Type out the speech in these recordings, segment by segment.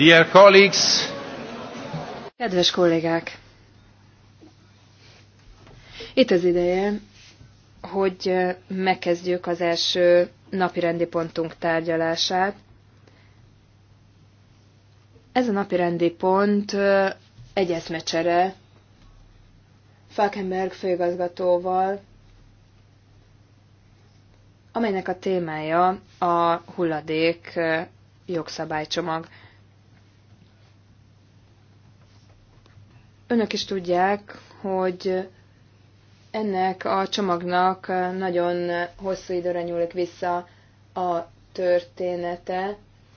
Dear colleagues, Kedves kollégák! Itt az ideje, hogy megkezdjük az első napi rendi pontunk tárgyalását. Ez a napi rendi pont egy eszmecsere Falkenberg főigazgatóval, amelynek a témája a hulladék jogszabálycsomag. Önök is tudják, hogy ennek a csomagnak nagyon hosszú időre nyúlik vissza a története,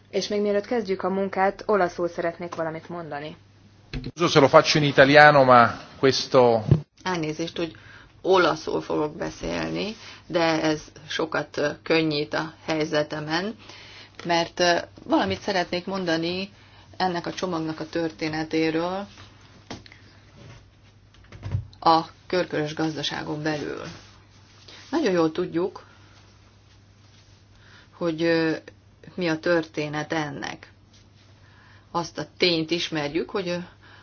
és még mielőtt kezdjük a munkát, olaszul szeretnék valamit mondani. Se lo faccio in italiano, ma questo... Elnézést, hogy olaszul fogok beszélni, de ez sokat könnyít a helyzetemen, mert valamit szeretnék mondani ennek a csomagnak a történetéről, a körkörös gazdaságon belül. Nagyon jól tudjuk, hogy mi a történet ennek. Azt a tényt ismerjük, hogy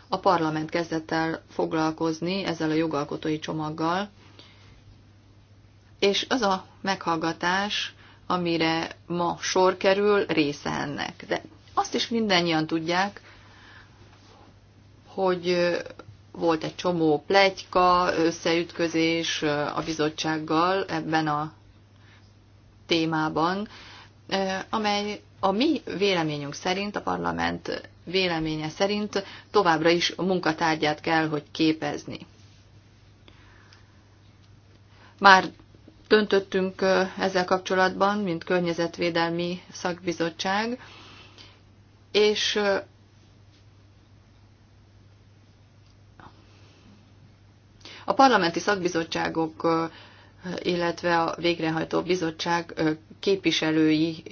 a parlament kezdett el foglalkozni ezzel a jogalkotói csomaggal, és az a meghallgatás, amire ma sor kerül, része ennek. De azt is mindannyian tudják, hogy volt egy csomó plegyka, összeütközés a bizottsággal ebben a témában, amely a mi véleményünk szerint, a parlament véleménye szerint továbbra is a munkatárgyát kell, hogy képezni. Már döntöttünk ezzel kapcsolatban, mint környezetvédelmi szakbizottság, és A parlamenti szakbizottságok, illetve a végrehajtó bizottság képviselői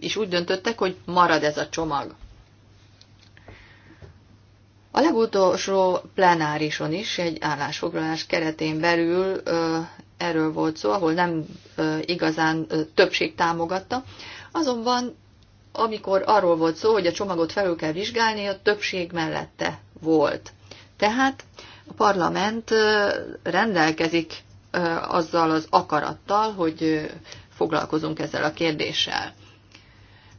is úgy döntöttek, hogy marad ez a csomag. A legutolsó plenárison is egy állásfoglalás keretén belül erről volt szó, ahol nem igazán többség támogatta. Azonban, amikor arról volt szó, hogy a csomagot felül kell vizsgálni, a többség mellette volt. Tehát a parlament rendelkezik azzal az akarattal, hogy foglalkozunk ezzel a kérdéssel.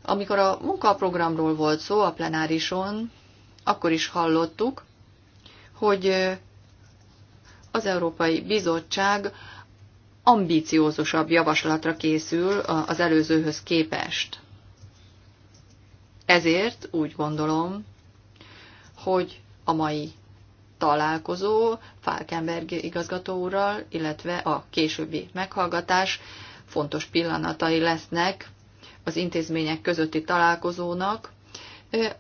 Amikor a munkaprogramról volt szó a plenárison, akkor is hallottuk, hogy az Európai Bizottság ambíciózusabb javaslatra készül az előzőhöz képest. Ezért úgy gondolom, hogy a mai találkozó Falkenberg igazgatóúrral, illetve a későbbi meghallgatás fontos pillanatai lesznek az intézmények közötti találkozónak,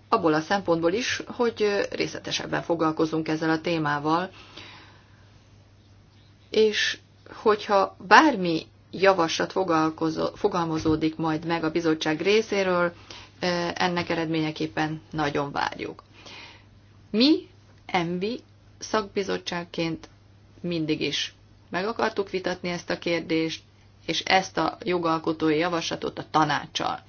abból a szempontból is, hogy részletesebben foglalkozunk ezzel a témával, és hogyha bármi javaslat fogalmazódik majd meg a bizottság részéről, ennek eredményeképpen nagyon várjuk. Mi ENVI szakbizottságként mindig is meg akartuk vitatni ezt a kérdést, és ezt a jogalkotói javaslatot a tanácsal.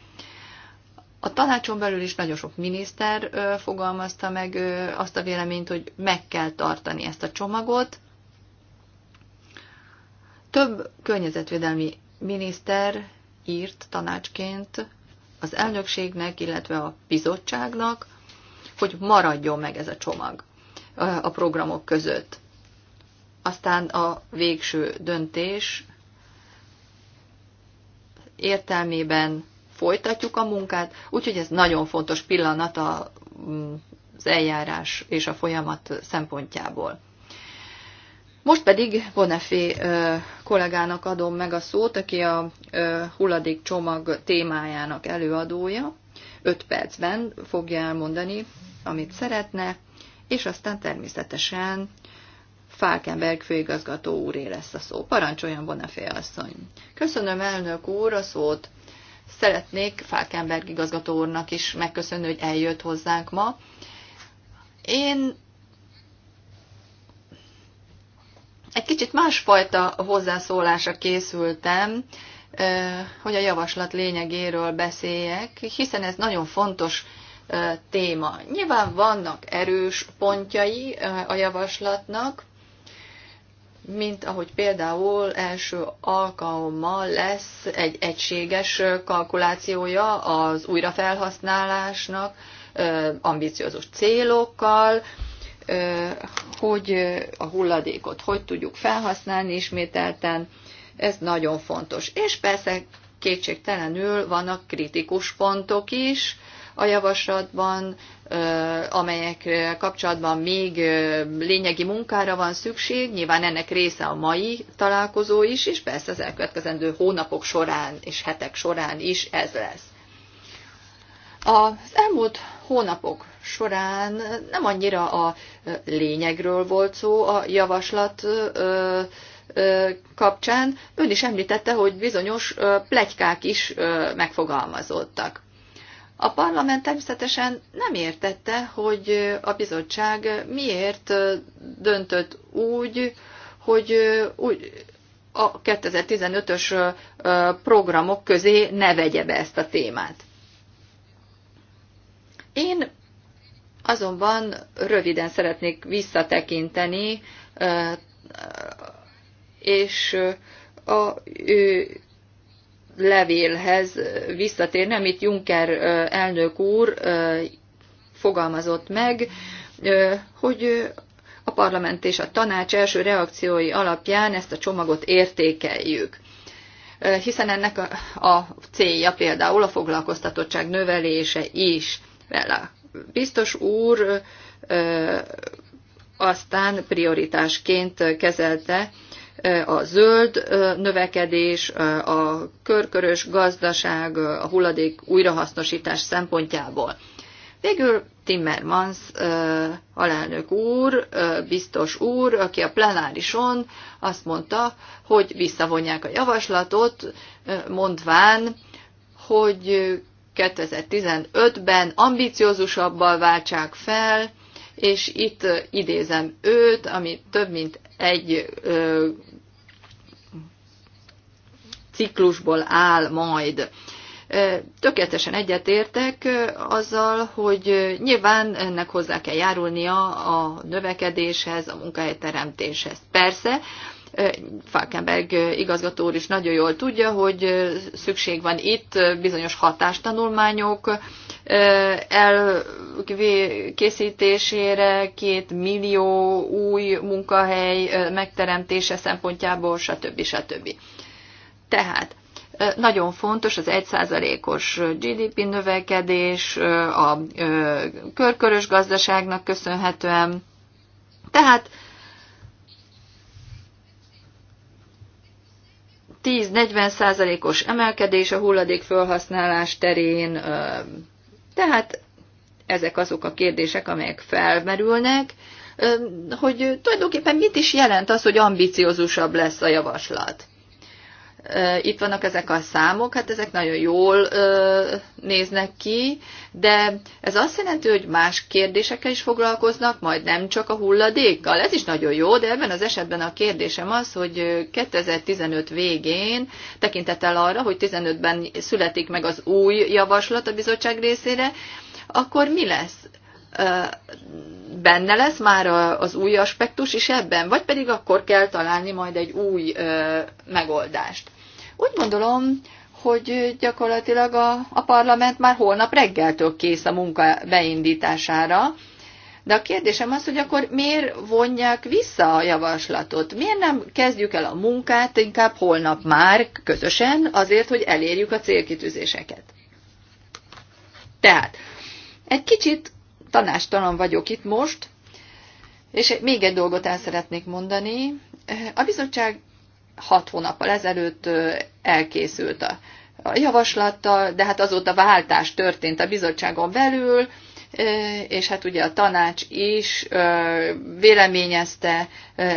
A tanácson belül is nagyon sok miniszter fogalmazta meg azt a véleményt, hogy meg kell tartani ezt a csomagot. Több környezetvédelmi miniszter írt tanácsként az elnökségnek, illetve a bizottságnak, hogy maradjon meg ez a csomag a programok között. Aztán a végső döntés értelmében folytatjuk a munkát, úgyhogy ez nagyon fontos pillanat az eljárás és a folyamat szempontjából. Most pedig Bonafé kollégának adom meg a szót, aki a hulladékcsomag témájának előadója. 5 percben fogja elmondani, amit szeretne, és aztán természetesen Falkenberg főigazgató úré lesz a szó. Parancsoljon, Bonafé asszony! Köszönöm, elnök úr, a szót! Szeretnék Falkenberg igazgató úrnak is megköszönni, hogy eljött hozzánk ma. Én egy kicsit másfajta hozzászólásra készültem, eh, hogy a javaslat lényegéről beszéljek, hiszen ez nagyon fontos téma. Nyilván vannak erős pontjai a javaslatnak, mint ahogy például első alkalommal lesz egy egységes kalkulációja az újrafelhasználásnak, ambiciózus célokkal, hogy a hulladékot hogy tudjuk felhasználni ismételten, ez nagyon fontos. És persze kétségtelenül vannak kritikus pontok is, a javaslatban, amelyek kapcsolatban még lényegi munkára van szükség. Nyilván ennek része a mai találkozó is, és persze az elkövetkezendő hónapok során és hetek során is ez lesz. Az elmúlt hónapok során nem annyira a lényegről volt szó a javaslat kapcsán. Ön is említette, hogy bizonyos plegykák is megfogalmazódtak. A parlament természetesen nem értette, hogy a bizottság miért döntött úgy, hogy úgy, a 2015-ös programok közé ne vegye be ezt a témát. Én azonban röviden szeretnék visszatekinteni, és a levélhez visszatérni, amit Juncker elnök úr fogalmazott meg, hogy a parlament és a tanács első reakciói alapján ezt a csomagot értékeljük. Hiszen ennek a célja például a foglalkoztatottság növelése is. Vele biztos úr aztán prioritásként kezelte a zöld növekedés, a körkörös gazdaság, a hulladék újrahasznosítás szempontjából. Végül Timmermans alelnök úr, biztos úr, aki a plenárison azt mondta, hogy visszavonják a javaslatot, mondván, hogy 2015-ben ambiciózusabbal váltsák fel, és itt idézem őt, ami több mint egy ciklusból áll majd. Tökéletesen egyetértek azzal, hogy nyilván ennek hozzá kell járulnia a növekedéshez, a munkahelyteremtéshez. Persze, Falkenberg igazgató úr is nagyon jól tudja, hogy szükség van itt bizonyos hatástanulmányok elkészítésére, két millió új munkahely megteremtése szempontjából, stb. stb. stb. Tehát nagyon fontos az 1%-os GDP növekedés a körkörös gazdaságnak köszönhetően. Tehát 10-40%-os emelkedés a hulladék felhasználás terén, tehát ezek azok a kérdések, amelyek felmerülnek, hogy tulajdonképpen mit is jelent az, hogy ambiciózusabb lesz a javaslat itt vannak ezek a számok, hát ezek nagyon jól néznek ki, de ez azt jelenti, hogy más kérdésekkel is foglalkoznak, majd nem csak a hulladékkal. Ez is nagyon jó, de ebben az esetben a kérdésem az, hogy 2015 végén tekintettel arra, hogy 15-ben születik meg az új javaslat a bizottság részére, akkor mi lesz? benne lesz már az új aspektus is ebben, vagy pedig akkor kell találni majd egy új megoldást. Úgy gondolom, hogy gyakorlatilag a, a parlament már holnap reggeltől kész a munka beindítására, de a kérdésem az, hogy akkor miért vonják vissza a javaslatot? Miért nem kezdjük el a munkát inkább holnap már közösen, azért, hogy elérjük a célkitűzéseket? Tehát, egy kicsit tanástalan vagyok itt most, és még egy dolgot el szeretnék mondani. A bizottság hat hónappal ezelőtt elkészült a javaslattal, de hát azóta váltás történt a bizottságon belül, és hát ugye a tanács is véleményezte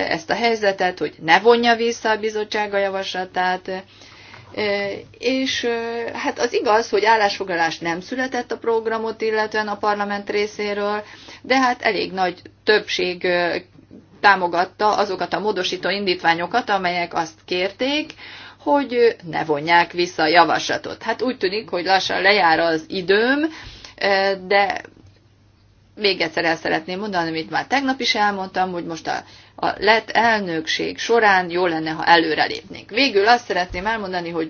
ezt a helyzetet, hogy ne vonja vissza a bizottság a javaslatát, és hát az igaz, hogy állásfoglalás nem született a programot, illetően a parlament részéről, de hát elég nagy többség támogatta azokat a módosító indítványokat, amelyek azt kérték, hogy ne vonják vissza a javaslatot. Hát úgy tűnik, hogy lassan lejár az időm, eh, de még egyszer el szeretném mondani, amit már tegnap is elmondtam, hogy most a, a lett elnökség során jó lenne, ha előrelépnénk. Végül azt szeretném elmondani, hogy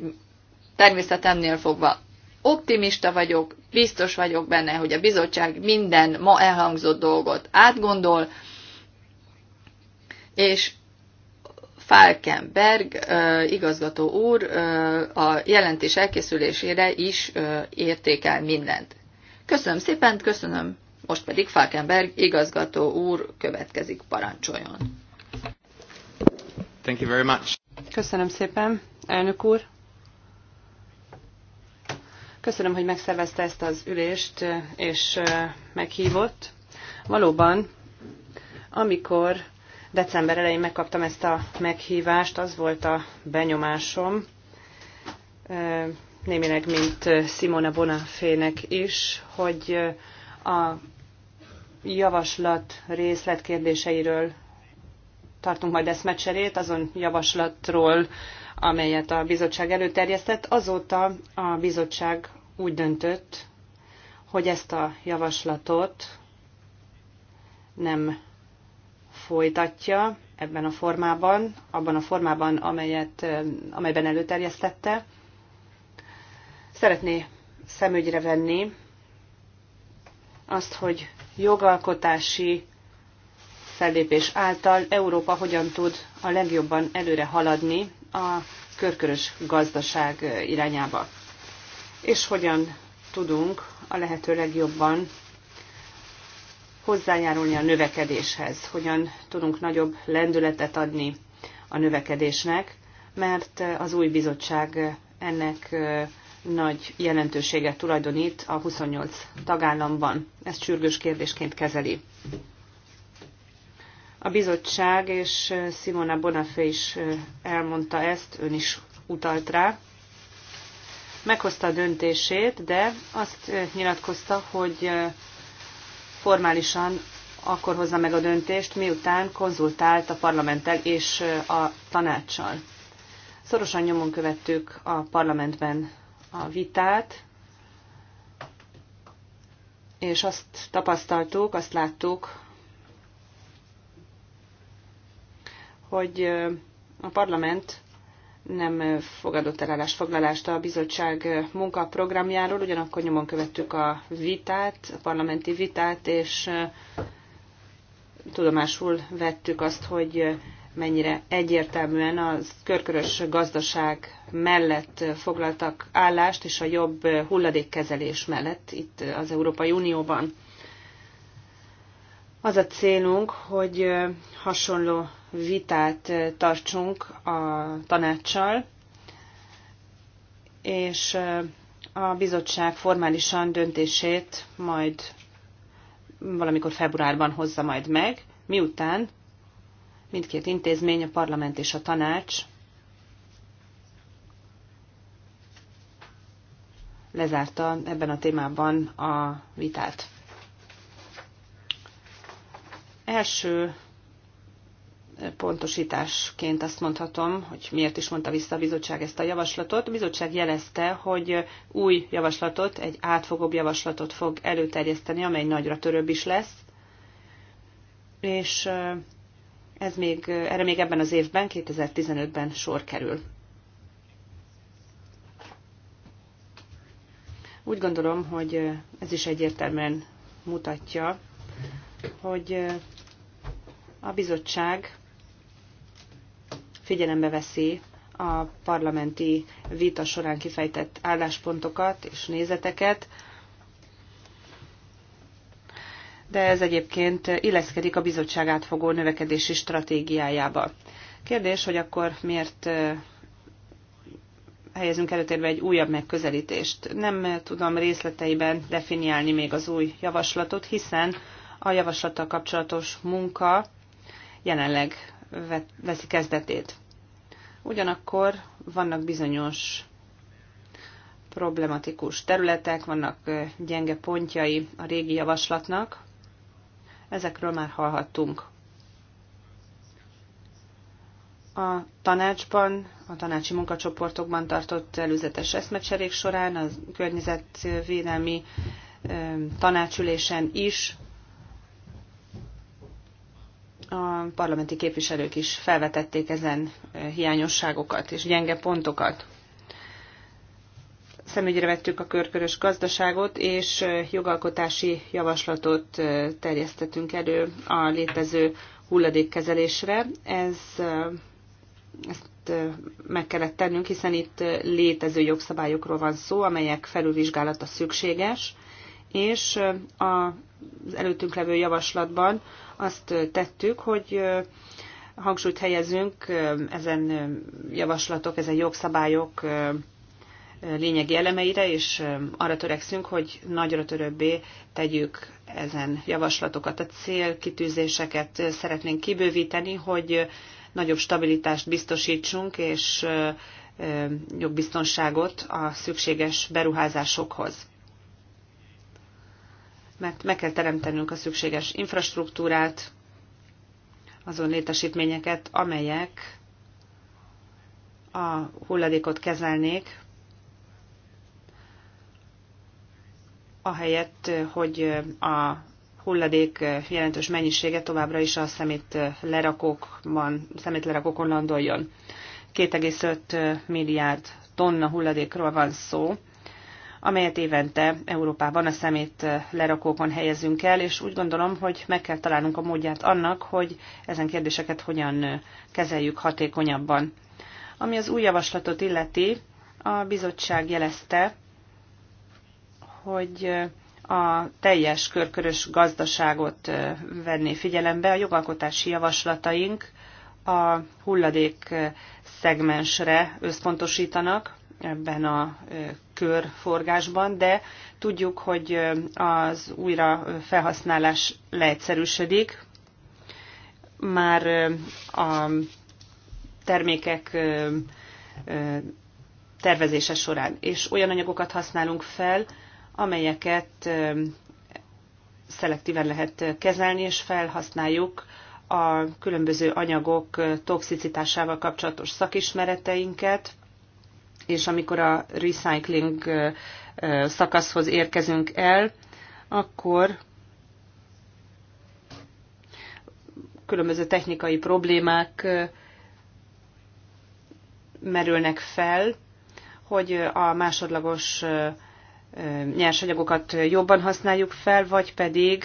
természetemnél fogva optimista vagyok, biztos vagyok benne, hogy a bizottság minden ma elhangzott dolgot átgondol, és Falkenberg igazgató úr a jelentés elkészülésére is értékel mindent. Köszönöm szépen, köszönöm. Most pedig Falkenberg igazgató úr következik, parancsoljon. Thank you very much. Köszönöm szépen, elnök úr. Köszönöm, hogy megszervezte ezt az ülést, és meghívott. Valóban, amikor December elején megkaptam ezt a meghívást, az volt a benyomásom, némileg, mint Simona Bonafének is, hogy a javaslat részletkérdéseiről tartunk majd eszmecserét, azon javaslatról, amelyet a bizottság előterjesztett. Azóta a bizottság úgy döntött, hogy ezt a javaslatot nem folytatja ebben a formában, abban a formában, amelyet, eh, amelyben előterjesztette. Szeretné szemügyre venni azt, hogy jogalkotási fellépés által Európa hogyan tud a legjobban előre haladni a körkörös gazdaság irányába, és hogyan tudunk a lehető legjobban hozzájárulni a növekedéshez, hogyan tudunk nagyobb lendületet adni a növekedésnek, mert az új bizottság ennek nagy jelentőséget tulajdonít a 28 tagállamban. Ezt sürgős kérdésként kezeli. A bizottság és Simona Bonafé is elmondta ezt, ön is utalt rá. Meghozta a döntését, de azt nyilatkozta, hogy formálisan akkor hozza meg a döntést, miután konzultált a parlamenttel és a tanácssal. Szorosan nyomon követtük a parlamentben a vitát, és azt tapasztaltuk, azt láttuk, hogy a parlament nem fogadott el állásfoglalást a bizottság munkaprogramjáról, ugyanakkor nyomon követtük a vitát, a parlamenti vitát, és tudomásul vettük azt, hogy mennyire egyértelműen a körkörös gazdaság mellett foglaltak állást, és a jobb hulladékkezelés mellett itt az Európai Unióban. Az a célunk, hogy hasonló vitát tartsunk a tanácssal, és a bizottság formálisan döntését majd valamikor februárban hozza majd meg, miután mindkét intézmény, a parlament és a tanács lezárta ebben a témában a vitát első eh, pontosításként azt mondhatom, hogy miért is mondta vissza a bizottság ezt a javaslatot. A bizottság jelezte, hogy új javaslatot, egy átfogóbb javaslatot fog előterjeszteni, amely nagyra törőbb is lesz. És eh, ez még, eh, erre még ebben az évben, 2015-ben sor kerül. Úgy gondolom, hogy ez is egyértelműen mutatja, hogy a bizottság figyelembe veszi a parlamenti vita során kifejtett álláspontokat és nézeteket, de ez egyébként illeszkedik a bizottság átfogó növekedési stratégiájába. Kérdés, hogy akkor miért helyezünk előtérbe egy újabb megközelítést. Nem tudom részleteiben definiálni még az új javaslatot, hiszen a javaslattal kapcsolatos munka jelenleg veszi kezdetét. Ugyanakkor vannak bizonyos problematikus területek, vannak gyenge pontjai a régi javaslatnak. Ezekről már hallhattunk. A tanácsban, a tanácsi munkacsoportokban tartott előzetes eszmecserék során, a környezetvédelmi tanácsülésen is a parlamenti képviselők is felvetették ezen hiányosságokat és gyenge pontokat. Szemügyre vettük a körkörös gazdaságot, és jogalkotási javaslatot terjesztettünk elő a létező hulladékkezelésre. Ez, ezt meg kellett tennünk, hiszen itt létező jogszabályokról van szó, amelyek felülvizsgálata szükséges és az előttünk levő javaslatban azt tettük, hogy hangsúlyt helyezünk ezen javaslatok, ezen jogszabályok lényegi elemeire, és arra törekszünk, hogy nagyra törőbbé tegyük ezen javaslatokat. A célkitűzéseket szeretnénk kibővíteni, hogy nagyobb stabilitást biztosítsunk, és jogbiztonságot a szükséges beruházásokhoz mert meg kell teremtenünk a szükséges infrastruktúrát, azon létesítményeket, amelyek a hulladékot kezelnék, ahelyett, hogy a hulladék jelentős mennyisége továbbra is a szemét lerakókban, landoljon. 2,5 milliárd tonna hulladékról van szó, amelyet évente Európában a szemét lerakókon helyezünk el, és úgy gondolom, hogy meg kell találnunk a módját annak, hogy ezen kérdéseket hogyan kezeljük hatékonyabban. Ami az új javaslatot illeti, a bizottság jelezte, hogy a teljes körkörös gazdaságot venné figyelembe. A jogalkotási javaslataink a hulladék szegmensre összpontosítanak ebben a körforgásban, de tudjuk, hogy az újra felhasználás leegyszerűsödik. Már a termékek tervezése során, és olyan anyagokat használunk fel, amelyeket szelektíven lehet kezelni, és felhasználjuk a különböző anyagok toxicitásával kapcsolatos szakismereteinket, és amikor a recycling szakaszhoz érkezünk el, akkor különböző technikai problémák merülnek fel, hogy a másodlagos nyersanyagokat jobban használjuk fel, vagy pedig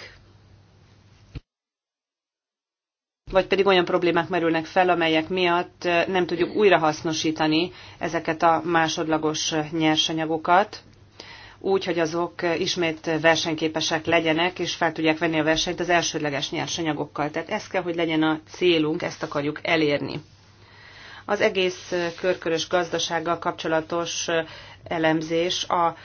vagy pedig olyan problémák merülnek fel, amelyek miatt nem tudjuk újrahasznosítani ezeket a másodlagos nyersanyagokat, úgy, hogy azok ismét versenyképesek legyenek, és fel tudják venni a versenyt az elsődleges nyersanyagokkal. Tehát ez kell, hogy legyen a célunk, ezt akarjuk elérni. Az egész körkörös gazdasággal kapcsolatos elemzés a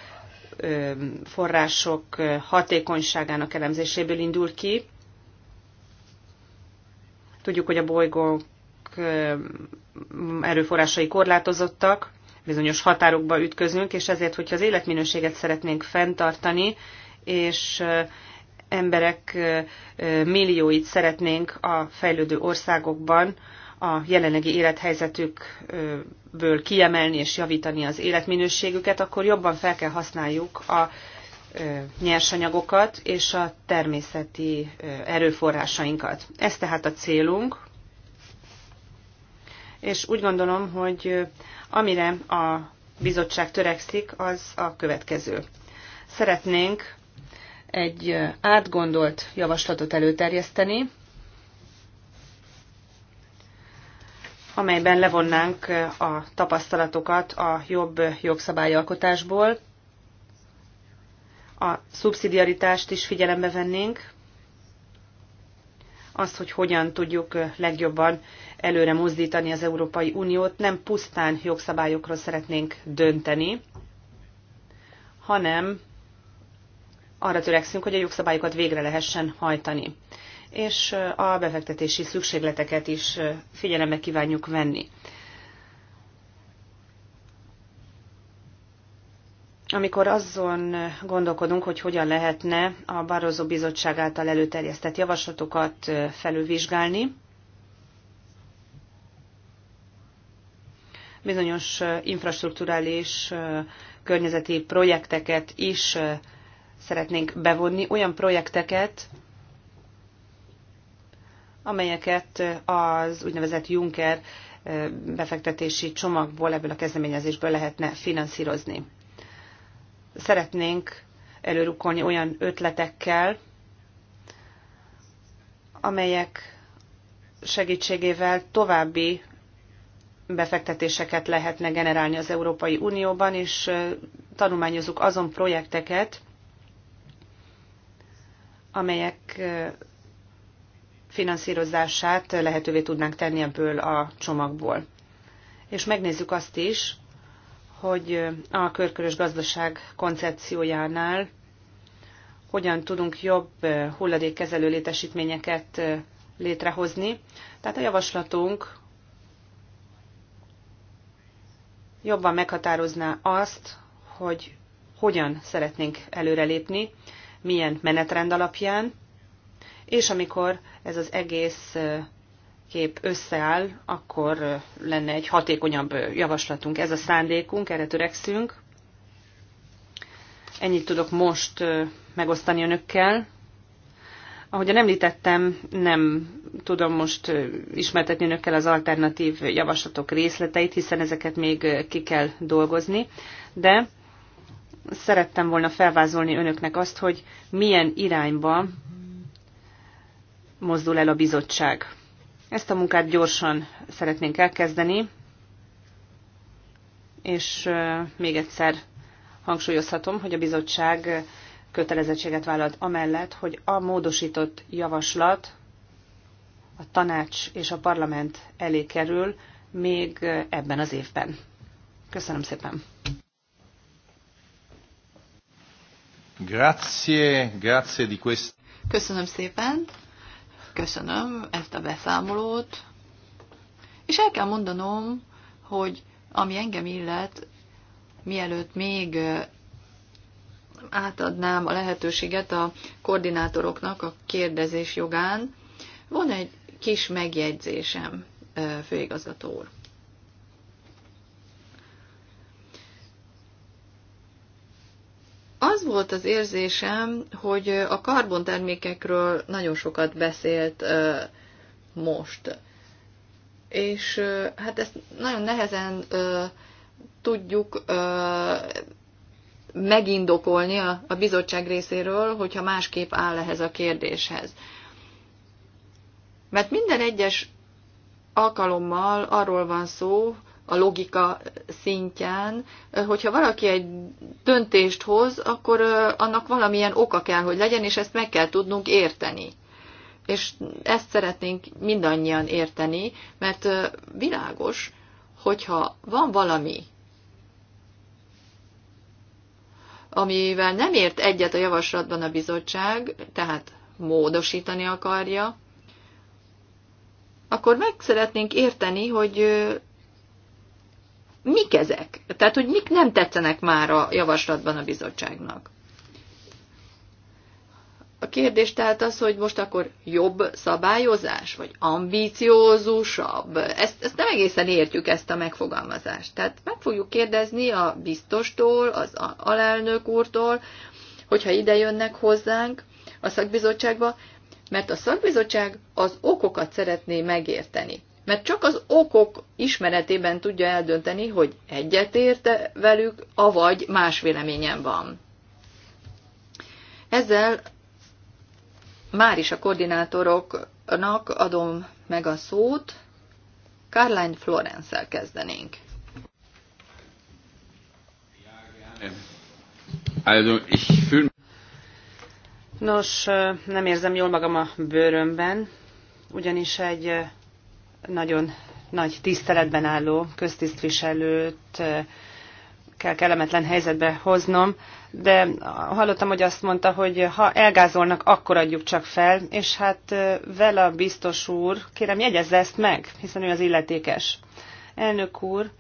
források hatékonyságának elemzéséből indul ki, Tudjuk, hogy a bolygók erőforrásai korlátozottak, bizonyos határokba ütközünk, és ezért, hogyha az életminőséget szeretnénk fenntartani, és emberek millióit szeretnénk a fejlődő országokban a jelenlegi élethelyzetükből kiemelni és javítani az életminőségüket, akkor jobban fel kell használjuk a nyersanyagokat és a természeti erőforrásainkat. Ez tehát a célunk, és úgy gondolom, hogy amire a bizottság törekszik, az a következő. Szeretnénk egy átgondolt javaslatot előterjeszteni, amelyben levonnánk a tapasztalatokat a jobb jogszabályalkotásból, a szubszidiaritást is figyelembe vennénk, azt, hogy hogyan tudjuk legjobban előre mozdítani az Európai Uniót, nem pusztán jogszabályokról szeretnénk dönteni, hanem arra törekszünk, hogy a jogszabályokat végre lehessen hajtani. És a befektetési szükségleteket is figyelembe kívánjuk venni. amikor azon gondolkodunk, hogy hogyan lehetne a barozó Bizottság által előterjesztett javaslatokat felülvizsgálni, bizonyos infrastruktúrális környezeti projekteket is szeretnénk bevonni, olyan projekteket, amelyeket az úgynevezett Juncker befektetési csomagból, ebből a kezdeményezésből lehetne finanszírozni szeretnénk előrukolni olyan ötletekkel, amelyek segítségével további befektetéseket lehetne generálni az Európai Unióban, és tanulmányozunk azon projekteket, amelyek finanszírozását lehetővé tudnánk tenni ebből a csomagból. És megnézzük azt is, hogy a körkörös gazdaság koncepciójánál hogyan tudunk jobb hulladékkezelő létesítményeket létrehozni. Tehát a javaslatunk jobban meghatározná azt, hogy hogyan szeretnénk előrelépni, milyen menetrend alapján, és amikor ez az egész kép összeáll, akkor lenne egy hatékonyabb javaslatunk. Ez a szándékunk, erre törekszünk. Ennyit tudok most megosztani önökkel. Ahogyan említettem, nem tudom most ismertetni önökkel az alternatív javaslatok részleteit, hiszen ezeket még ki kell dolgozni, de szerettem volna felvázolni önöknek azt, hogy milyen irányba mozdul el a bizottság. Ezt a munkát gyorsan szeretnénk elkezdeni, és még egyszer hangsúlyozhatom, hogy a bizottság kötelezettséget vállalt amellett, hogy a módosított javaslat a tanács és a parlament elé kerül még ebben az évben. Köszönöm szépen! Grazie, grazie di questo. Köszönöm szépen Köszönöm ezt a beszámolót, és el kell mondanom, hogy ami engem illet, mielőtt még átadnám a lehetőséget a koordinátoroknak a kérdezés jogán, van egy kis megjegyzésem, főigazgató úr. az volt az érzésem, hogy a karbontermékekről nagyon sokat beszélt most. És hát ezt nagyon nehezen tudjuk megindokolni a bizottság részéről, hogyha másképp áll ehhez a kérdéshez. Mert minden egyes alkalommal arról van szó, a logika szintján, hogyha valaki egy döntést hoz, akkor annak valamilyen oka kell, hogy legyen, és ezt meg kell tudnunk érteni. És ezt szeretnénk mindannyian érteni, mert világos, hogyha van valami, amivel nem ért egyet a javaslatban a bizottság, tehát módosítani akarja, akkor meg szeretnénk érteni, hogy mik ezek? Tehát, hogy mik nem tetszenek már a javaslatban a bizottságnak? A kérdés tehát az, hogy most akkor jobb szabályozás, vagy ambíciózusabb. Ezt, ezt nem egészen értjük, ezt a megfogalmazást. Tehát meg fogjuk kérdezni a biztostól, az alelnök úrtól, hogyha ide jönnek hozzánk a szakbizottságba, mert a szakbizottság az okokat szeretné megérteni mert csak az okok ismeretében tudja eldönteni, hogy egyetérte velük, avagy más véleményen van. Ezzel már is a koordinátoroknak adom meg a szót. Caroline florence kezdenénk. Nos, nem érzem jól magam a bőrömben, ugyanis egy nagyon nagy tiszteletben álló köztisztviselőt eh, kell kellemetlen helyzetbe hoznom, de hallottam, hogy azt mondta, hogy ha elgázolnak, akkor adjuk csak fel, és hát eh, vele biztos úr, kérem jegyezze ezt meg, hiszen ő az illetékes. Elnök úr,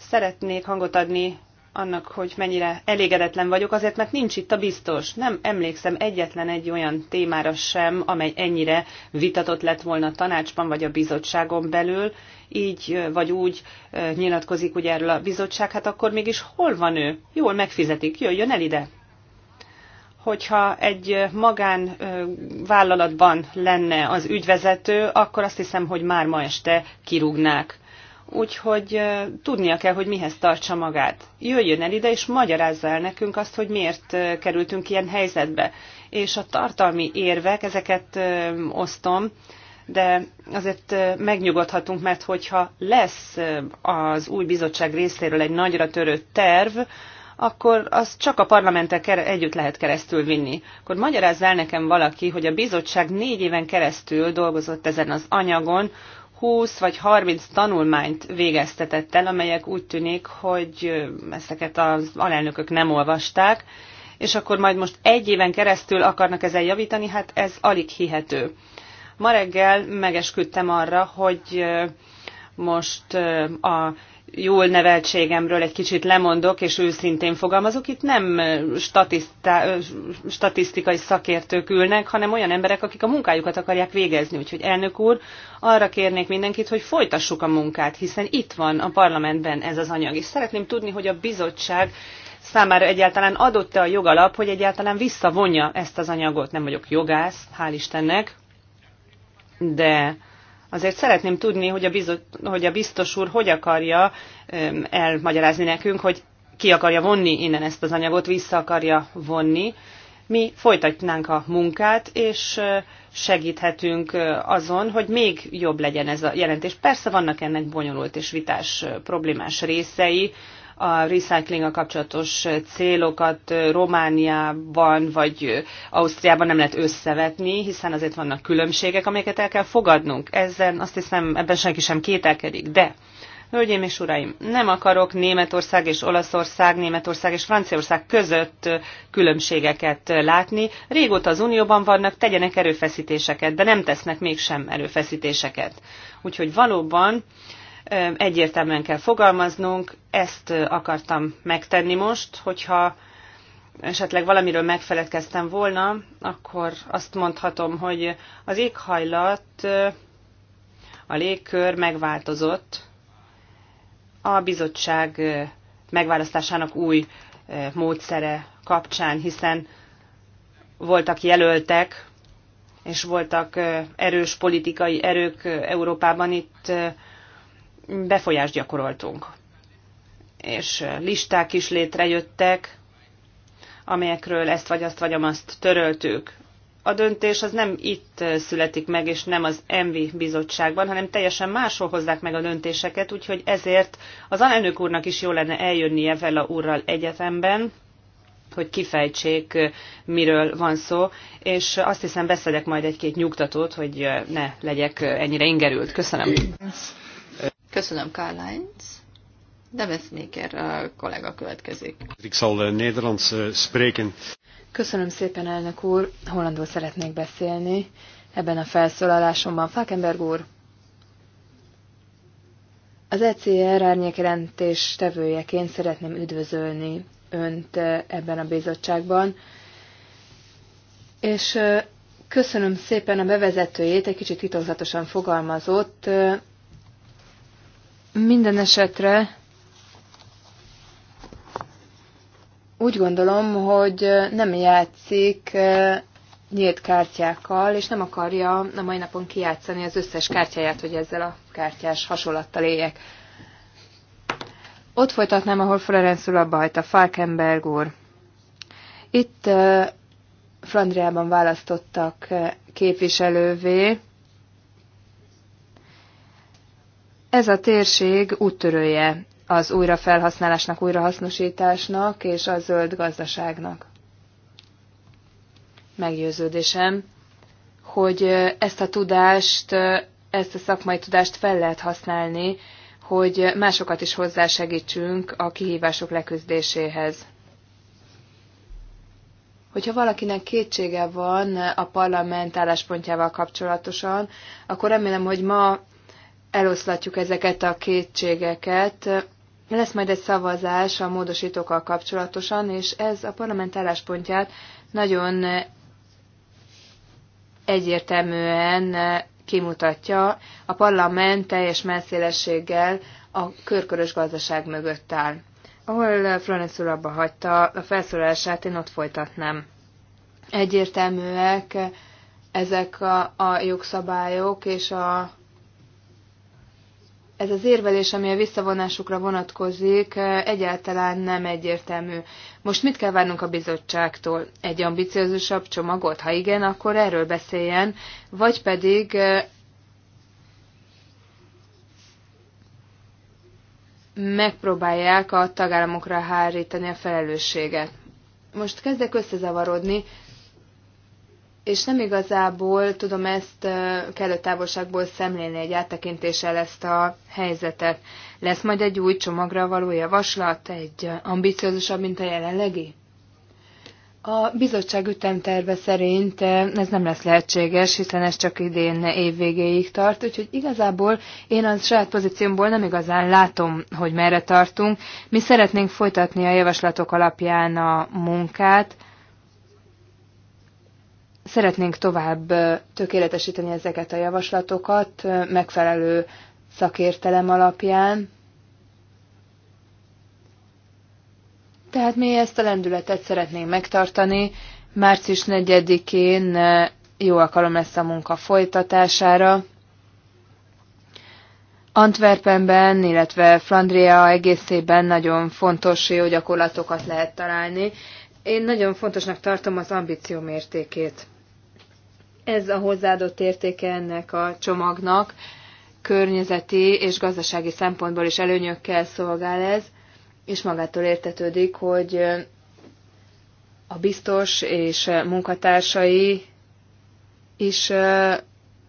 szeretnék hangot adni annak, hogy mennyire elégedetlen vagyok, azért, mert nincs itt a biztos. Nem emlékszem egyetlen egy olyan témára sem, amely ennyire vitatott lett volna a tanácsban vagy a bizottságon belül, így vagy úgy nyilatkozik ugye erről a bizottság, hát akkor mégis hol van ő? Jól megfizetik, jöjjön el ide. Hogyha egy magánvállalatban lenne az ügyvezető, akkor azt hiszem, hogy már ma este kirúgnák úgyhogy tudnia kell, hogy mihez tartsa magát. Jöjjön el ide, és magyarázza el nekünk azt, hogy miért kerültünk ilyen helyzetbe. És a tartalmi érvek, ezeket osztom, de azért megnyugodhatunk, mert hogyha lesz az új bizottság részéről egy nagyra törő terv, akkor az csak a parlamentek együtt lehet keresztül vinni. Akkor magyarázz el nekem valaki, hogy a bizottság négy éven keresztül dolgozott ezen az anyagon, 20 vagy 30 tanulmányt végeztetett el, amelyek úgy tűnik, hogy ezeket az alelnökök nem olvasták, és akkor majd most egy éven keresztül akarnak ezzel javítani, hát ez alig hihető. Ma reggel megesküdtem arra, hogy most a jól neveltségemről egy kicsit lemondok, és őszintén fogalmazok, itt nem statisztikai szakértők ülnek, hanem olyan emberek, akik a munkájukat akarják végezni. Úgyhogy elnök úr, arra kérnék mindenkit, hogy folytassuk a munkát, hiszen itt van a parlamentben ez az anyag. És szeretném tudni, hogy a bizottság számára egyáltalán adott-e a jogalap, hogy egyáltalán visszavonja ezt az anyagot. Nem vagyok jogász, hál' Istennek, de Azért szeretném tudni, hogy a, bizot, hogy a biztos úr hogy akarja elmagyarázni nekünk, hogy ki akarja vonni innen ezt az anyagot, vissza akarja vonni. Mi folytatnánk a munkát, és segíthetünk azon, hogy még jobb legyen ez a jelentés. Persze vannak ennek bonyolult és vitás problémás részei, a recycling kapcsolatos célokat Romániában vagy Ausztriában nem lehet összevetni, hiszen azért vannak különbségek, amelyeket el kell fogadnunk. Ezen azt hiszem, ebben senki sem kételkedik, de Hölgyeim és uraim, nem akarok Németország és Olaszország, Németország és Franciaország között különbségeket látni. Régóta az Unióban vannak, tegyenek erőfeszítéseket, de nem tesznek mégsem erőfeszítéseket. Úgyhogy valóban egyértelműen kell fogalmaznunk, ezt akartam megtenni most, hogyha esetleg valamiről megfeledkeztem volna, akkor azt mondhatom, hogy az éghajlat, a légkör megváltozott, a bizottság megválasztásának új módszere kapcsán, hiszen voltak jelöltek, és voltak erős politikai erők Európában itt befolyást gyakoroltunk. És listák is létrejöttek, amelyekről ezt vagy azt vagy amazt töröltük. A döntés az nem itt születik meg, és nem az ENVI bizottságban, hanem teljesen máshol hozzák meg a döntéseket, úgyhogy ezért az alelnök úrnak is jó lenne eljönnie vele úrral egyetemben, hogy kifejtsék, miről van szó, és azt hiszem beszedek majd egy-két nyugtatót, hogy ne legyek ennyire ingerült. Köszönöm. Köszönöm, Karl Heinz. De Veszméker a kollega következik. Ik zal eh, Nederlands eh, spreken. Köszönöm szépen, elnök úr. Hollandul szeretnék beszélni. Ebben a felszólalásomban Fakenberg úr. Az ECR árnyékjelentés tevőjeként szeretném üdvözölni önt eh, ebben a bizottságban. És köszönöm szépen a bevezetőjét, egy kicsit titokzatosan fogalmazott, minden esetre úgy gondolom, hogy nem játszik eh, nyílt kártyákkal, és nem akarja a mai napon kijátszani az összes kártyáját, hogy ezzel a kártyás hasonlattal éljek. Ott folytatnám, ahol Florence úr abba a Falkenberg úr. Itt eh, Flandriában választottak eh, képviselővé, Ez a térség úttörője az újrafelhasználásnak, újrahasznosításnak és a zöld gazdaságnak. Meggyőződésem, hogy ezt a tudást, ezt a szakmai tudást fel lehet használni, hogy másokat is hozzásegítsünk a kihívások leküzdéséhez. Hogyha valakinek kétsége van a parlament álláspontjával kapcsolatosan, akkor remélem, hogy ma eloszlatjuk ezeket a kétségeket. Lesz majd egy szavazás a módosítókkal kapcsolatosan, és ez a parlament álláspontját nagyon egyértelműen kimutatja. A parlament teljes messzélességgel a körkörös gazdaság mögött áll. Ahol Florence úr abba hagyta a felszólalását, én ott folytatnám. Egyértelműek ezek a, a jogszabályok, és a ez az érvelés, ami a visszavonásukra vonatkozik, egyáltalán nem egyértelmű. Most mit kell várnunk a bizottságtól? Egy ambiciózusabb csomagot? Ha igen, akkor erről beszéljen, vagy pedig megpróbálják a tagállamokra hárítani a felelősséget. Most kezdek összezavarodni, és nem igazából tudom ezt kellő távolságból szemlélni egy áttekintéssel ezt a helyzetet. Lesz majd egy új csomagra való javaslat, egy ambiciózusabb, mint a jelenlegi? A bizottság ütemterve szerint ez nem lesz lehetséges, hiszen ez csak idén évvégéig tart, úgyhogy igazából én a saját pozíciómból nem igazán látom, hogy merre tartunk. Mi szeretnénk folytatni a javaslatok alapján a munkát, Szeretnénk tovább tökéletesíteni ezeket a javaslatokat megfelelő szakértelem alapján. Tehát mi ezt a lendületet szeretnénk megtartani. Március 4-én jó alkalom lesz a munka folytatására. Antwerpenben, illetve Flandria egészében nagyon fontos jó gyakorlatokat lehet találni. Én nagyon fontosnak tartom az ambíció mértékét. Ez a hozzáadott értéke ennek a csomagnak, környezeti és gazdasági szempontból is előnyökkel szolgál ez, és magától értetődik, hogy a biztos és munkatársai is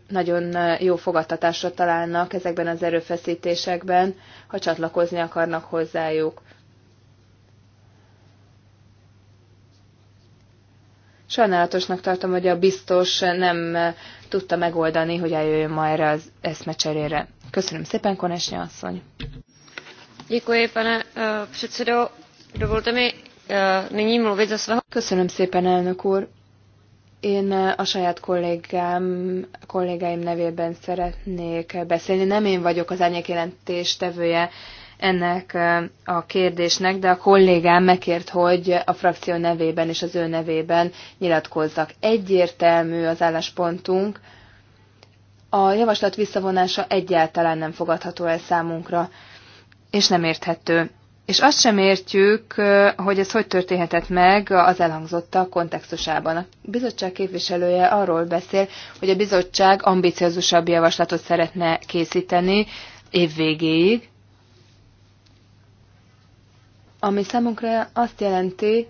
nagyon jó fogadtatásra találnak ezekben az erőfeszítésekben, ha csatlakozni akarnak hozzájuk. Sajnálatosnak tartom, hogy a biztos nem eh, tudta megoldani, hogy eljöjjön ma erre az eszmecserére. Köszönöm szépen, Konesnyi asszony. Děkuji, pane eh, předsedo. Dovolte mi eh, nyní mluvit za svého... Köszönöm szépen, elnök úr. Én a saját kollégám, kollégáim nevében szeretnék beszélni. Nem én vagyok az árnyék jelentés tevője ennek a kérdésnek, de a kollégám megkért, hogy a frakció nevében és az ő nevében nyilatkozzak. Egyértelmű az álláspontunk, a javaslat visszavonása egyáltalán nem fogadható el számunkra, és nem érthető. És azt sem értjük, hogy ez hogy történhetett meg az elhangzottak kontextusában. A bizottság képviselője arról beszél, hogy a bizottság ambiciózusabb javaslatot szeretne készíteni évvégéig, ami számunkra azt jelenti,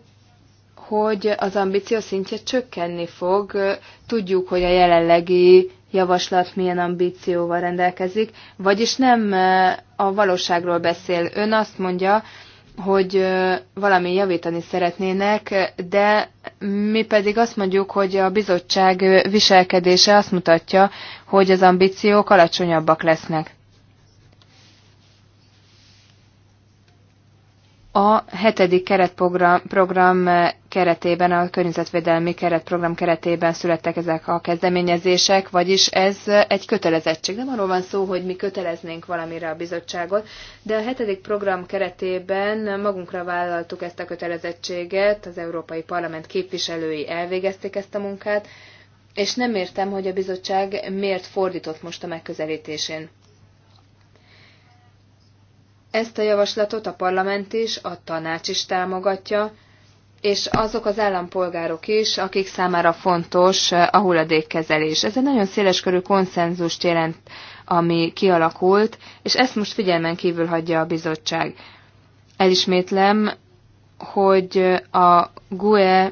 hogy az ambíció szintje csökkenni fog. Tudjuk, hogy a jelenlegi javaslat milyen ambícióval rendelkezik, vagyis nem eh, a valóságról beszél. Ön azt mondja, hogy eh, valami javítani szeretnének, de mi pedig azt mondjuk, hogy a bizottság viselkedése azt mutatja, hogy az ambíciók alacsonyabbak lesznek. a hetedik keretprogram program keretében, a környezetvédelmi keretprogram keretében születtek ezek a kezdeményezések, vagyis ez egy kötelezettség. Nem arról van szó, hogy mi köteleznénk valamire a bizottságot, de a hetedik program keretében magunkra vállaltuk ezt a kötelezettséget, az Európai Parlament képviselői elvégezték ezt a munkát, és nem értem, hogy a bizottság miért fordított most a megközelítésén. Ezt a javaslatot a parlament is, a tanács is támogatja, és azok az állampolgárok is, akik számára fontos eh, a hulladékkezelés. Ez egy nagyon széleskörű konszenzust jelent, ami kialakult, és ezt most figyelmen kívül hagyja a bizottság. Elismétlem, hogy a GUE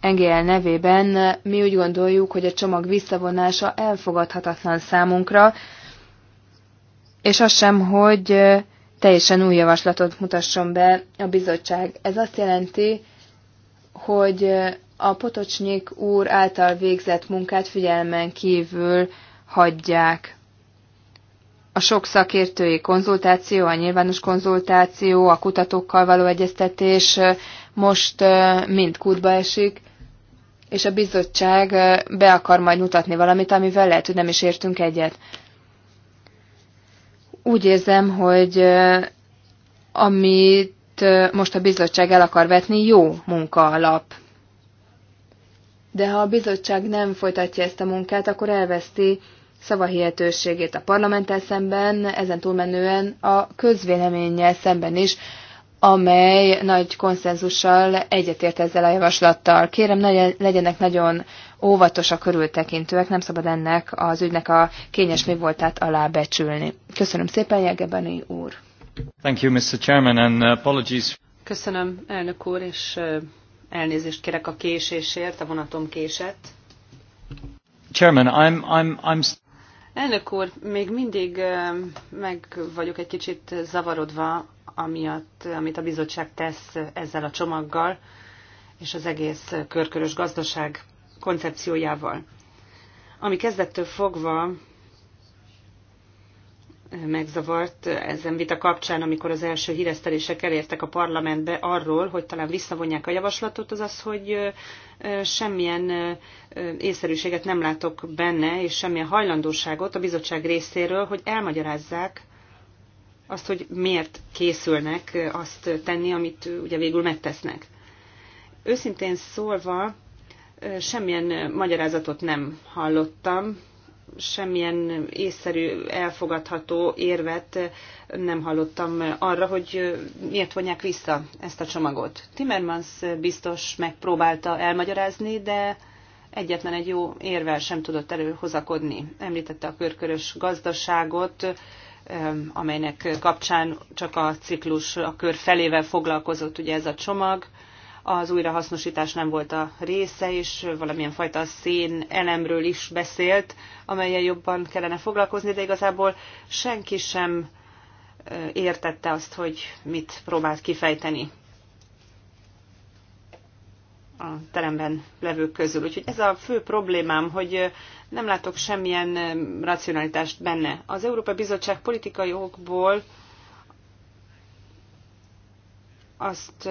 NGL nevében mi úgy gondoljuk, hogy a csomag visszavonása elfogadhatatlan számunkra, és az sem, hogy eh, teljesen új javaslatot mutasson be a bizottság. Ez azt jelenti, hogy a Potocsnyik úr által végzett munkát figyelmen kívül hagyják. A sok szakértői konzultáció, a nyilvános konzultáció, a kutatókkal való egyeztetés most mind kútba esik, és a bizottság be akar majd mutatni valamit, amivel lehet, hogy nem is értünk egyet. Úgy érzem, hogy amit most a bizottság el akar vetni, jó munka alap. De ha a bizottság nem folytatja ezt a munkát, akkor elveszti szavahihetőségét a parlamenttel szemben, ezen túlmenően a közvéleménnyel szemben is, amely nagy konszenzussal egyetért ezzel a javaslattal. Kérem, legyenek nagyon óvatosak, körültekintőek, nem szabad ennek az ügynek a kényes mi voltát alábecsülni. Köszönöm szépen, Jegebeni úr. Thank you, Mr. Chairman, and uh, apologies. Köszönöm, elnök úr, és elnézést kérek a késésért, a vonatom késett. Chairman, I'm, I'm, I'm... Elnök úr, még mindig meg vagyok egy kicsit zavarodva, amiatt, amit a bizottság tesz ezzel a csomaggal, és az egész körkörös gazdaság koncepciójával, ami kezdettől fogva eh, megzavart ezen vita kapcsán, amikor az első híresztelések elértek a parlamentbe arról, hogy talán visszavonják a javaslatot, az az, hogy eh, eh, semmilyen észszerűséget nem látok benne, és semmilyen hajlandóságot a bizottság részéről, hogy elmagyarázzák azt, hogy miért készülnek azt tenni, amit ugye végül megtesznek. Őszintén szólva, semmilyen magyarázatot nem hallottam, semmilyen észszerű, elfogadható érvet nem hallottam arra, hogy miért vonják vissza ezt a csomagot. Timmermans biztos megpróbálta elmagyarázni, de egyetlen egy jó érvel sem tudott előhozakodni. Említette a körkörös gazdaságot, amelynek kapcsán csak a ciklus a kör felével foglalkozott ugye ez a csomag, az újrahasznosítás nem volt a része, és valamilyen fajta szén elemről is beszélt, amelyen jobban kellene foglalkozni, de igazából senki sem értette azt, hogy mit próbált kifejteni a teremben levők közül. Úgyhogy ez a fő problémám, hogy nem látok semmilyen racionalitást benne. Az Európai Bizottság politikai okból azt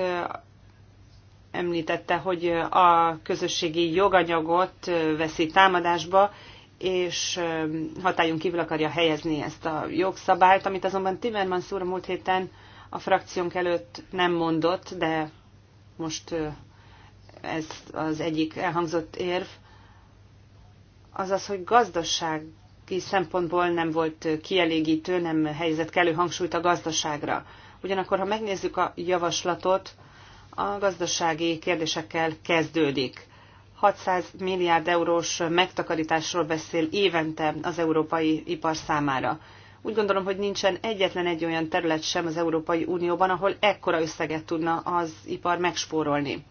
említette, hogy a közösségi joganyagot veszi támadásba, és um, hatályunk kívül akarja helyezni ezt a jogszabályt, amit azonban Timmermans úr múlt héten a frakciónk előtt nem mondott, de most uh, ez az egyik elhangzott érv, az az, hogy gazdasági szempontból nem volt kielégítő, nem helyezett kellő hangsúlyt a gazdaságra. Ugyanakkor, ha megnézzük a javaslatot, a gazdasági kérdésekkel kezdődik. 600 milliárd eurós megtakarításról beszél évente az európai ipar számára. Úgy gondolom, hogy nincsen egyetlen egy olyan terület sem az Európai Unióban, ahol ekkora összeget tudna az ipar megspórolni.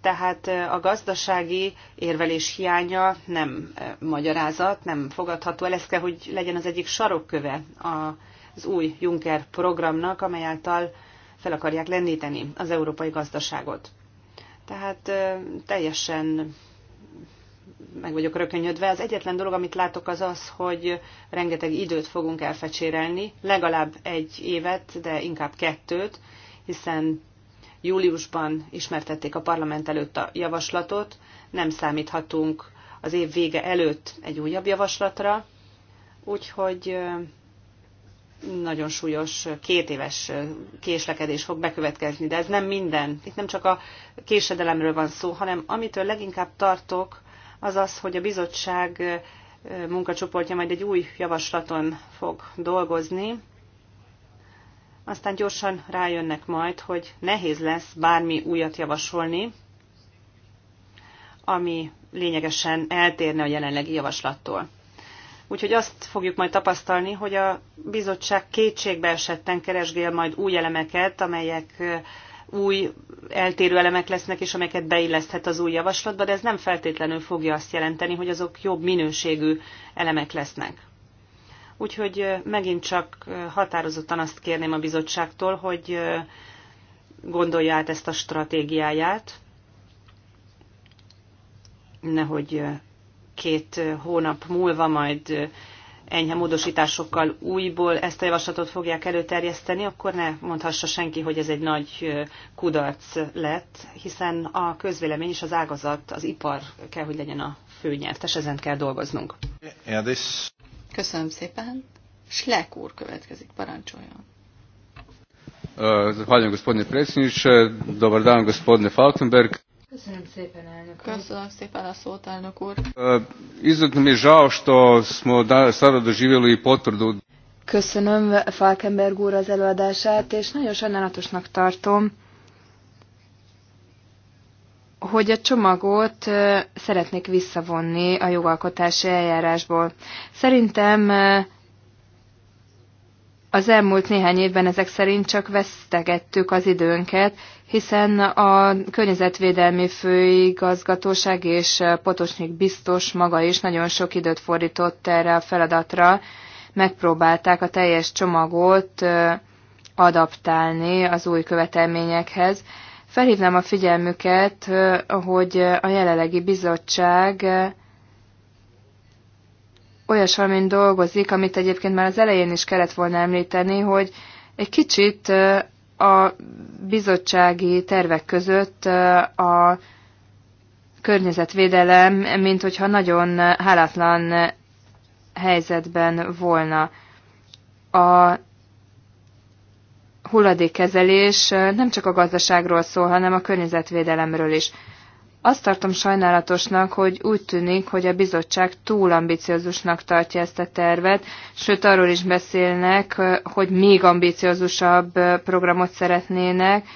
Tehát a gazdasági érvelés hiánya nem magyarázat, nem fogadható el. Ez kell, hogy legyen az egyik sarokköve az új Juncker programnak, amely által fel akarják lendíteni az európai gazdaságot. Tehát teljesen meg vagyok rökönyödve. Az egyetlen dolog, amit látok, az az, hogy rengeteg időt fogunk elfecsérelni, legalább egy évet, de inkább kettőt, hiszen júliusban ismertették a parlament előtt a javaslatot, nem számíthatunk az év vége előtt egy újabb javaslatra, úgyhogy nagyon súlyos két éves késlekedés fog bekövetkezni, de ez nem minden. Itt nem csak a késedelemről van szó, hanem amitől leginkább tartok, az az, hogy a bizottság munkacsoportja majd egy új javaslaton fog dolgozni, aztán gyorsan rájönnek majd, hogy nehéz lesz bármi újat javasolni, ami lényegesen eltérne a jelenlegi javaslattól. Úgyhogy azt fogjuk majd tapasztalni, hogy a bizottság kétségbe esetten keresgél majd új elemeket, amelyek új eltérő elemek lesznek, és amelyeket beilleszthet az új javaslatba, de ez nem feltétlenül fogja azt jelenteni, hogy azok jobb minőségű elemek lesznek. Úgyhogy megint csak határozottan azt kérném a bizottságtól, hogy gondolja át ezt a stratégiáját, nehogy két hónap múlva majd enyhe módosításokkal újból ezt a javaslatot fogják előterjeszteni, akkor ne mondhassa senki, hogy ez egy nagy kudarc lett, hiszen a közvélemény és az ágazat, az ipar kell, hogy legyen a főnyertes, ezen kell dolgoznunk. Köszönöm szépen. Slek úr következik, parancsoljon. Zahvaljujem gospodine predsjedniče, dobar dan gospodine Falkenberg. Köszönöm szépen, elnök úr. Köszönöm szépen a szót, elnök úr. Izuzetno mi žao što smo sada doživjeli potvrdu. Köszönöm Falkenberg úr az előadását, és nagyon sajnálatosnak tartom, hogy a csomagot szeretnék visszavonni a jogalkotási eljárásból. Szerintem az elmúlt néhány évben ezek szerint csak vesztegettük az időnket, hiszen a környezetvédelmi főigazgatóság és Potosnyik biztos maga is nagyon sok időt fordított erre a feladatra. Megpróbálták a teljes csomagot adaptálni az új követelményekhez. Felhívnám a figyelmüket, hogy a jelenlegi bizottság olyasvamin dolgozik, amit egyébként már az elején is kellett volna említeni, hogy egy kicsit a bizottsági tervek között a környezetvédelem, mint hogyha nagyon hálátlan helyzetben volna. A hulladékkezelés nem csak a gazdaságról szól, hanem a környezetvédelemről is. Azt tartom sajnálatosnak, hogy úgy tűnik, hogy a bizottság túl ambiciózusnak tartja ezt a tervet, sőt arról is beszélnek, hogy még ambiciózusabb programot szeretnének,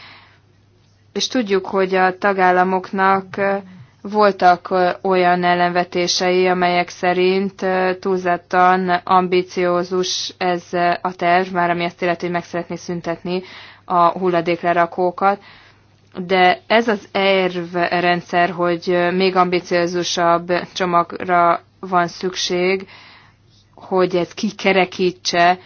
és tudjuk, hogy a tagállamoknak voltak olyan ellenvetései, amelyek szerint túlzottan ambiciózus ez a terv, már ami azt illeti, hogy meg szeretné szüntetni a hulladéklerakókat de ez az ERV-rendszer, hogy még ambiciózusabb csomagra van szükség, hogy ez kikerekítse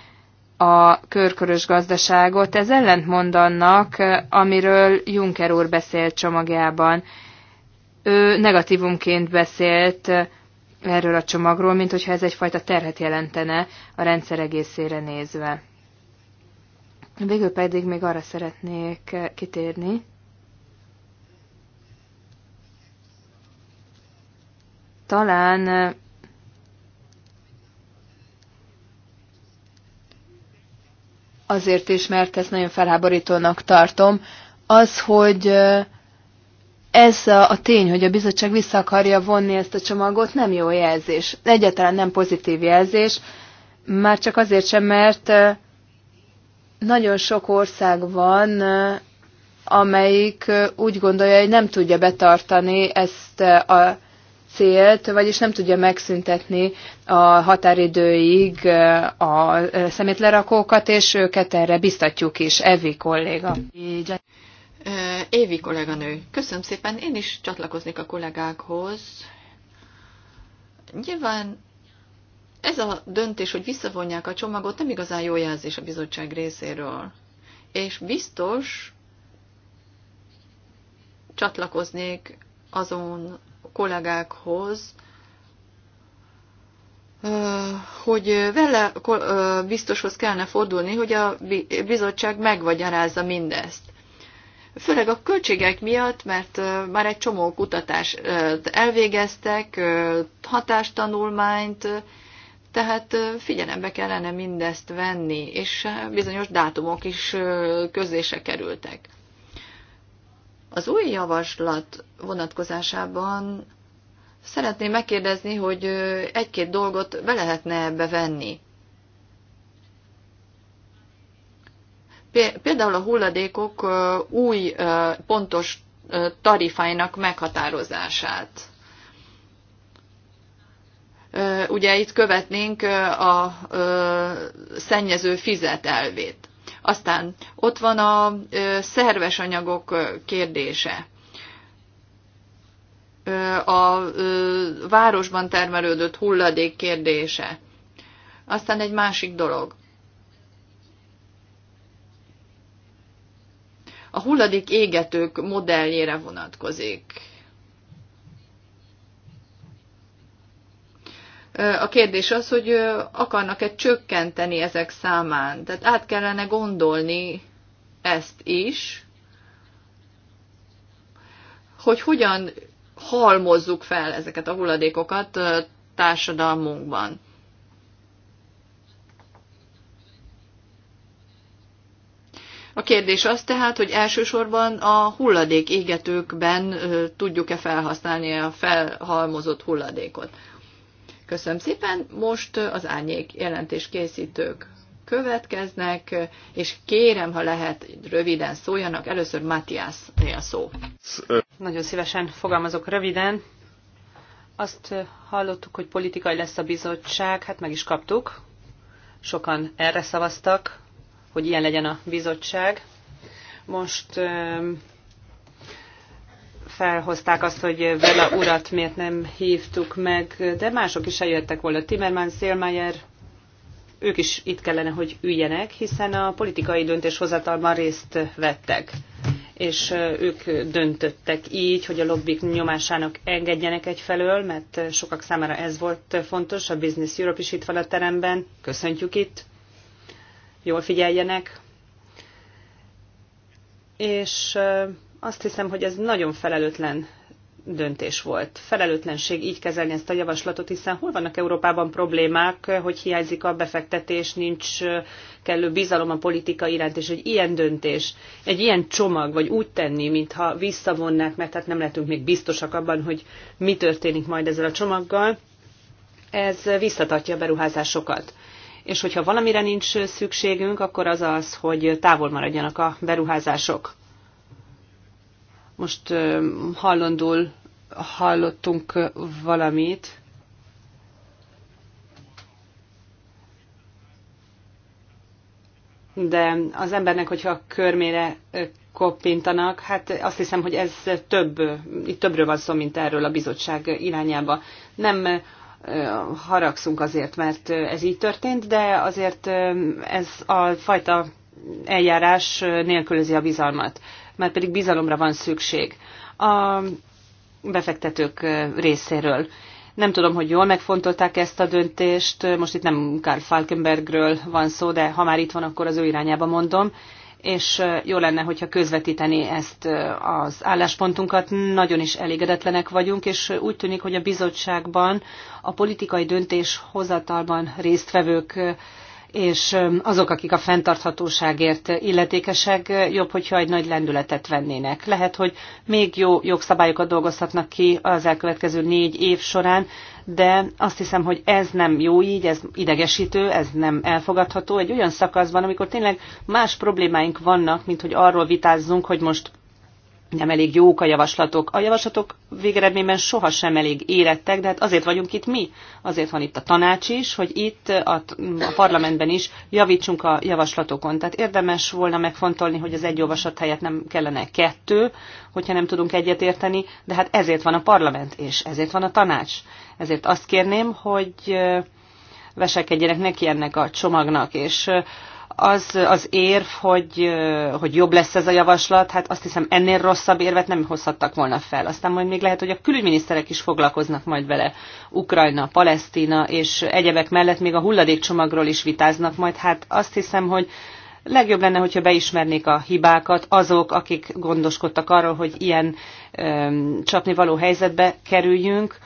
a körkörös gazdaságot, ez ellentmond annak, amiről Juncker úr beszélt csomagjában. Ő negatívumként beszélt erről a csomagról, mint hogyha ez egyfajta terhet jelentene a rendszer egészére nézve. Végül pedig még arra szeretnék kitérni, talán azért is, mert ezt nagyon felháborítónak tartom, az, hogy ez a tény, hogy a bizottság vissza akarja vonni ezt a csomagot, nem jó jelzés. Egyáltalán nem pozitív jelzés, már csak azért sem, mert nagyon sok ország van, amelyik úgy gondolja, hogy nem tudja betartani ezt a célt, vagyis nem tudja megszüntetni a határidőig a szemétlerakókat, és őket erre biztatjuk is. Evi kolléga. Évi kolléganő, köszönöm szépen, én is csatlakoznék a kollégákhoz. Nyilván ez a döntés, hogy visszavonják a csomagot, nem igazán jó jelzés a bizottság részéről. És biztos csatlakoznék azon kollégákhoz, hogy vele biztoshoz kellene fordulni, hogy a bizottság megvagyarázza mindezt. Főleg a költségek miatt, mert már egy csomó kutatást elvégeztek, hatástanulmányt, tehát figyelembe kellene mindezt venni, és bizonyos dátumok is közlése kerültek. Az új javaslat vonatkozásában szeretném megkérdezni, hogy egy-két dolgot be lehetne ebbe venni. Például a hulladékok új pontos tarifáinak meghatározását. Ugye itt követnénk a szennyező fizetelvét. Aztán ott van a szerves anyagok kérdése. A városban termelődött hulladék kérdése. Aztán egy másik dolog. A hulladék égetők modelljére vonatkozik A kérdés az, hogy akarnak-e csökkenteni ezek számán. Tehát át kellene gondolni ezt is, hogy hogyan halmozzuk fel ezeket a hulladékokat társadalmunkban. A kérdés az tehát, hogy elsősorban a hulladék égetőkben tudjuk-e felhasználni a felhalmozott hulladékot. Köszönöm szépen. Most az árnyék jelentés készítők következnek, és kérem, ha lehet, röviden szóljanak. Először Matthias a szó. Nagyon szívesen fogalmazok röviden. Azt hallottuk, hogy politikai lesz a bizottság, hát meg is kaptuk. Sokan erre szavaztak, hogy ilyen legyen a bizottság. Most felhozták azt, hogy Vela urat miért nem hívtuk meg, de mások is eljöttek volna. Timmermans, Szélmeier, ők is itt kellene, hogy üljenek, hiszen a politikai döntéshozatalban részt vettek és ők döntöttek így, hogy a lobbik nyomásának engedjenek egyfelől, mert sokak számára ez volt fontos, a Business Europe is itt van a teremben, köszöntjük itt, jól figyeljenek, és azt hiszem, hogy ez nagyon felelőtlen döntés volt. Felelőtlenség így kezelni ezt a javaslatot, hiszen hol vannak Európában problémák, hogy hiányzik a befektetés, nincs kellő bizalom a politika iránt, és egy ilyen döntés, egy ilyen csomag, vagy úgy tenni, mintha visszavonnák, mert hát nem lehetünk még biztosak abban, hogy mi történik majd ezzel a csomaggal, ez visszatartja a beruházásokat. És hogyha valamire nincs szükségünk, akkor az az, hogy távol maradjanak a beruházások most hallandul hallottunk valamit. De az embernek, hogyha a körmére koppintanak, hát azt hiszem, hogy ez több, itt többről van szó, mint erről a bizottság irányába. Nem haragszunk azért, mert ez így történt, de azért ez a fajta eljárás nélkülözi a bizalmat. Mert pedig bizalomra van szükség a befektetők részéről. Nem tudom, hogy jól megfontolták ezt a döntést, most itt nem Karl Falkenbergről van szó, de ha már itt van, akkor az ő irányába mondom, és jó lenne, hogyha közvetíteni ezt az álláspontunkat. Nagyon is elégedetlenek vagyunk, és úgy tűnik, hogy a bizottságban a politikai döntéshozatalban résztvevők és azok, akik a fenntarthatóságért illetékesek, jobb, hogyha egy nagy lendületet vennének. Lehet, hogy még jó jogszabályokat dolgozhatnak ki az elkövetkező négy év során, de azt hiszem, hogy ez nem jó így, ez idegesítő, ez nem elfogadható. Egy olyan szakaszban, amikor tényleg más problémáink vannak, mint hogy arról vitázzunk, hogy most nem elég jók a javaslatok. A javaslatok végeredményben sohasem elég érettek, de hát azért vagyunk itt mi. Azért van itt a tanács is, hogy itt a, a parlamentben is javítsunk a javaslatokon. Tehát érdemes volna megfontolni, hogy az egy olvasat helyett nem kellene kettő, hogyha nem tudunk egyet érteni, de hát ezért van a parlament, és ezért van a tanács. Ezért azt kérném, hogy vesekedjenek neki ennek a csomagnak, és az az érv, hogy, hogy jobb lesz ez a javaslat, hát azt hiszem ennél rosszabb érvet nem hozhattak volna fel. Aztán majd még lehet, hogy a külügyminiszterek is foglalkoznak majd vele. Ukrajna, Palesztina és egyebek mellett még a hulladékcsomagról is vitáznak majd. Hát azt hiszem, hogy legjobb lenne, hogyha beismernék a hibákat azok, akik gondoskodtak arról, hogy ilyen öm, csapnivaló helyzetbe kerüljünk.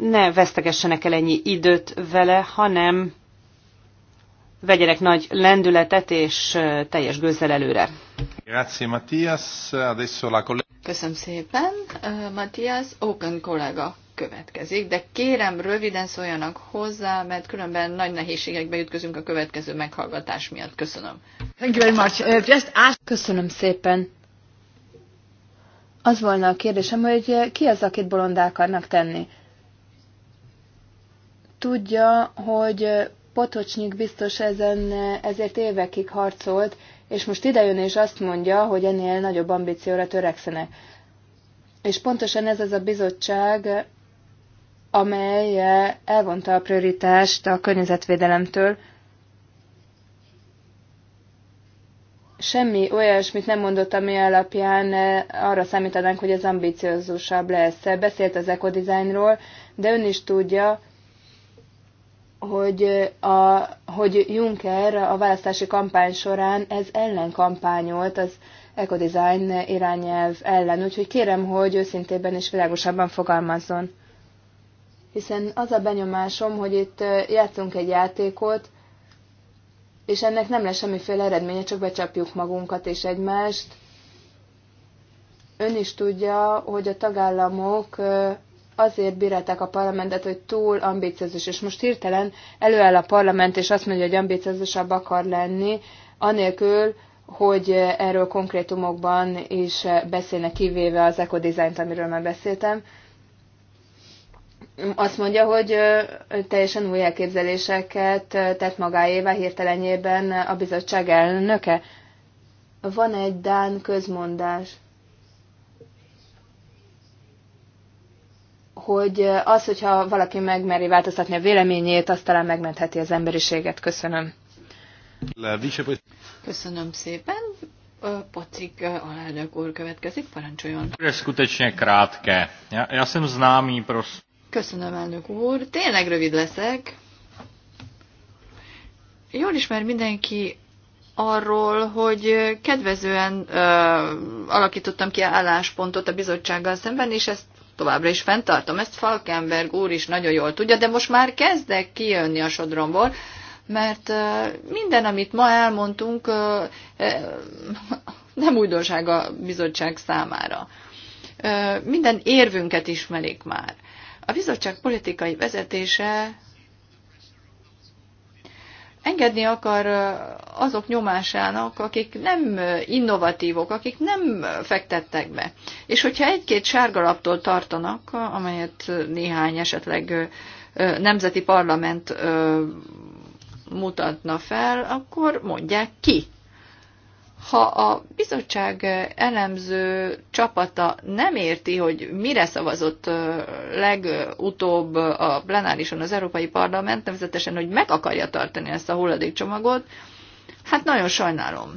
Ne vesztegessenek el ennyi időt vele, hanem vegyenek nagy lendületet és teljes gőzzel előre. Grazie Matthias. Adesso la Köszönöm szépen. Matthias Open kollega következik, de kérem röviden szóljanak hozzá, mert különben nagy nehézségekbe ütközünk a következő meghallgatás miatt. Köszönöm. Thank you very much. Uh, just ask... Köszönöm szépen. Az volna a kérdésem, hogy ki az, akit bolondá akarnak tenni? Tudja, hogy Potocsnyik biztos ezen, ezért évekig harcolt, és most idejön és azt mondja, hogy ennél nagyobb ambícióra törekszenek. És pontosan ez az a bizottság, amely elvonta a prioritást a környezetvédelemtől. Semmi olyasmit nem mondott, ami alapján eh, arra számítanánk, hogy ez ambíciózusabb lesz. Beszélt az ekodizájnról, de ön is tudja, hogy, a, hogy Juncker a választási kampány során ez ellen kampányolt az ecodesign irányelv ellen, úgyhogy kérem, hogy őszintében és világosabban fogalmazzon. Hiszen az a benyomásom, hogy itt játszunk egy játékot, és ennek nem lesz semmiféle eredménye, csak becsapjuk magunkat és egymást. Ön is tudja, hogy a tagállamok azért bírálták a parlamentet, hogy túl ambiciózus, és most hirtelen előáll a parlament, és azt mondja, hogy ambiciózusabb akar lenni, anélkül, hogy erről konkrétumokban is beszélnek, kivéve az ekodizájnt, amiről már beszéltem. Azt mondja, hogy teljesen új elképzeléseket tett magáévá hirtelenjében a bizottság elnöke. Van egy Dán közmondás – hogy az, hogyha valaki megmeri változtatni a véleményét, az talán megmentheti az emberiséget. Köszönöm. Köszönöm szépen. Pocik alelnök úr következik, parancsoljon. Köszönöm, elnök úr. Tényleg rövid leszek. Jól ismer mindenki arról, hogy kedvezően uh, alakítottam ki álláspontot a bizottsággal szemben, és ezt továbbra is fenntartom. Ezt Falkenberg úr is nagyon jól tudja, de most már kezdek kijönni a sodromból, mert minden, amit ma elmondtunk, nem újdonság a bizottság számára. Minden érvünket ismerik már. A bizottság politikai vezetése engedni akar azok nyomásának, akik nem innovatívok, akik nem fektettek be. És hogyha egy-két sárgalaptól tartanak, amelyet néhány esetleg nemzeti parlament mutatna fel, akkor mondják ki ha a bizottság elemző csapata nem érti, hogy mire szavazott legutóbb a plenárison az Európai Parlament, nevezetesen, hogy meg akarja tartani ezt a hulladékcsomagot, hát nagyon sajnálom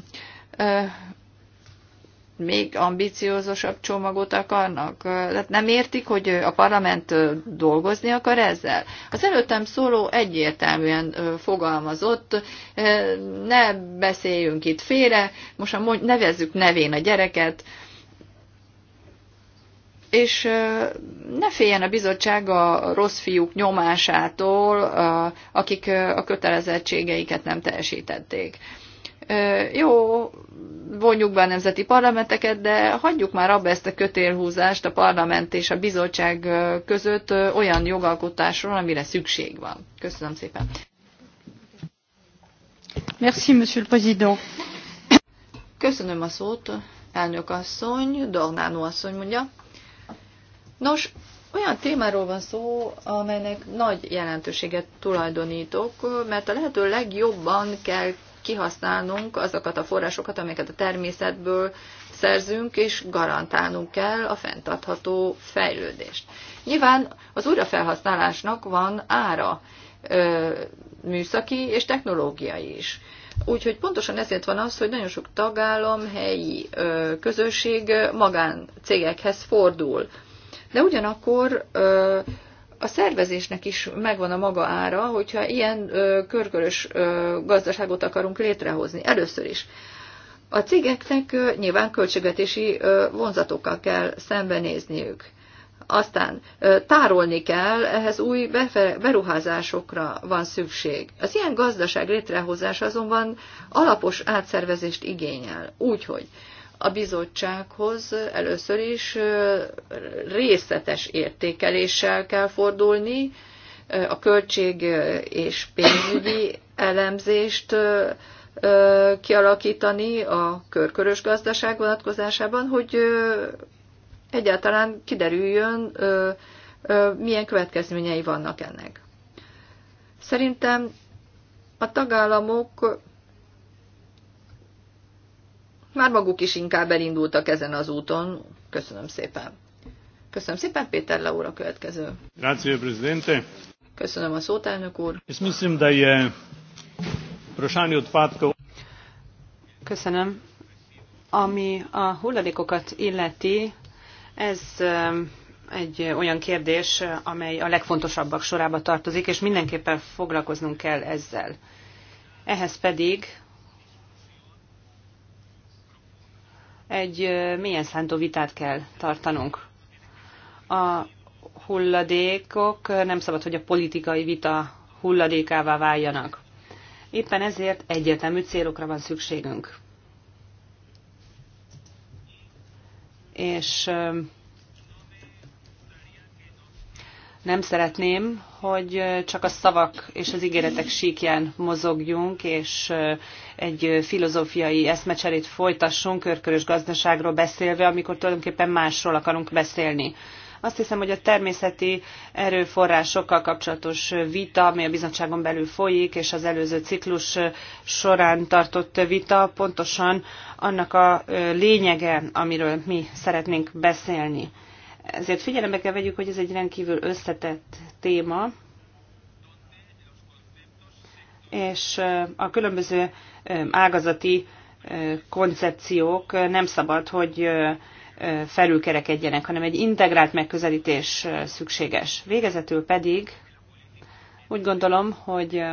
még ambiciózusabb csomagot akarnak? Tehát nem értik, hogy a parlament dolgozni akar ezzel? Az előttem szóló egyértelműen fogalmazott, ne beszéljünk itt félre, most nevezzük nevén a gyereket, és ne féljen a bizottság a rossz fiúk nyomásától, akik a kötelezettségeiket nem teljesítették jó, vonjuk be a nemzeti parlamenteket, de hagyjuk már abba ezt a kötélhúzást a parlament és a bizottság között olyan jogalkotásról, amire szükség van. Köszönöm szépen. Merci, monsieur le président. Köszönöm a szót, elnök asszony, Dornánó asszony mondja. Nos, olyan témáról van szó, amelynek nagy jelentőséget tulajdonítok, mert a lehető legjobban kell kihasználnunk azokat a forrásokat, amelyeket a természetből szerzünk, és garantálnunk kell a fenntartható fejlődést. Nyilván az újrafelhasználásnak van ára, műszaki és technológiai is. Úgyhogy pontosan ezért van az, hogy nagyon sok tagállam, helyi közösség magáncégekhez fordul. De ugyanakkor a szervezésnek is megvan a maga ára, hogyha ilyen ö, körkörös ö, gazdaságot akarunk létrehozni. Először is. A cégeknek ö, nyilván költségvetési ö, vonzatokkal kell szembenézniük. Aztán ö, tárolni kell, ehhez új befe, beruházásokra van szükség. Az ilyen gazdaság létrehozás azonban alapos átszervezést igényel. Úgyhogy a bizottsághoz először is részletes értékeléssel kell fordulni, a költség és pénzügyi elemzést kialakítani a körkörös gazdaság vonatkozásában, hogy egyáltalán kiderüljön, milyen következményei vannak ennek. Szerintem a tagállamok már maguk is inkább elindultak ezen az úton. Köszönöm szépen. Köszönöm szépen, Péter Laura a következő. Grazie, Presidente. Köszönöm a szót, elnök úr. Eh, Köszönöm. Ami a hulladékokat illeti, ez eh, egy olyan kérdés, amely a legfontosabbak sorába tartozik, és mindenképpen foglalkoznunk kell ezzel. Ehhez pedig egy milyen szántó vitát kell tartanunk. A hulladékok nem szabad, hogy a politikai vita hulladékává váljanak. Éppen ezért egyértelmű célokra van szükségünk. És nem szeretném, hogy csak a szavak és az ígéretek síkján mozogjunk, és egy filozófiai eszmecserét folytassunk, körkörös gazdaságról beszélve, amikor tulajdonképpen másról akarunk beszélni. Azt hiszem, hogy a természeti erőforrásokkal kapcsolatos vita, ami a bizottságon belül folyik, és az előző ciklus során tartott vita pontosan annak a lényege, amiről mi szeretnénk beszélni ezért figyelembe kell vegyük, hogy ez egy rendkívül összetett téma, és a különböző ágazati koncepciók nem szabad, hogy felülkerekedjenek, hanem egy integrált megközelítés szükséges. Végezetül pedig úgy gondolom, hogy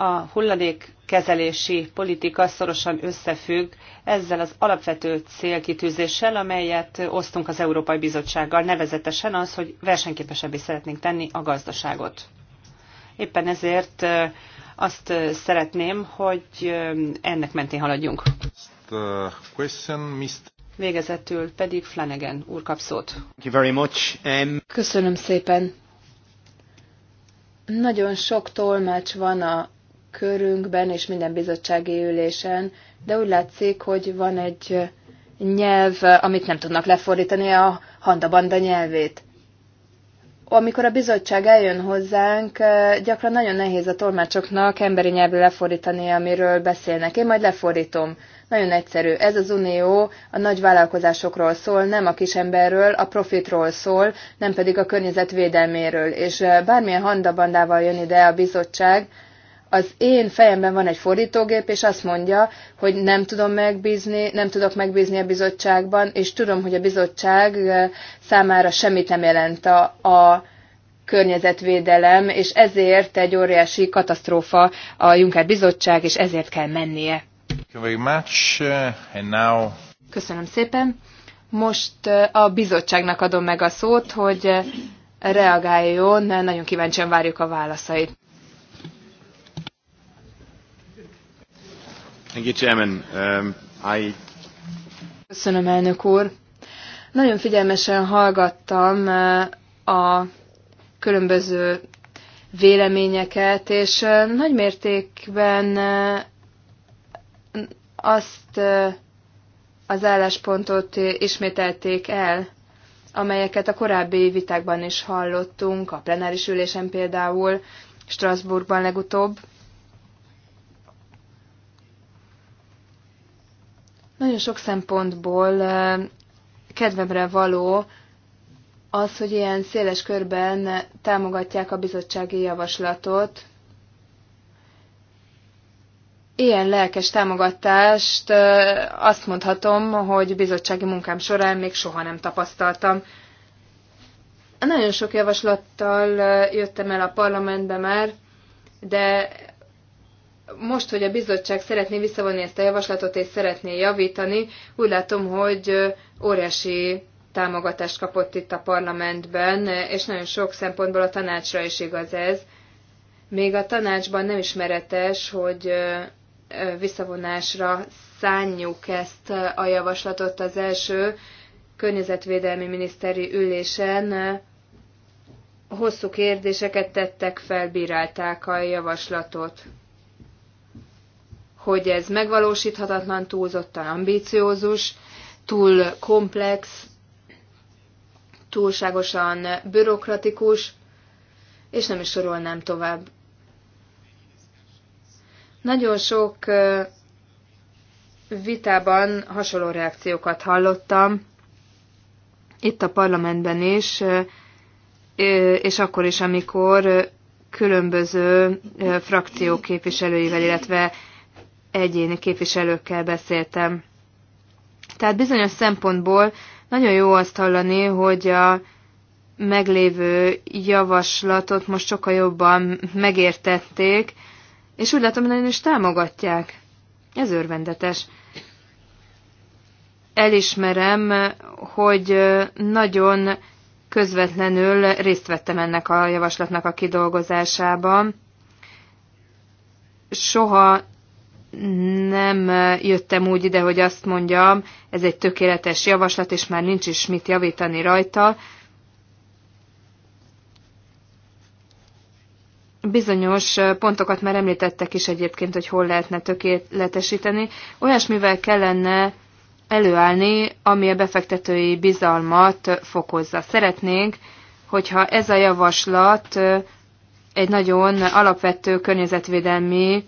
a hulladékkezelési politika szorosan összefügg ezzel az alapvető célkitűzéssel, amelyet osztunk az Európai Bizottsággal, nevezetesen az, hogy versenyképesebbé szeretnénk tenni a gazdaságot. Éppen ezért azt szeretném, hogy ennek mentén haladjunk. Uh, Végezetül pedig Flanagan úr kap szót. Um- Köszönöm szépen. Nagyon sok tolmács van a körünkben és minden bizottsági ülésen, de úgy látszik, hogy van egy nyelv, amit nem tudnak lefordítani a handabanda nyelvét. Amikor a bizottság eljön hozzánk, eh, gyakran nagyon nehéz a tolmácsoknak emberi nyelvre lefordítani, amiről beszélnek. Én majd lefordítom. Nagyon egyszerű. Ez az unió a nagy vállalkozásokról szól, nem a kisemberről, a profitról szól, nem pedig a környezet védelméről. És eh, bármilyen handabandával jön ide a bizottság, az én fejemben van egy fordítógép, és azt mondja, hogy nem tudom megbízni, nem tudok megbízni a bizottságban, és tudom, hogy a bizottság számára semmit nem jelent a, a környezetvédelem, és ezért egy óriási katasztrófa a Juncker bizottság, és ezért kell mennie. Uh, Köszönöm szépen. Most uh, a bizottságnak adom meg a szót, hogy uh, reagáljon, nagyon kíváncsian várjuk a válaszait. Um, Köszönöm, elnök úr. Nagyon figyelmesen hallgattam uh, a különböző véleményeket, és uh, nagy mértékben uh, azt az álláspontot ismételték el, amelyeket a korábbi vitákban is hallottunk, a plenáris ülésen például, Strasbourgban legutóbb. Nagyon sok szempontból kedvemre való az, hogy ilyen széles körben támogatják a bizottsági javaslatot. Ilyen lelkes támogatást azt mondhatom, hogy bizottsági munkám során még soha nem tapasztaltam. Nagyon sok javaslattal jöttem el a parlamentbe már, de most, hogy a bizottság szeretné visszavonni ezt a javaslatot és szeretné javítani, úgy látom, hogy óriási támogatást kapott itt a parlamentben, és nagyon sok szempontból a tanácsra is igaz ez. Még a tanácsban nem ismeretes, hogy visszavonásra szánjuk ezt a javaslatot az első környezetvédelmi miniszteri ülésen. Hosszú kérdéseket tettek fel, bírálták a javaslatot hogy ez megvalósíthatatlan, túlzottan ambíciózus, túl komplex, túlságosan bürokratikus, és nem is sorolnám tovább. Nagyon sok vitában hasonló reakciókat hallottam, itt a parlamentben is, és akkor is, amikor különböző frakciók képviselőivel, illetve egyéni képviselőkkel beszéltem. Tehát bizonyos szempontból nagyon jó azt hallani, hogy a meglévő javaslatot most sokkal jobban megértették, és úgy látom, hogy nagyon is támogatják. Ez örvendetes. Elismerem, hogy nagyon közvetlenül részt vettem ennek a javaslatnak a kidolgozásában. Soha nem jöttem úgy ide, hogy azt mondjam, ez egy tökéletes javaslat, és már nincs is mit javítani rajta. Bizonyos pontokat már említettek is egyébként, hogy hol lehetne tökéletesíteni. Olyasmivel kellene előállni, ami a befektetői bizalmat fokozza. Szeretnénk, hogyha ez a javaslat egy nagyon alapvető környezetvédelmi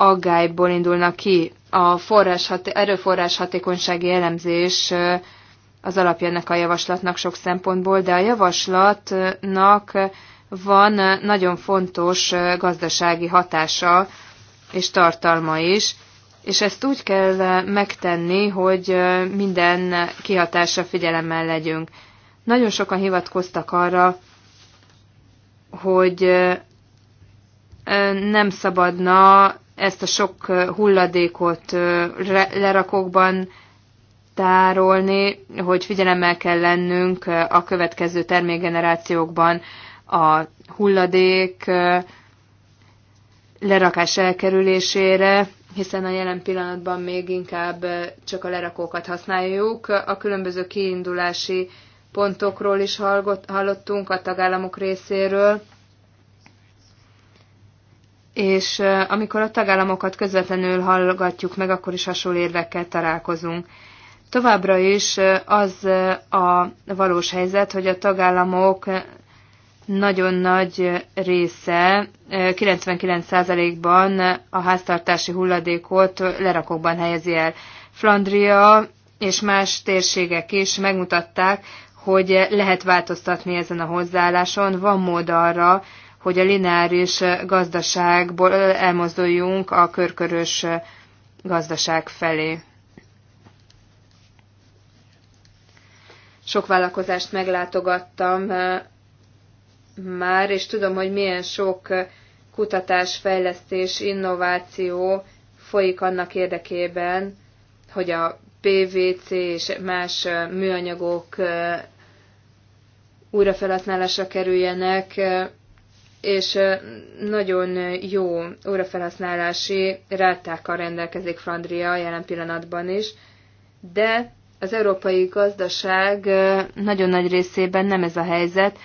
aggályból indulnak ki. A forrás haté, erőforrás hatékonysági elemzés az alapjának a javaslatnak sok szempontból, de a javaslatnak van nagyon fontos gazdasági hatása és tartalma is, és ezt úgy kell megtenni, hogy minden kihatásra figyelemmel legyünk. Nagyon sokan hivatkoztak arra, hogy nem szabadna ezt a sok hulladékot lerakokban tárolni, hogy figyelemmel kell lennünk a következő termégenerációkban a hulladék lerakás elkerülésére, hiszen a jelen pillanatban még inkább csak a lerakókat használjuk. A különböző kiindulási pontokról is hallottunk a tagállamok részéről, és amikor a tagállamokat közvetlenül hallgatjuk meg, akkor is hasonló érvekkel találkozunk. Továbbra is az a valós helyzet, hogy a tagállamok nagyon nagy része, 99%-ban a háztartási hulladékot lerakokban helyezi el. Flandria és más térségek is megmutatták, hogy lehet változtatni ezen a hozzáálláson, van mód arra, hogy a lineáris gazdaságból elmozduljunk a körkörös gazdaság felé. Sok vállalkozást meglátogattam már, és tudom, hogy milyen sok kutatás, fejlesztés, innováció folyik annak érdekében, hogy a PVC és más műanyagok újrafelhasználásra kerüljenek, és nagyon jó órafelhasználási rátákkal rendelkezik Flandria jelen pillanatban is, de az európai gazdaság nagyon nagy részében nem ez a helyzet,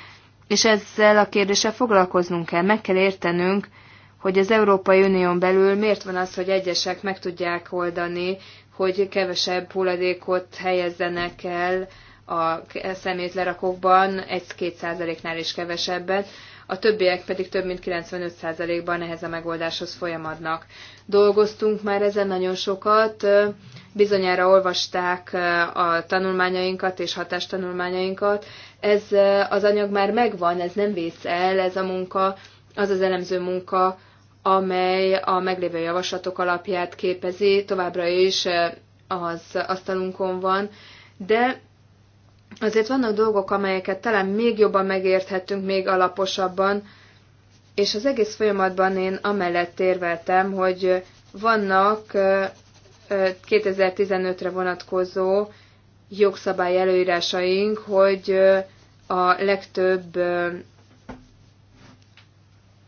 és ezzel a kérdéssel foglalkoznunk kell, meg kell értenünk, hogy az Európai Unión belül miért van az, hogy egyesek meg tudják oldani, hogy kevesebb hulladékot helyezzenek el a szemétlerakokban, egy-két százaléknál is kevesebbet a többiek pedig több mint 95%-ban ehhez a megoldáshoz folyamadnak. Dolgoztunk már ezen nagyon sokat, bizonyára olvasták a tanulmányainkat és hatástanulmányainkat. Ez az anyag már megvan, ez nem vész el, ez a munka, az az elemző munka, amely a meglévő javaslatok alapját képezi, továbbra is az asztalunkon van, de azért vannak dolgok, amelyeket talán még jobban megérthettünk, még alaposabban, és az egész folyamatban én amellett érveltem, hogy vannak 2015-re vonatkozó jogszabály előírásaink, hogy a legtöbb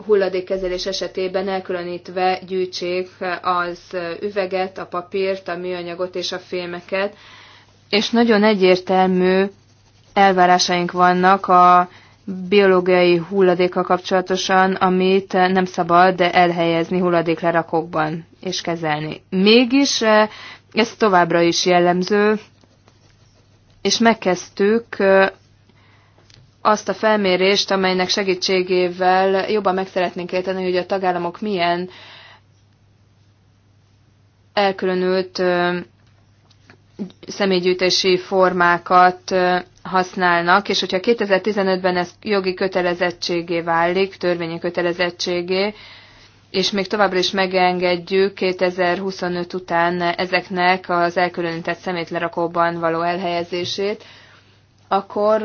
hulladékkezelés esetében elkülönítve gyűjtsék az üveget, a papírt, a műanyagot és a fémeket és nagyon egyértelmű elvárásaink vannak a biológiai hulladéka kapcsolatosan, amit nem szabad elhelyezni hulladéklerakókban és kezelni. Mégis eh, ez továbbra is jellemző, és megkezdtük eh, azt a felmérést, amelynek segítségével jobban meg szeretnénk érteni, hogy a tagállamok milyen elkülönült eh, személygyűjtési formákat használnak, és hogyha 2015-ben ez jogi kötelezettségé válik, törvényi kötelezettségé, és még továbbra is megengedjük 2025 után ezeknek az elkülönített szemétlerakóban való elhelyezését, akkor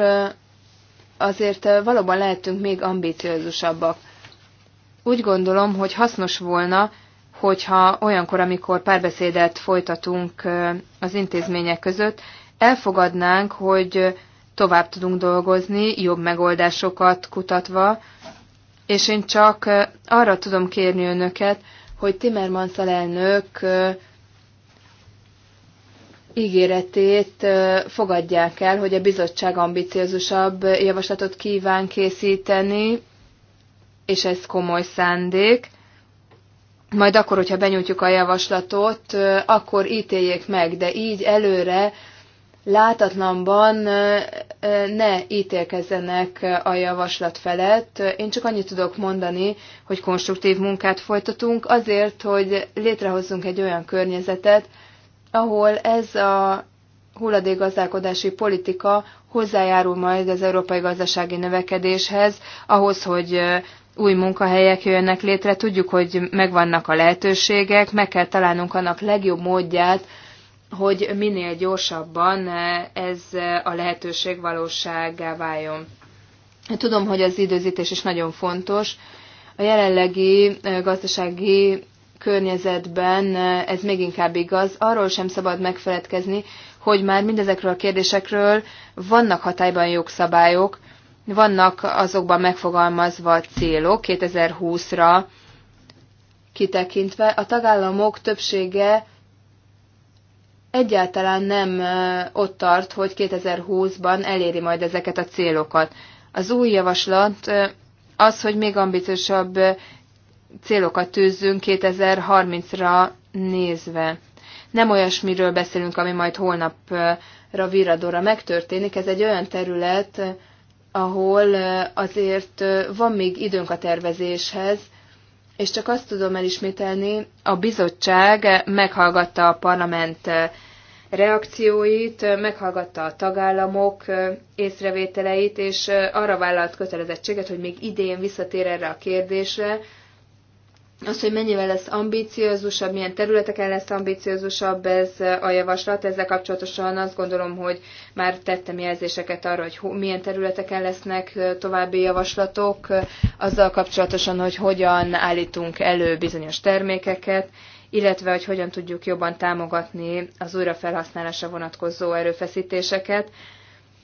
azért valóban lehetünk még ambíciózusabbak. Úgy gondolom, hogy hasznos volna, hogyha olyankor, amikor párbeszédet folytatunk az intézmények között, elfogadnánk, hogy tovább tudunk dolgozni, jobb megoldásokat kutatva, és én csak arra tudom kérni önöket, hogy Timmermans elnök ígéretét fogadják el, hogy a bizottság ambiciózusabb javaslatot kíván készíteni, és ez komoly szándék majd akkor, hogyha benyújtjuk a javaslatot, akkor ítéljék meg, de így előre látatlanban ne ítélkezzenek a javaslat felett. Én csak annyit tudok mondani, hogy konstruktív munkát folytatunk azért, hogy létrehozzunk egy olyan környezetet, ahol ez a hulladékgazdálkodási politika hozzájárul majd az európai gazdasági növekedéshez, ahhoz, hogy új munkahelyek jönnek létre, tudjuk, hogy megvannak a lehetőségek, meg kell találnunk annak legjobb módját, hogy minél gyorsabban ez a lehetőség valósággá váljon. Tudom, hogy az időzítés is nagyon fontos. A jelenlegi eh, gazdasági környezetben eh, ez még inkább igaz. Arról sem szabad megfeledkezni, hogy már mindezekről a kérdésekről vannak hatályban jogszabályok, vannak azokban megfogalmazva célok 2020-ra kitekintve. A tagállamok többsége egyáltalán nem ott tart, hogy 2020-ban eléri majd ezeket a célokat. Az új javaslat az, hogy még ambiciósabb célokat tűzzünk 2030-ra nézve. Nem olyasmiről beszélünk, ami majd holnapra viradóra megtörténik, ez egy olyan terület, ahol azért van még időnk a tervezéshez, és csak azt tudom elismételni, a bizottság meghallgatta a parlament reakcióit, meghallgatta a tagállamok észrevételeit, és arra vállalt kötelezettséget, hogy még idén visszatér erre a kérdésre, az, hogy mennyivel lesz ambíciózusabb, milyen területeken lesz ambíciózusabb ez a javaslat, ezzel kapcsolatosan azt gondolom, hogy már tettem jelzéseket arra, hogy milyen területeken lesznek további javaslatok, azzal kapcsolatosan, hogy hogyan állítunk elő bizonyos termékeket, illetve hogy hogyan tudjuk jobban támogatni az újrafelhasználásra vonatkozó erőfeszítéseket.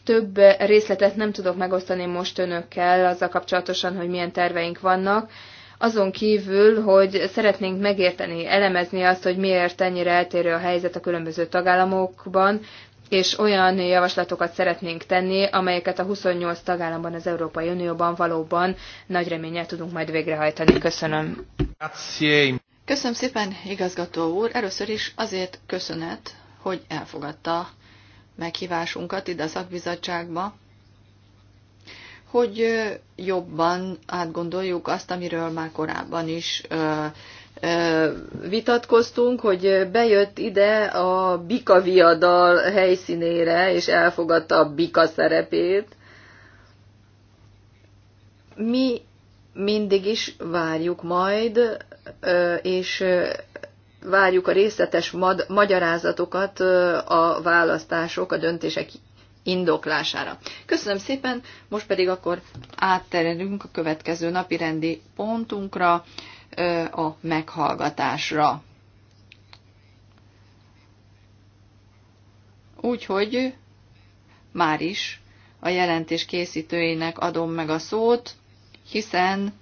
Több részletet nem tudok megosztani most önökkel azzal kapcsolatosan, hogy milyen terveink vannak, azon kívül, hogy szeretnénk megérteni, elemezni azt, hogy miért ennyire eltérő a helyzet a különböző tagállamokban, és olyan javaslatokat szeretnénk tenni, amelyeket a 28 tagállamban az Európai Unióban valóban nagy reménnyel tudunk majd végrehajtani. Köszönöm. Köszönöm szépen, igazgató úr. Először is azért köszönet, hogy elfogadta meghívásunkat ide a szakbizottságba, hogy jobban átgondoljuk azt, amiről már korábban is vitatkoztunk, hogy bejött ide a bika viadal helyszínére, és elfogadta a bika szerepét. Mi mindig is várjuk majd, és várjuk a részletes magyarázatokat a választások, a döntések indoklására. Köszönöm szépen, most pedig akkor átterelünk a következő napi rendi pontunkra, a meghallgatásra. Úgyhogy már is a jelentés készítőinek adom meg a szót, hiszen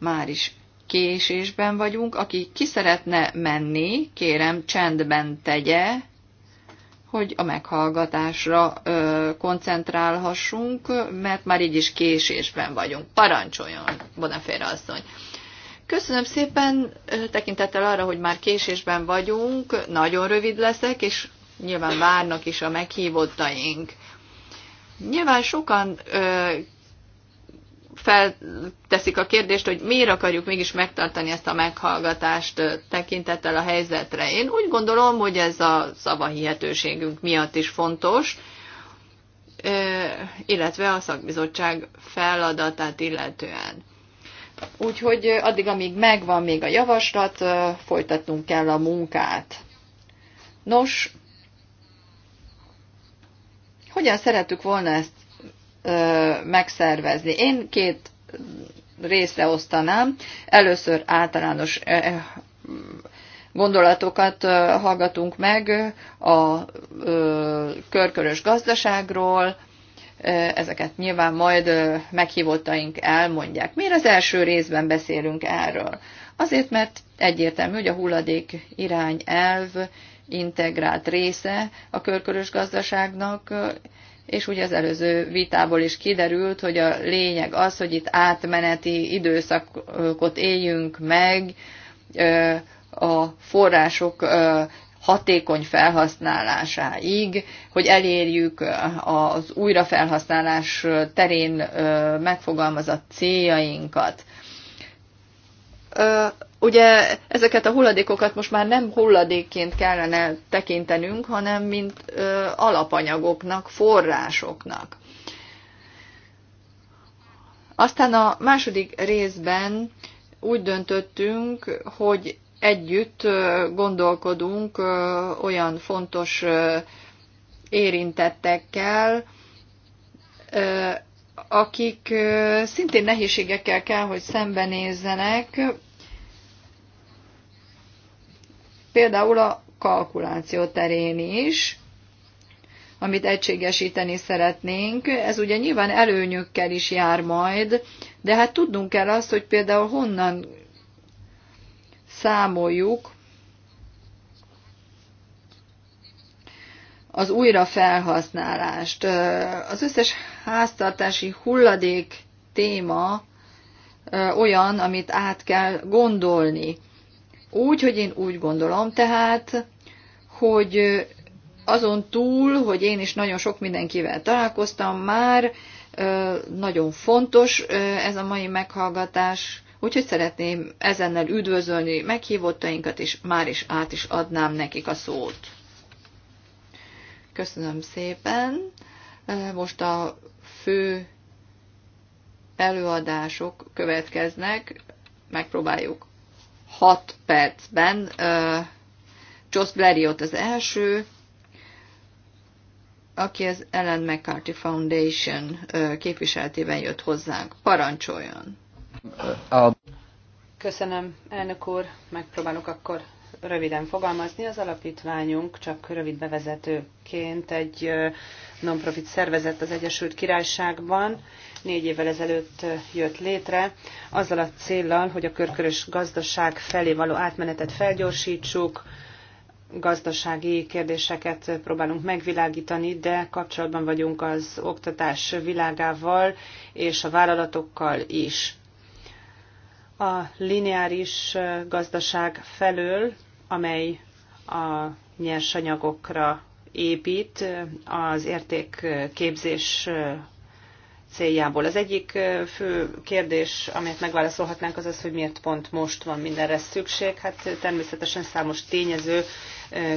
már is késésben vagyunk. Aki ki szeretne menni, kérem csendben tegye, hogy a meghallgatásra ö, koncentrálhassunk, mert már így is késésben vagyunk. Parancsoljon, Bonafére asszony! Köszönöm szépen, tekintettel arra, hogy már késésben vagyunk, nagyon rövid leszek, és nyilván várnak is a meghívottaink. Nyilván sokan ö, felteszik a kérdést, hogy miért akarjuk mégis megtartani ezt a meghallgatást tekintettel a helyzetre. Én úgy gondolom, hogy ez a szavahihetőségünk miatt is fontos, illetve a szakbizottság feladatát illetően. Úgyhogy addig, amíg megvan még a javaslat, folytatnunk kell a munkát. Nos, hogyan szerettük volna ezt megszervezni. Én két részre osztanám. Először általános gondolatokat hallgatunk meg a körkörös gazdaságról, ezeket nyilván majd meghívottaink elmondják. Miért az első részben beszélünk erről? Azért, mert egyértelmű, hogy a hulladék irányelv integrált része a körkörös gazdaságnak, és ugye az előző vitából is kiderült, hogy a lényeg az, hogy itt átmeneti időszakot éljünk meg a források hatékony felhasználásáig, hogy elérjük az újrafelhasználás terén megfogalmazott céljainkat Ugye ezeket a hulladékokat most már nem hulladékként kellene tekintenünk, hanem mint ö, alapanyagoknak, forrásoknak. Aztán a második részben úgy döntöttünk, hogy együtt gondolkodunk olyan fontos érintettekkel, akik szintén nehézségekkel kell, hogy szembenézzenek, például a kalkuláció terén is, amit egységesíteni szeretnénk. Ez ugye nyilván előnyökkel is jár majd, de hát tudnunk kell azt, hogy például honnan számoljuk az újrafelhasználást. Az összes háztartási hulladék téma olyan, amit át kell gondolni. Úgy, hogy én úgy gondolom tehát, hogy azon túl, hogy én is nagyon sok mindenkivel találkoztam már, nagyon fontos ez a mai meghallgatás, úgyhogy szeretném ezennel üdvözölni meghívottainkat, és már is át is adnám nekik a szót. Köszönöm szépen. Most a fő előadások következnek, megpróbáljuk 6 percben. Joss Blériot az első, aki az Ellen McCarthy Foundation képviseletében jött hozzánk. Parancsoljon! Köszönöm, elnök úr. Megpróbálok akkor röviden fogalmazni. Az alapítványunk csak rövid bevezetőként egy non-profit szervezet az Egyesült Királyságban, négy évvel ezelőtt jött létre, azzal a céllal, hogy a körkörös gazdaság felé való átmenetet felgyorsítsuk, gazdasági kérdéseket próbálunk megvilágítani, de kapcsolatban vagyunk az oktatás világával és a vállalatokkal is. A lineáris gazdaság felől, amely a nyersanyagokra épít, az értékképzés céljából. Az egyik fő kérdés, amelyet megválaszolhatnánk, az az, hogy miért pont most van mindenre szükség. Hát természetesen számos tényező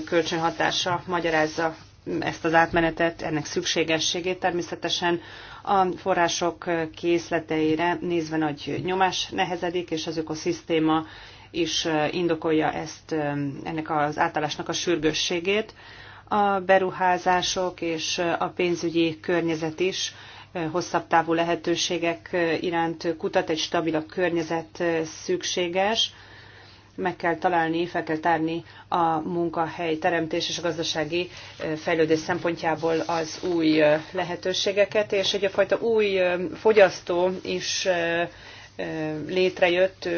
kölcsönhatása magyarázza ezt az átmenetet, ennek szükségességét természetesen a források készleteire nézve nagy nyomás nehezedik, és az ökoszisztéma is indokolja ezt, ennek az átállásnak a sürgősségét. A beruházások és a pénzügyi környezet is hosszabb távú lehetőségek iránt kutat, egy stabilabb környezet szükséges, meg kell találni, fel kell tárni a munkahely teremtés és a gazdasági fejlődés szempontjából az új lehetőségeket, és egy fajta új fogyasztó is létrejött,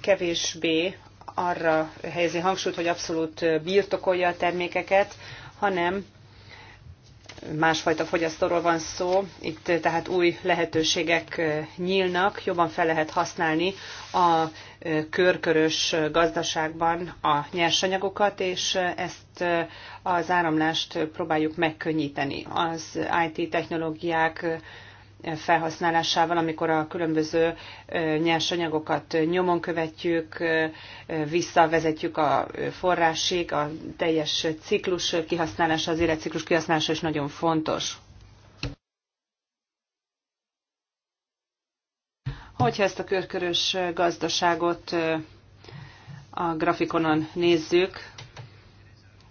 kevésbé arra helyezi hangsúlyt, hogy abszolút birtokolja a termékeket, hanem másfajta fogyasztóról van szó, itt eh, tehát új lehetőségek eh, nyílnak, jobban fel lehet használni a eh, körkörös gazdaságban a nyersanyagokat, és ezt az áramlást próbáljuk megkönnyíteni. Az IT technológiák felhasználásával, amikor a különböző nyersanyagokat nyomon követjük, visszavezetjük a forrásig, a teljes ciklus kihasználása, az életciklus kihasználása is nagyon fontos. Hogyha ezt a körkörös gazdaságot a grafikonon nézzük,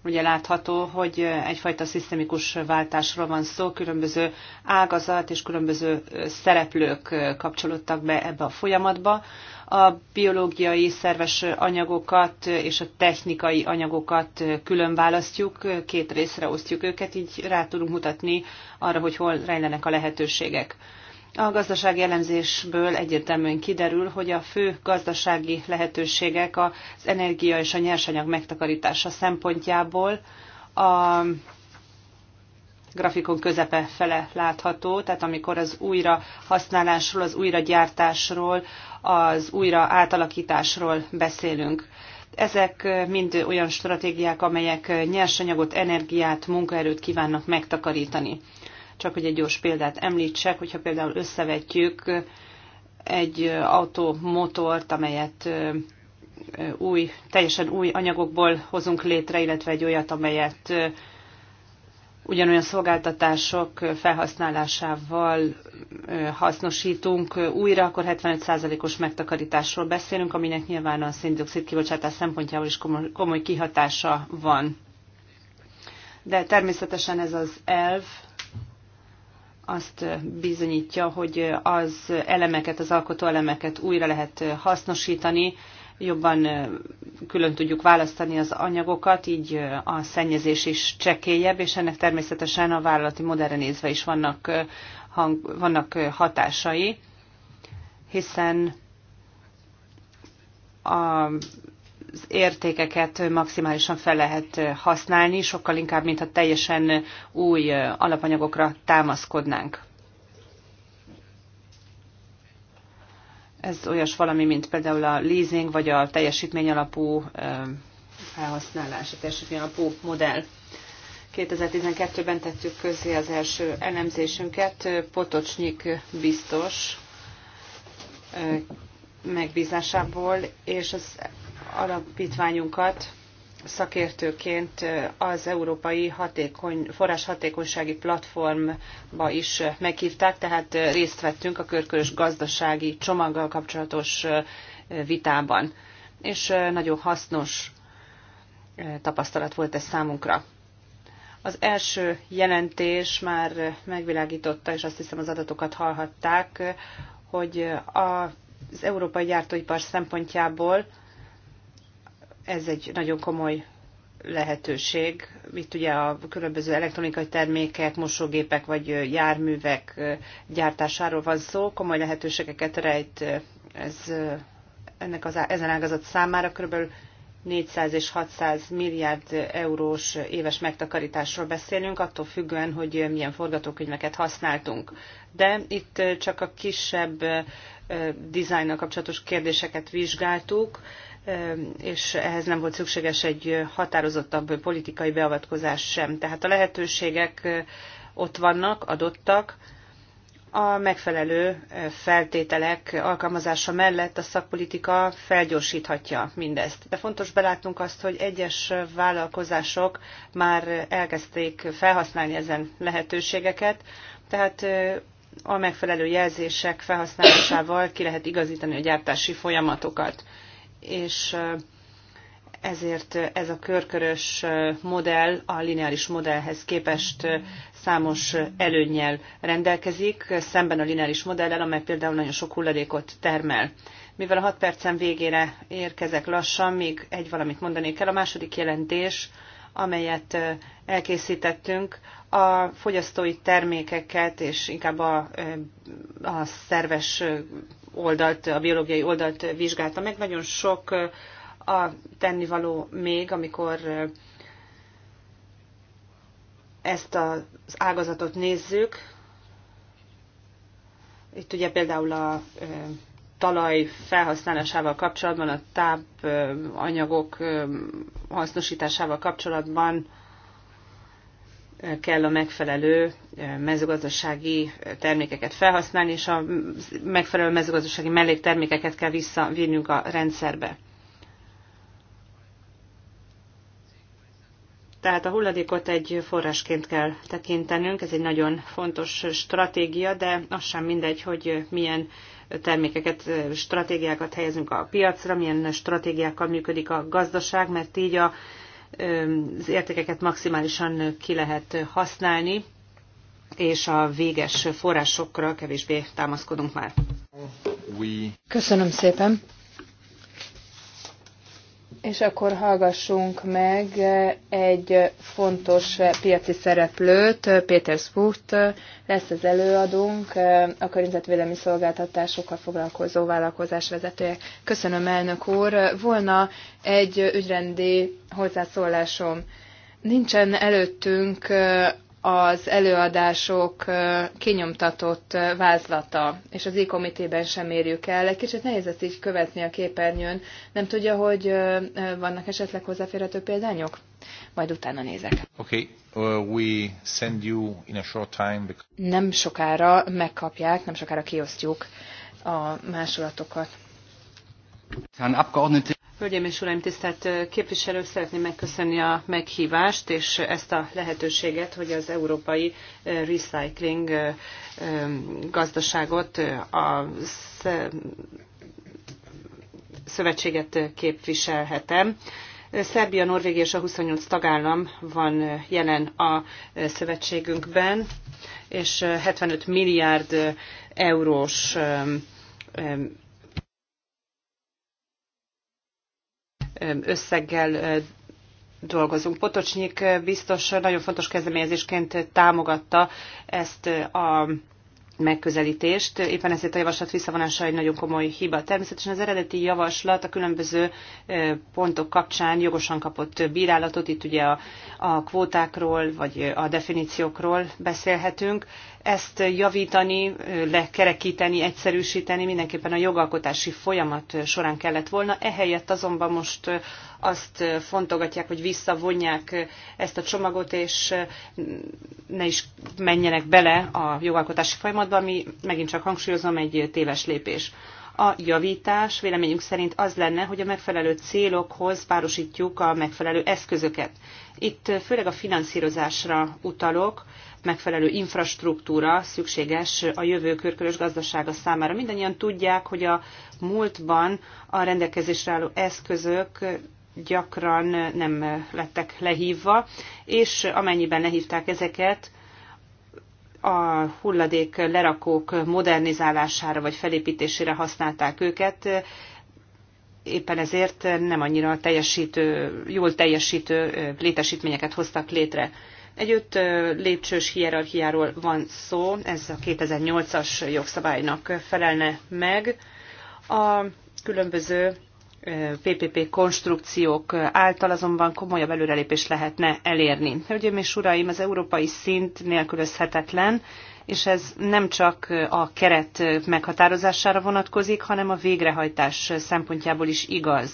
Ugye látható, hogy egyfajta szisztemikus váltásról van szó, különböző ágazat és különböző szereplők kapcsolódtak be ebbe a folyamatba. A biológiai szerves anyagokat és a technikai anyagokat külön választjuk, két részre osztjuk őket, így rá tudunk mutatni arra, hogy hol rejlenek a lehetőségek. A gazdasági elemzésből egyértelműen kiderül, hogy a fő gazdasági lehetőségek az energia és a nyersanyag megtakarítása szempontjából a grafikon közepe fele látható, tehát amikor az újra használásról, az újragyártásról, az újra átalakításról beszélünk. Ezek mind olyan stratégiák, amelyek nyersanyagot, energiát, munkaerőt kívánnak megtakarítani. Csak hogy egy gyors példát említsek, hogyha például összevetjük egy automotort, amelyet új, teljesen új anyagokból hozunk létre, illetve egy olyat, amelyet ugyanolyan szolgáltatások felhasználásával hasznosítunk újra, akkor 75%-os megtakarításról beszélünk, aminek nyilván a széndiokszid kibocsátás szempontjából is komoly, komoly kihatása van. De természetesen ez az elv azt bizonyítja, hogy az elemeket, az alkotó elemeket újra lehet hasznosítani, jobban külön tudjuk választani az anyagokat, így a szennyezés is csekélyebb, és ennek természetesen a vállalati modellre nézve is vannak, hang, vannak hatásai, hiszen a az értékeket maximálisan fel lehet használni, sokkal inkább, mintha teljesen új alapanyagokra támaszkodnánk. Ez olyas valami, mint például a leasing, vagy a teljesítmény alapú felhasználás, a teljesítmény alapú modell. 2012-ben tettük közé az első elemzésünket, Potocsnyik biztos megbízásából, és az alapítványunkat szakértőként az Európai Hatékony, Forrás Hatékonysági Platformba is meghívták, tehát részt vettünk a körkörös gazdasági csomaggal kapcsolatos vitában. És nagyon hasznos tapasztalat volt ez számunkra. Az első jelentés már megvilágította, és azt hiszem az adatokat hallhatták, hogy az európai gyártóipar szempontjából ez egy nagyon komoly lehetőség. Itt ugye a különböző elektronikai termékek, mosógépek vagy járművek gyártásáról van szó, komoly lehetőségeket rejt ez, ennek az, ezen ágazat számára kb. 400 és 600 milliárd eurós éves megtakarításról beszélünk, attól függően, hogy milyen forgatókönyveket használtunk. De itt csak a kisebb dizájnnal kapcsolatos kérdéseket vizsgáltuk, és ehhez nem volt szükséges egy határozottabb politikai beavatkozás sem. Tehát a lehetőségek ott vannak, adottak, a megfelelő feltételek alkalmazása mellett a szakpolitika felgyorsíthatja mindezt. De fontos belátnunk azt, hogy egyes vállalkozások már elkezdték felhasználni ezen lehetőségeket, tehát a megfelelő jelzések felhasználásával ki lehet igazítani a gyártási folyamatokat és ezért ez a körkörös modell a lineáris modellhez képest számos előnyel rendelkezik, szemben a lineáris modellel, amely például nagyon sok hulladékot termel. Mivel a 6 percen végére érkezek lassan, még egy valamit mondanék el. A második jelentés, amelyet elkészítettünk, a fogyasztói termékeket és inkább a, a szerves oldalt, a biológiai oldalt vizsgálta meg. Nagyon sok a tennivaló még, amikor ezt az ágazatot nézzük. Itt ugye például a talaj felhasználásával kapcsolatban, a tápanyagok hasznosításával kapcsolatban kell a megfelelő eh, mezőgazdasági termékeket felhasználni, és a megfelelő mezőgazdasági melléktermékeket kell visszavinnünk a rendszerbe. Tehát a hulladékot egy forrásként kell tekintenünk, ez egy nagyon fontos stratégia, de az sem mindegy, hogy milyen termékeket, stratégiákat helyezünk a piacra, milyen stratégiákkal működik a gazdaság, mert így a az értékeket maximálisan ki lehet használni, és a véges forrásokra kevésbé támaszkodunk már. Köszönöm szépen. És akkor hallgassunk meg egy fontos piaci szereplőt, Péter Spurt lesz az előadónk, a környezetvédelmi szolgáltatásokkal foglalkozó vállalkozás vezetője. Köszönöm, elnök úr. Volna egy ügyrendi hozzászólásom. Nincsen előttünk az előadások kinyomtatott vázlata, és az e-komitében sem érjük el. Egy kicsit nehéz ezt így követni a képernyőn. Nem tudja, hogy vannak esetleg hozzáférhető példányok? Majd utána nézek. Okay. Uh, we send you in a short time because... Nem sokára megkapják, nem sokára kiosztjuk a másolatokat. Herrn Abgeordnete, Hölgyeim és Uraim, tisztelt képviselők, szeretném megköszönni a meghívást és ezt a lehetőséget, hogy az európai recycling gazdaságot a szövetséget képviselhetem. Szerbia, Norvégia és a 28 tagállam van jelen a szövetségünkben, és 75 milliárd eurós összeggel dolgozunk. Potocsnyik biztos nagyon fontos kezdeményezésként támogatta ezt a megközelítést. Éppen ezért a javaslat visszavonása egy nagyon komoly hiba. Természetesen az eredeti javaslat a különböző pontok kapcsán jogosan kapott bírálatot, itt ugye a, a kvótákról vagy a definíciókról beszélhetünk ezt javítani, lekerekíteni, egyszerűsíteni mindenképpen a jogalkotási folyamat során kellett volna. Ehelyett azonban most azt fontogatják, hogy visszavonják ezt a csomagot, és ne is menjenek bele a jogalkotási folyamatba, ami megint csak hangsúlyozom egy téves lépés. A javítás véleményünk szerint az lenne, hogy a megfelelő célokhoz párosítjuk a megfelelő eszközöket. Itt főleg a finanszírozásra utalok, megfelelő infrastruktúra szükséges a jövő körkörös gazdasága számára. Mindannyian tudják, hogy a múltban a rendelkezésre álló eszközök gyakran nem lettek lehívva, és amennyiben lehívták ezeket, a hulladék lerakók modernizálására vagy felépítésére használták őket, éppen ezért nem annyira teljesítő, jól teljesítő létesítményeket hoztak létre. Egy öt lépcsős hierarchiáról van szó, ez a 2008-as jogszabálynak felelne meg. A különböző PPP konstrukciók által azonban komolyabb előrelépést lehetne elérni. Hölgyeim és uraim, az európai szint nélkülözhetetlen, és ez nem csak a keret meghatározására vonatkozik, hanem a végrehajtás szempontjából is igaz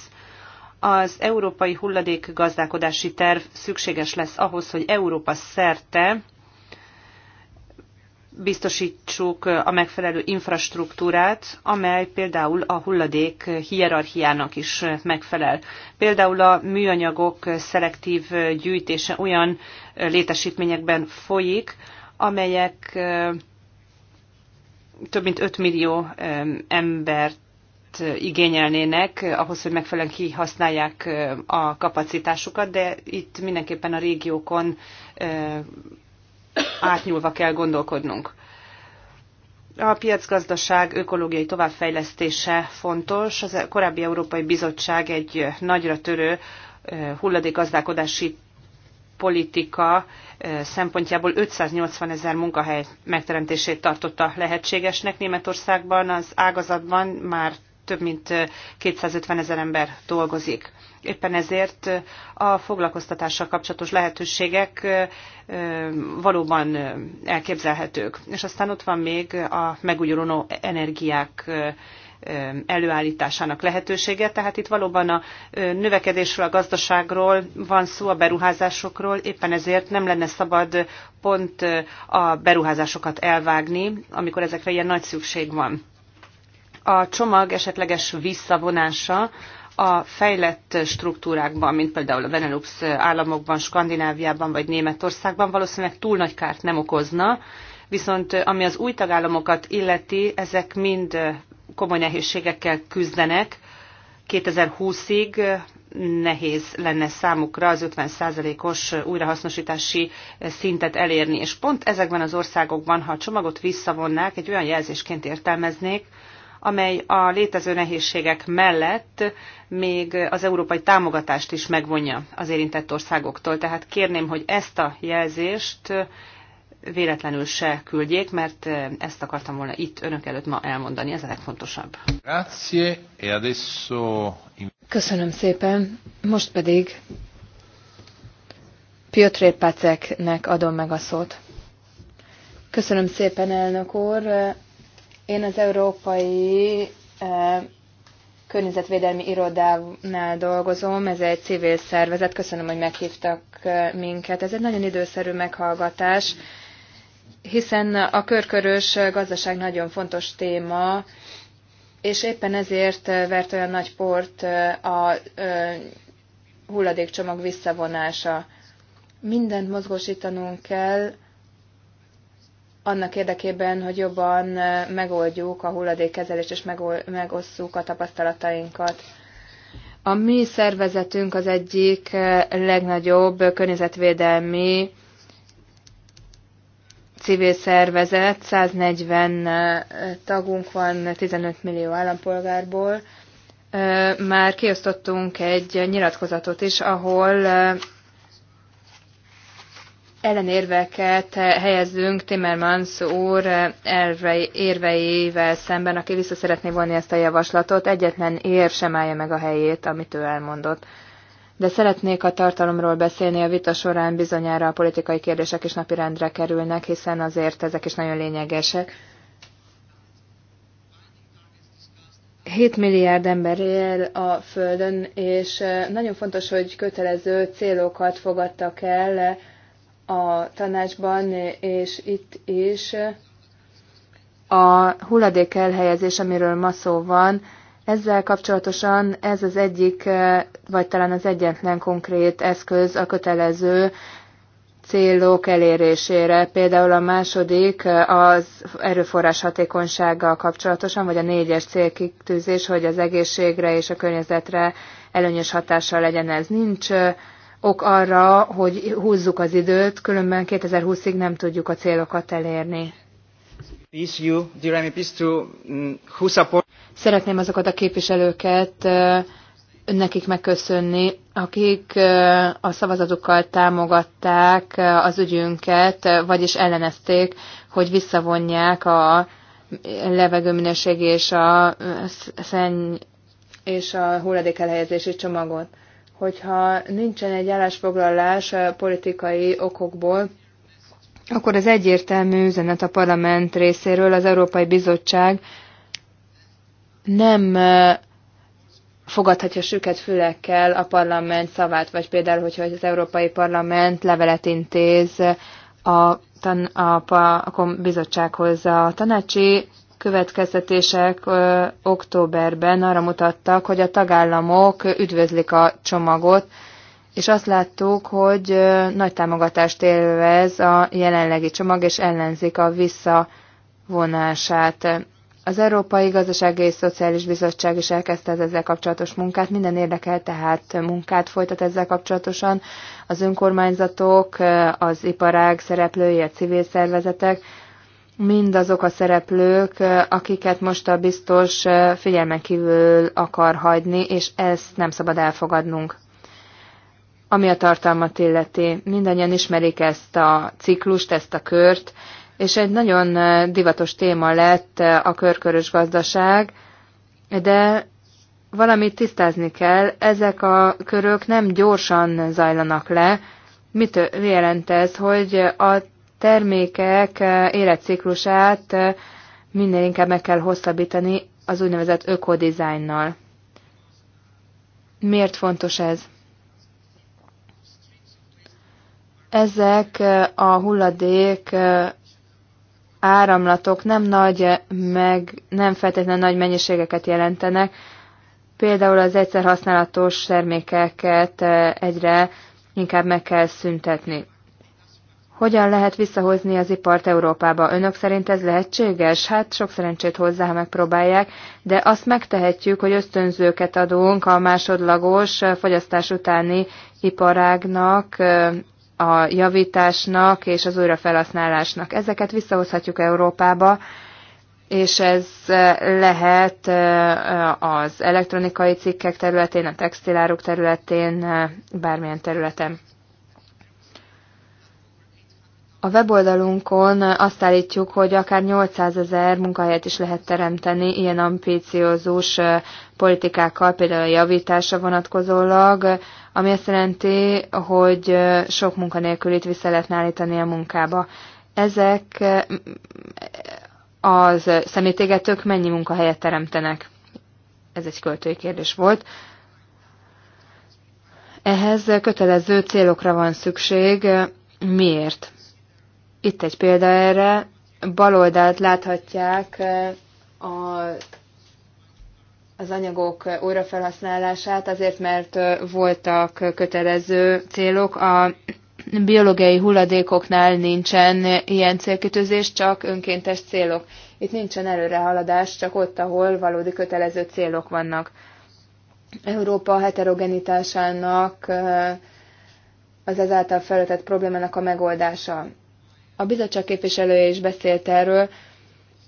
az európai hulladékgazdálkodási terv szükséges lesz ahhoz, hogy Európa szerte biztosítsuk a megfelelő infrastruktúrát, amely például a hulladék hierarchiának is megfelel. Például a műanyagok szelektív gyűjtése olyan létesítményekben folyik, amelyek eh, több mint 5 millió eh, embert igényelnének ahhoz, hogy megfelelően kihasználják a kapacitásukat, de itt mindenképpen a régiókon átnyúlva kell gondolkodnunk. A piacgazdaság ökológiai továbbfejlesztése fontos. Az korábbi Európai Bizottság egy nagyra törő hulladékgazdálkodási politika szempontjából 580 ezer munkahely megteremtését tartotta lehetségesnek. Németországban az ágazatban már több mint 250 ezer ember dolgozik. Éppen ezért a foglalkoztatással kapcsolatos lehetőségek valóban elképzelhetők. És aztán ott van még a megújuló energiák előállításának lehetősége. Tehát itt valóban a növekedésről, a gazdaságról van szó, a beruházásokról, éppen ezért nem lenne szabad pont a beruházásokat elvágni, amikor ezekre ilyen nagy szükség van a csomag esetleges visszavonása a fejlett struktúrákban, mint például a Benelux államokban, Skandináviában vagy Németországban valószínűleg túl nagy kárt nem okozna, viszont ami az új tagállamokat illeti, ezek mind komoly nehézségekkel küzdenek. 2020-ig nehéz lenne számukra az 50%-os újrahasznosítási szintet elérni, és pont ezekben az országokban, ha a csomagot visszavonnák, egy olyan jelzésként értelmeznék, amely a létező nehézségek mellett még az európai támogatást is megvonja az érintett országoktól. Tehát kérném, hogy ezt a jelzést véletlenül se küldjék, mert ezt akartam volna itt önök előtt ma elmondani, ez a legfontosabb. E Köszönöm szépen, most pedig Piotr Paceknek adom meg a szót. Köszönöm szépen, elnök úr. Én az Európai Környezetvédelmi Irodánál dolgozom, ez egy civil szervezet, köszönöm, hogy meghívtak minket. Ez egy nagyon időszerű meghallgatás, hiszen a körkörös gazdaság nagyon fontos téma, és éppen ezért vert olyan nagy port a hulladékcsomag visszavonása. Mindent mozgósítanunk kell, annak érdekében, hogy jobban megoldjuk a hulladékkezelést és megosszuk a tapasztalatainkat. A mi szervezetünk az egyik legnagyobb környezetvédelmi civil szervezet, 140 tagunk van 15 millió állampolgárból. Már kiosztottunk egy nyilatkozatot is, ahol ellenérveket helyezzünk Timmermans úr elvei, érveivel szemben, aki vissza szeretné vonni ezt a javaslatot, egyetlen ér sem állja meg a helyét, amit ő elmondott. De szeretnék a tartalomról beszélni, a vita során bizonyára a politikai kérdések is napirendre kerülnek, hiszen azért ezek is nagyon lényegesek. 7 milliárd ember él a Földön, és nagyon fontos, hogy kötelező célokat fogadtak el a tanácsban és itt is a hulladék elhelyezés, amiről ma szó van, ezzel kapcsolatosan ez az egyik, vagy talán az egyetlen konkrét eszköz a kötelező célok elérésére. Például a második az erőforrás hatékonysággal kapcsolatosan, vagy a négyes célkitűzés, hogy az egészségre és a környezetre előnyös hatással legyen ez. Nincs ok arra, hogy húzzuk az időt, különben 2020-ig nem tudjuk a célokat elérni. Mm, Szeretném azokat a képviselőket nekik megköszönni, akik a szavazatukkal támogatták az ügyünket, vagyis ellenezték, hogy visszavonják a levegőminőség és a szenny és a hulladék elhelyezési csomagot hogyha nincsen egy állásfoglalás eh, politikai okokból, akkor az egyértelmű üzenet a parlament részéről az Európai Bizottság nem eh, fogadhatja süket fülekkel a parlament szavát, vagy például, hogyha az Európai Parlament levelet intéz a, tan, a, a, a bizottsághoz a tanácsi következtetések ö, októberben arra mutattak, hogy a tagállamok üdvözlik a csomagot, és azt láttuk, hogy ö, nagy támogatást élvez a jelenlegi csomag, és ellenzik a visszavonását. Az Európai Gazdasági és Szociális Bizottság is elkezdte ezzel kapcsolatos munkát, minden érdekel tehát munkát folytat ezzel kapcsolatosan. Az önkormányzatok, az iparág szereplői, a civil szervezetek, mindazok a szereplők, akiket most a biztos figyelmen kívül akar hagyni, és ezt nem szabad elfogadnunk. Ami a tartalmat illeti, mindannyian ismerik ezt a ciklust, ezt a kört, és egy nagyon divatos téma lett a körkörös gazdaság, de valamit tisztázni kell, ezek a körök nem gyorsan zajlanak le. Mit jelent ez, hogy a termékek eh, életciklusát eh, minél inkább meg kell hosszabbítani az úgynevezett ökodizájnnal. Miért fontos ez? Ezek eh, a hulladék áramlatok nem nagy, meg nem feltétlenül nagy mennyiségeket jelentenek. Például az egyszer használatos termékeket egyre inkább meg kell szüntetni. Hogyan lehet visszahozni az ipart Európába? Önök szerint ez lehetséges? Hát sok szerencsét hozzá, ha megpróbálják, de azt megtehetjük, hogy ösztönzőket adunk a másodlagos eh, fogyasztás utáni iparágnak, eh, a javításnak és az újrafelhasználásnak. Ezeket visszahozhatjuk Európába, és ez eh, lehet az elektronikai cikkek területén, a textiláruk területén, bármilyen területen. A weboldalunkon azt állítjuk, hogy akár 800 ezer munkahelyet is lehet teremteni ilyen ambíciózus politikákkal, például a javításra vonatkozólag, ami azt jelenti, hogy sok munkanélkülit vissza lehetne állítani a munkába. Ezek az szemétégetők mennyi munkahelyet teremtenek? Ez egy költői kérdés volt. Ehhez kötelező célokra van szükség. Miért? Itt egy példa erre. Baloldalt láthatják a, az anyagok újrafelhasználását, azért mert voltak kötelező célok. A biológiai hulladékoknál nincsen ilyen célkitűzés, csak önkéntes célok. Itt nincsen előrehaladás, csak ott, ahol valódi kötelező célok vannak. Európa heterogenitásának az ezáltal felvetett problémának a megoldása. A bizottság képviselője is beszélt erről.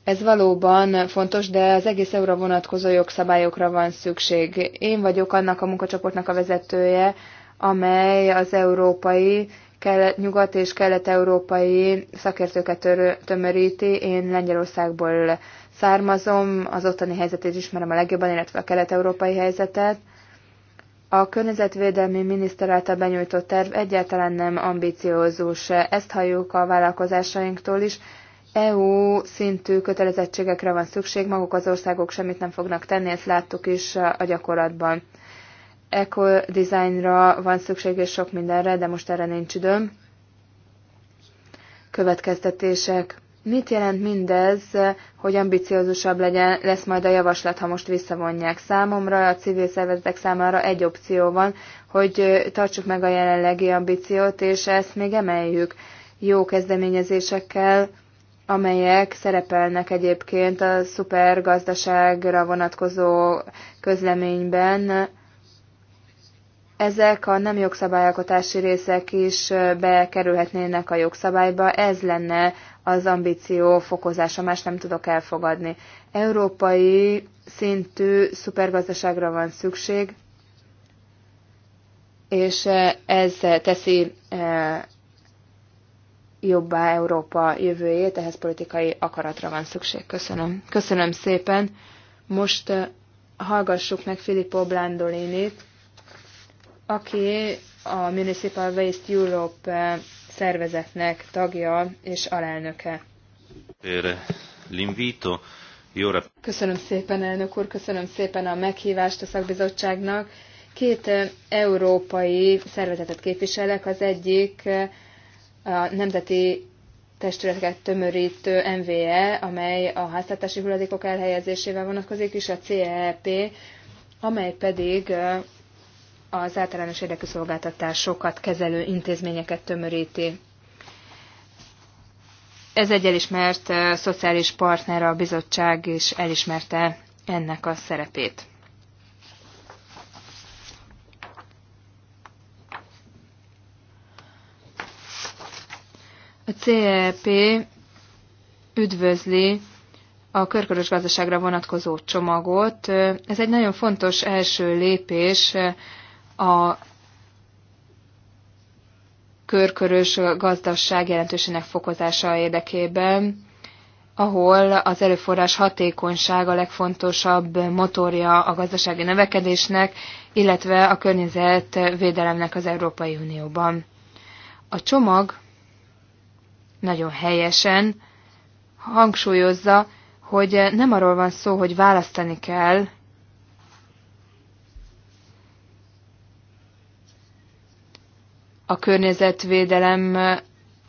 Ez valóban fontos, de az egész euróra vonatkozó jogszabályokra van szükség. Én vagyok annak a munkacsoportnak a vezetője, amely az európai, kelet, nyugat- és kelet-európai szakértőket tömöríti. Én Lengyelországból származom, az ottani helyzetét ismerem a legjobban, illetve a kelet-európai helyzetet. A környezetvédelmi miniszter által benyújtott terv egyáltalán nem ambiciózus. Ezt halljuk a vállalkozásainktól is. EU szintű kötelezettségekre van szükség, maguk az országok semmit nem fognak tenni, ezt láttuk is a gyakorlatban. Eco-designra van szükség és sok mindenre, de most erre nincs időm. Következtetések. Mit jelent mindez, hogy ambiciózusabb legyen, lesz majd a javaslat, ha most visszavonják számomra? A civil szervezetek számára egy opció van, hogy tartsuk meg a jelenlegi ambíciót, és ezt még emeljük jó kezdeményezésekkel, amelyek szerepelnek egyébként a szupergazdaságra vonatkozó közleményben. Ezek a nem jogszabályalkotási részek is bekerülhetnének a jogszabályba, ez lenne az ambíció fokozása, más nem tudok elfogadni. Európai szintű szupergazdaságra van szükség, és e, ez teszi e, jobbá Európa jövőjét, ehhez politikai akaratra van szükség. Köszönöm. Köszönöm szépen. Most e, hallgassuk meg Filippo Blandolinit, aki a Municipal Waste Europe szervezetnek tagja és alelnöke. Köszönöm szépen, elnök úr, köszönöm szépen a meghívást a szakbizottságnak. Két eh, európai szervezetet képviselek, az egyik eh, a Nemzeti testületeket tömörítő MVE, amely a háztartási hulladékok elhelyezésével vonatkozik, és a CEP, amely pedig eh, az általános érdekű szolgáltatásokat kezelő intézményeket tömöríti. Ez egy elismert eh, szociális partner, a bizottság is elismerte ennek a szerepét. A CEP üdvözli a körkörös gazdaságra vonatkozó csomagot. Ez egy nagyon fontos első lépés eh, a körkörös gazdaság jelentősének fokozása érdekében, ahol az erőforrás hatékonyság a legfontosabb motorja a gazdasági növekedésnek, illetve a védelemnek az Európai Unióban. A csomag nagyon helyesen hangsúlyozza, hogy nem arról van szó, hogy választani kell a környezetvédelem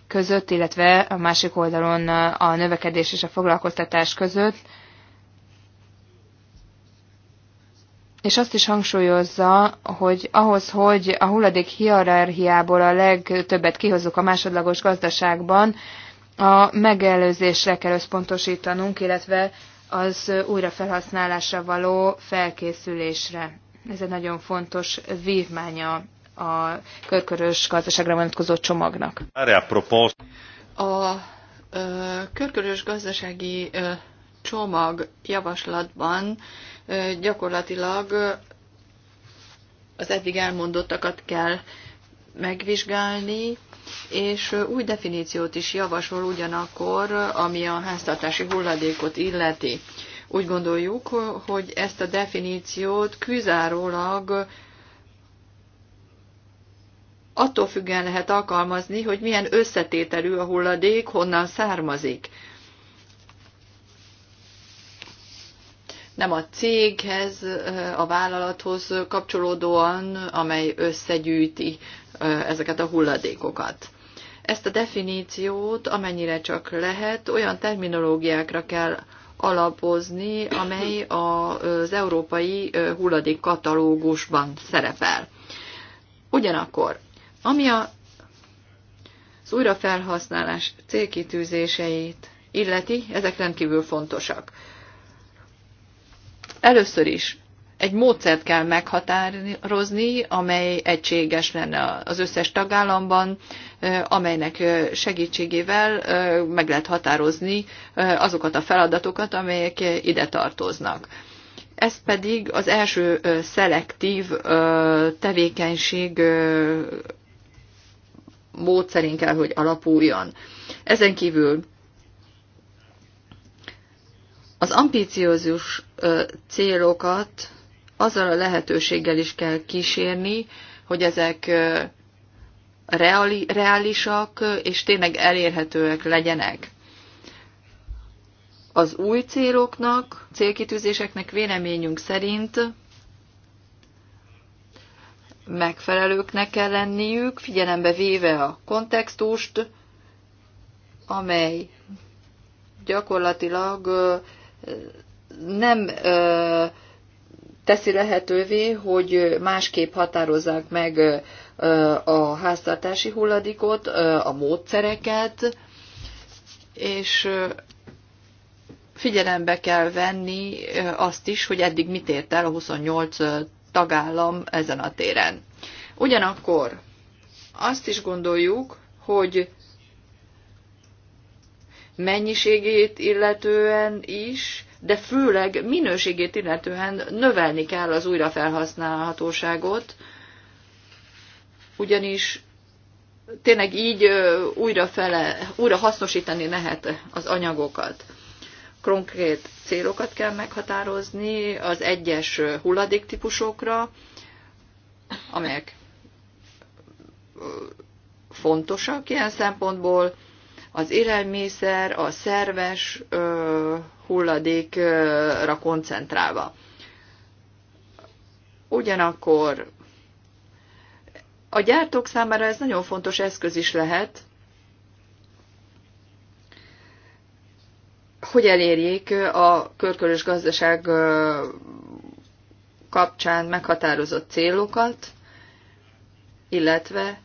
között, illetve a másik oldalon a növekedés és a foglalkoztatás között. És azt is hangsúlyozza, hogy ahhoz, hogy a hulladék hierarchiából a legtöbbet kihozzuk a másodlagos gazdaságban, a megelőzésre kell összpontosítanunk, illetve az újrafelhasználásra való felkészülésre. Ez egy nagyon fontos vívmánya a körkörös gazdaságra vonatkozó csomagnak. A ö, körkörös gazdasági ö, csomag javaslatban ö, gyakorlatilag ö, az eddig elmondottakat kell megvizsgálni, és új definíciót is javasol ugyanakkor, ami a háztartási hulladékot illeti. Úgy gondoljuk, hogy ezt a definíciót kizárólag attól függően lehet alkalmazni, hogy milyen összetételű a hulladék, honnan származik. Nem a céghez, a vállalathoz kapcsolódóan, amely összegyűjti ezeket a hulladékokat. Ezt a definíciót, amennyire csak lehet, olyan terminológiákra kell alapozni, amely az európai hulladékkatalógusban szerepel. Ugyanakkor ami a, az újrafelhasználás célkitűzéseit illeti, ezek rendkívül fontosak. Először is egy módszert kell meghatározni, amely egységes lenne az összes tagállamban, amelynek segítségével meg lehet határozni azokat a feladatokat, amelyek ide tartoznak. Ez pedig az első szelektív tevékenység módszerén kell, hogy alapuljon. Ezen kívül az ambíciózus célokat azzal a lehetőséggel is kell kísérni, hogy ezek reali, reálisak és tényleg elérhetőek legyenek. Az új céloknak, célkitűzéseknek véleményünk szerint megfelelőknek kell lenniük, figyelembe véve a kontextust, amely gyakorlatilag nem teszi lehetővé, hogy másképp határozzák meg a háztartási hulladékot, a módszereket, és figyelembe kell venni azt is, hogy eddig mit ért el a 28 tagállam ezen a téren. Ugyanakkor azt is gondoljuk, hogy mennyiségét illetően is, de főleg minőségét illetően növelni kell az újrafelhasználhatóságot, ugyanis tényleg így újra, fele, újra hasznosítani lehet az anyagokat konkrét célokat kell meghatározni az egyes hulladéktípusokra, amelyek fontosak ilyen szempontból. Az élelmiszer, a szerves hulladékra koncentrálva. Ugyanakkor a gyártók számára ez nagyon fontos eszköz is lehet, hogy elérjék a körkörös gazdaság kapcsán meghatározott célokat, illetve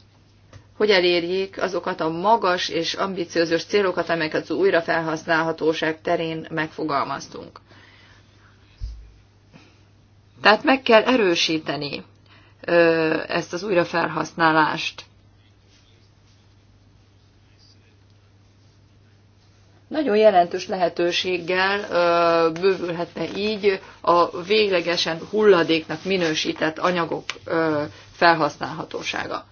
hogy elérjék azokat a magas és ambiciózus célokat, amelyeket az újrafelhasználhatóság terén megfogalmaztunk. Tehát meg kell erősíteni ezt az újrafelhasználást. nagyon jelentős lehetőséggel bővülhetne így a véglegesen hulladéknak minősített anyagok felhasználhatósága.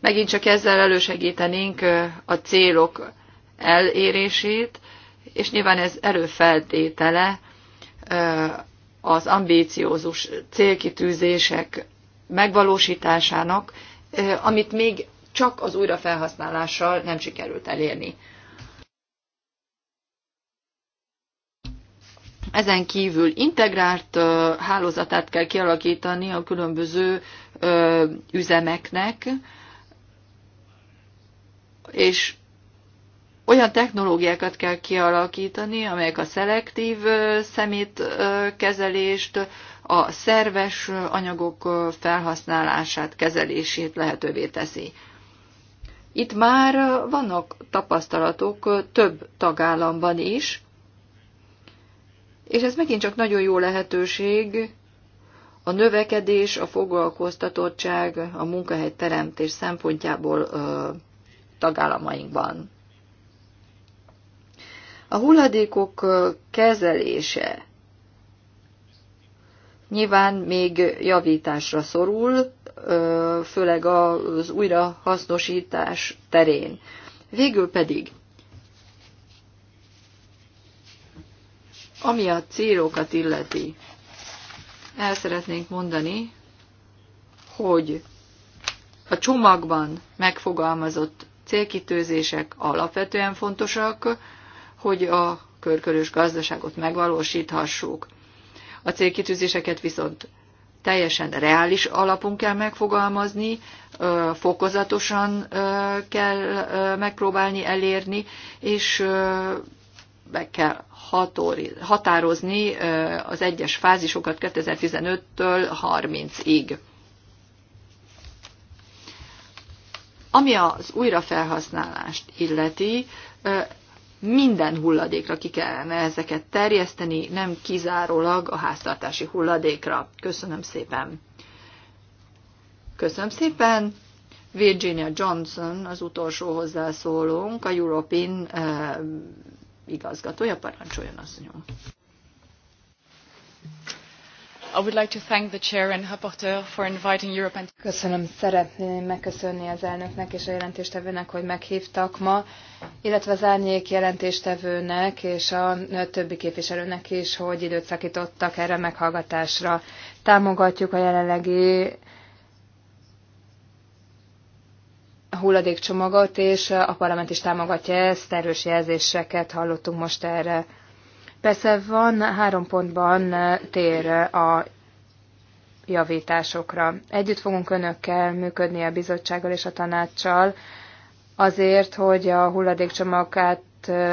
Megint csak ezzel elősegítenénk a célok elérését, és nyilván ez előfeltétele az ambíciózus célkitűzések megvalósításának, amit még csak az újrafelhasználással nem sikerült elérni. Ezen kívül integrált hálózatát kell kialakítani a különböző üzemeknek, és olyan technológiákat kell kialakítani, amelyek a szelektív szemétkezelést, a szerves anyagok felhasználását, kezelését lehetővé teszi. Itt már vannak tapasztalatok több tagállamban is, és ez megint csak nagyon jó lehetőség a növekedés, a foglalkoztatottság, a munkahely teremtés szempontjából ö, tagállamainkban. A hulladékok kezelése nyilván még javításra szorul, főleg az újrahasznosítás terén. Végül pedig, ami a célokat illeti, el szeretnénk mondani, hogy a csomagban megfogalmazott célkitőzések alapvetően fontosak, hogy a körkörös gazdaságot megvalósíthassuk. A célkitűzéseket viszont teljesen reális alapon kell megfogalmazni, fokozatosan kell megpróbálni elérni, és meg kell határozni az egyes fázisokat 2015-től 30-ig. Ami az újrafelhasználást illeti, minden hulladékra ki kellene ezeket terjeszteni, nem kizárólag a háztartási hulladékra. Köszönöm szépen. Köszönöm szépen. Virginia Johnson az utolsó hozzászólónk, a European eh, igazgatója, parancsoljon asszonyom. Köszönöm, szeretném megköszönni az elnöknek és a jelentéstevőnek, hogy meghívtak ma, illetve az árnyék jelentéstevőnek és a többi képviselőnek is, hogy időt szakítottak erre a meghallgatásra. Támogatjuk a jelenlegi hulladékcsomagot, és a parlament is támogatja ezt, erős jelzéseket hallottunk most erre Persze van három pontban tér a javításokra. Együtt fogunk önökkel működni a bizottsággal és a tanácssal azért, hogy a hulladékcsomagát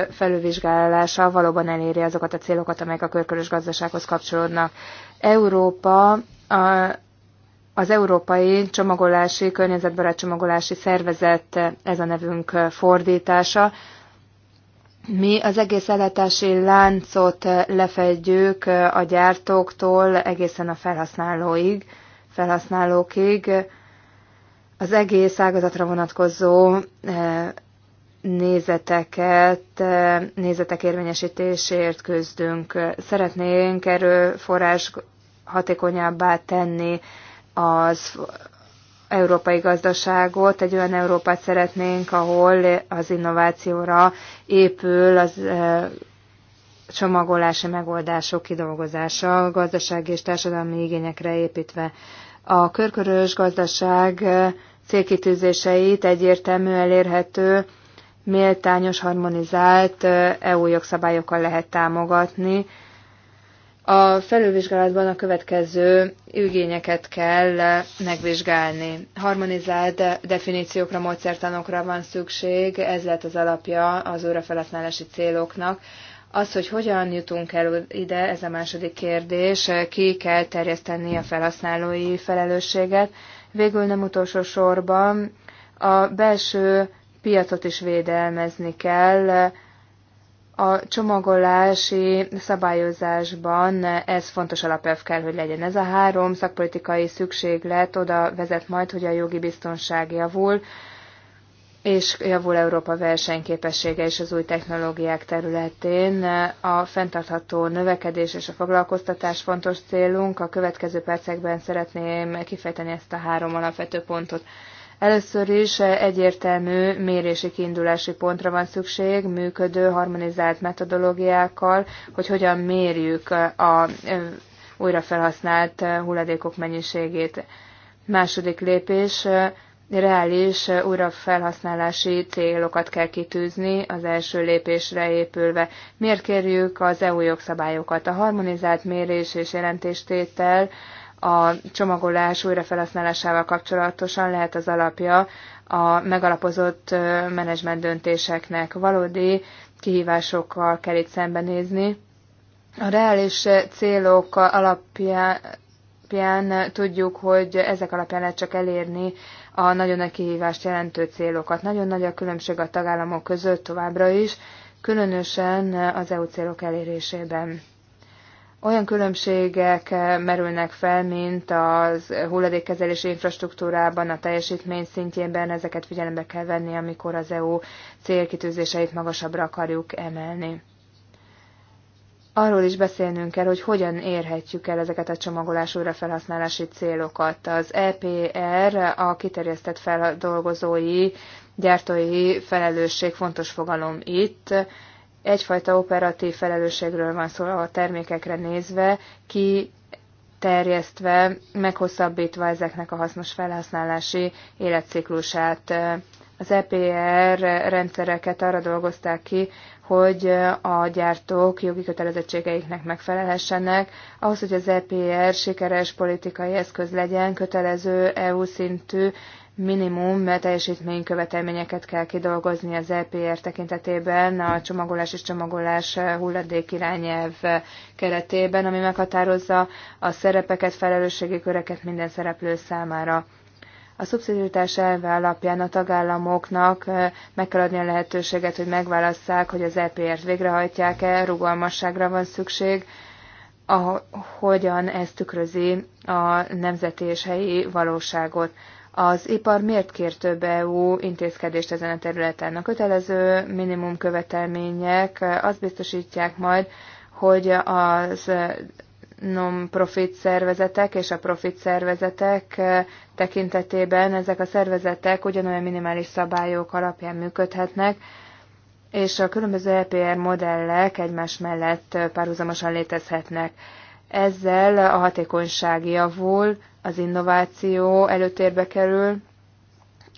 felülvizsgálása valóban eléri azokat a célokat, amelyek a körkörös gazdasághoz kapcsolódnak. Európa az Európai Csomagolási, Környezetbarát Csomagolási Szervezet, ez a nevünk fordítása, mi az egész ellátási láncot eh, lefedjük eh, a gyártóktól egészen a felhasználóig, felhasználókig, az egész ágazatra vonatkozó eh, nézeteket, nézetek érvényesítésért küzdünk. Szeretnénk erőforrás hatékonyabbá tenni az európai gazdaságot, egy olyan Európát szeretnénk, ahol az innovációra épül az csomagolási megoldások kidolgozása, gazdasági és társadalmi igényekre építve. A körkörös gazdaság célkitűzéseit egyértelmű elérhető, méltányos, harmonizált EU jogszabályokkal lehet támogatni, a felülvizsgálatban a következő ügényeket kell megvizsgálni. Harmonizált definíciókra, módszertanokra van szükség, ez lett az alapja az órafelhasználási céloknak. Az, hogy hogyan jutunk el ide, ez a második kérdés, ki kell terjeszteni a felhasználói felelősséget. Végül nem utolsó sorban a belső piacot is védelmezni kell, a csomagolási szabályozásban ez fontos alapelv kell, hogy legyen. Ez a három szakpolitikai szükséglet oda vezet majd, hogy a jogi biztonság javul, és javul Európa versenyképessége és az új technológiák területén. A fenntartható növekedés és a foglalkoztatás fontos célunk. A következő percekben szeretném kifejteni ezt a három alapvető pontot. Először is egyértelmű mérési kiindulási pontra van szükség, működő, harmonizált metodológiákkal, hogy hogyan mérjük a újrafelhasznált hulladékok mennyiségét. Második lépés, reális újrafelhasználási célokat kell kitűzni az első lépésre épülve. Miért kérjük az EU jogszabályokat? A harmonizált mérés és jelentéstétel a csomagolás újrafelhasználásával kapcsolatosan lehet az alapja a megalapozott menedzsment döntéseknek. Valódi kihívásokkal kell itt szembenézni. A reális célok alapján tudjuk, hogy ezek alapján lehet csak elérni a nagyon nagy kihívást jelentő célokat. Nagyon nagy a különbség a tagállamok között továbbra is, különösen az EU célok elérésében olyan különbségek eh, merülnek fel, mint az hulladékkezelési infrastruktúrában, a teljesítmény szintjében, ezeket figyelembe kell venni, amikor az EU célkitűzéseit magasabbra akarjuk emelni. Arról is beszélnünk kell, hogy hogyan érhetjük el ezeket a csomagolás újrafelhasználási célokat. Az EPR a kiterjesztett feldolgozói, gyártói felelősség fontos fogalom itt egyfajta operatív felelősségről van szó a termékekre nézve, ki terjesztve, meghosszabbítva ezeknek a hasznos felhasználási életciklusát. Az EPR rendszereket arra dolgozták ki, hogy a gyártók jogi kötelezettségeiknek megfelelhessenek. Ahhoz, hogy az EPR sikeres politikai eszköz legyen, kötelező EU szintű minimum követelményeket kell kidolgozni az EPR tekintetében a csomagolás és csomagolás hulladék irányelv keretében, ami meghatározza a szerepeket, felelősségi köreket minden szereplő számára. A szubszidiaritás elve alapján a tagállamoknak eh, meg kell adni a lehetőséget, hogy megválasszák, hogy az EPR-t végrehajtják-e, rugalmasságra van szükség, ahogyan ez tükrözi a nemzeti és helyi valóságot az ipar miért kér több EU intézkedést ezen a területen? A kötelező minimum követelmények azt biztosítják majd, hogy az non-profit szervezetek és a profit szervezetek tekintetében ezek a szervezetek ugyanolyan minimális szabályok alapján működhetnek, és a különböző EPR modellek egymás mellett párhuzamosan létezhetnek. Ezzel a hatékonyság javul, az innováció előtérbe kerül,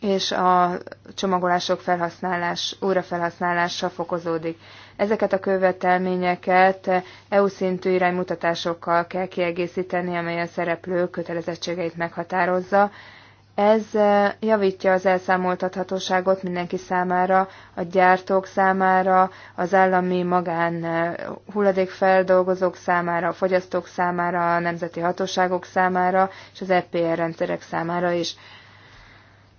és a csomagolások felhasználás, újrafelhasználása fokozódik. Ezeket a követelményeket EU szintű iránymutatásokkal kell kiegészíteni, amely a szereplők kötelezettségeit meghatározza, ez eh, javítja az elszámoltathatóságot mindenki számára, a gyártók számára, az állami magán eh, hulladékfeldolgozók számára, a fogyasztók számára, a nemzeti hatóságok számára és az EPR rendszerek számára is.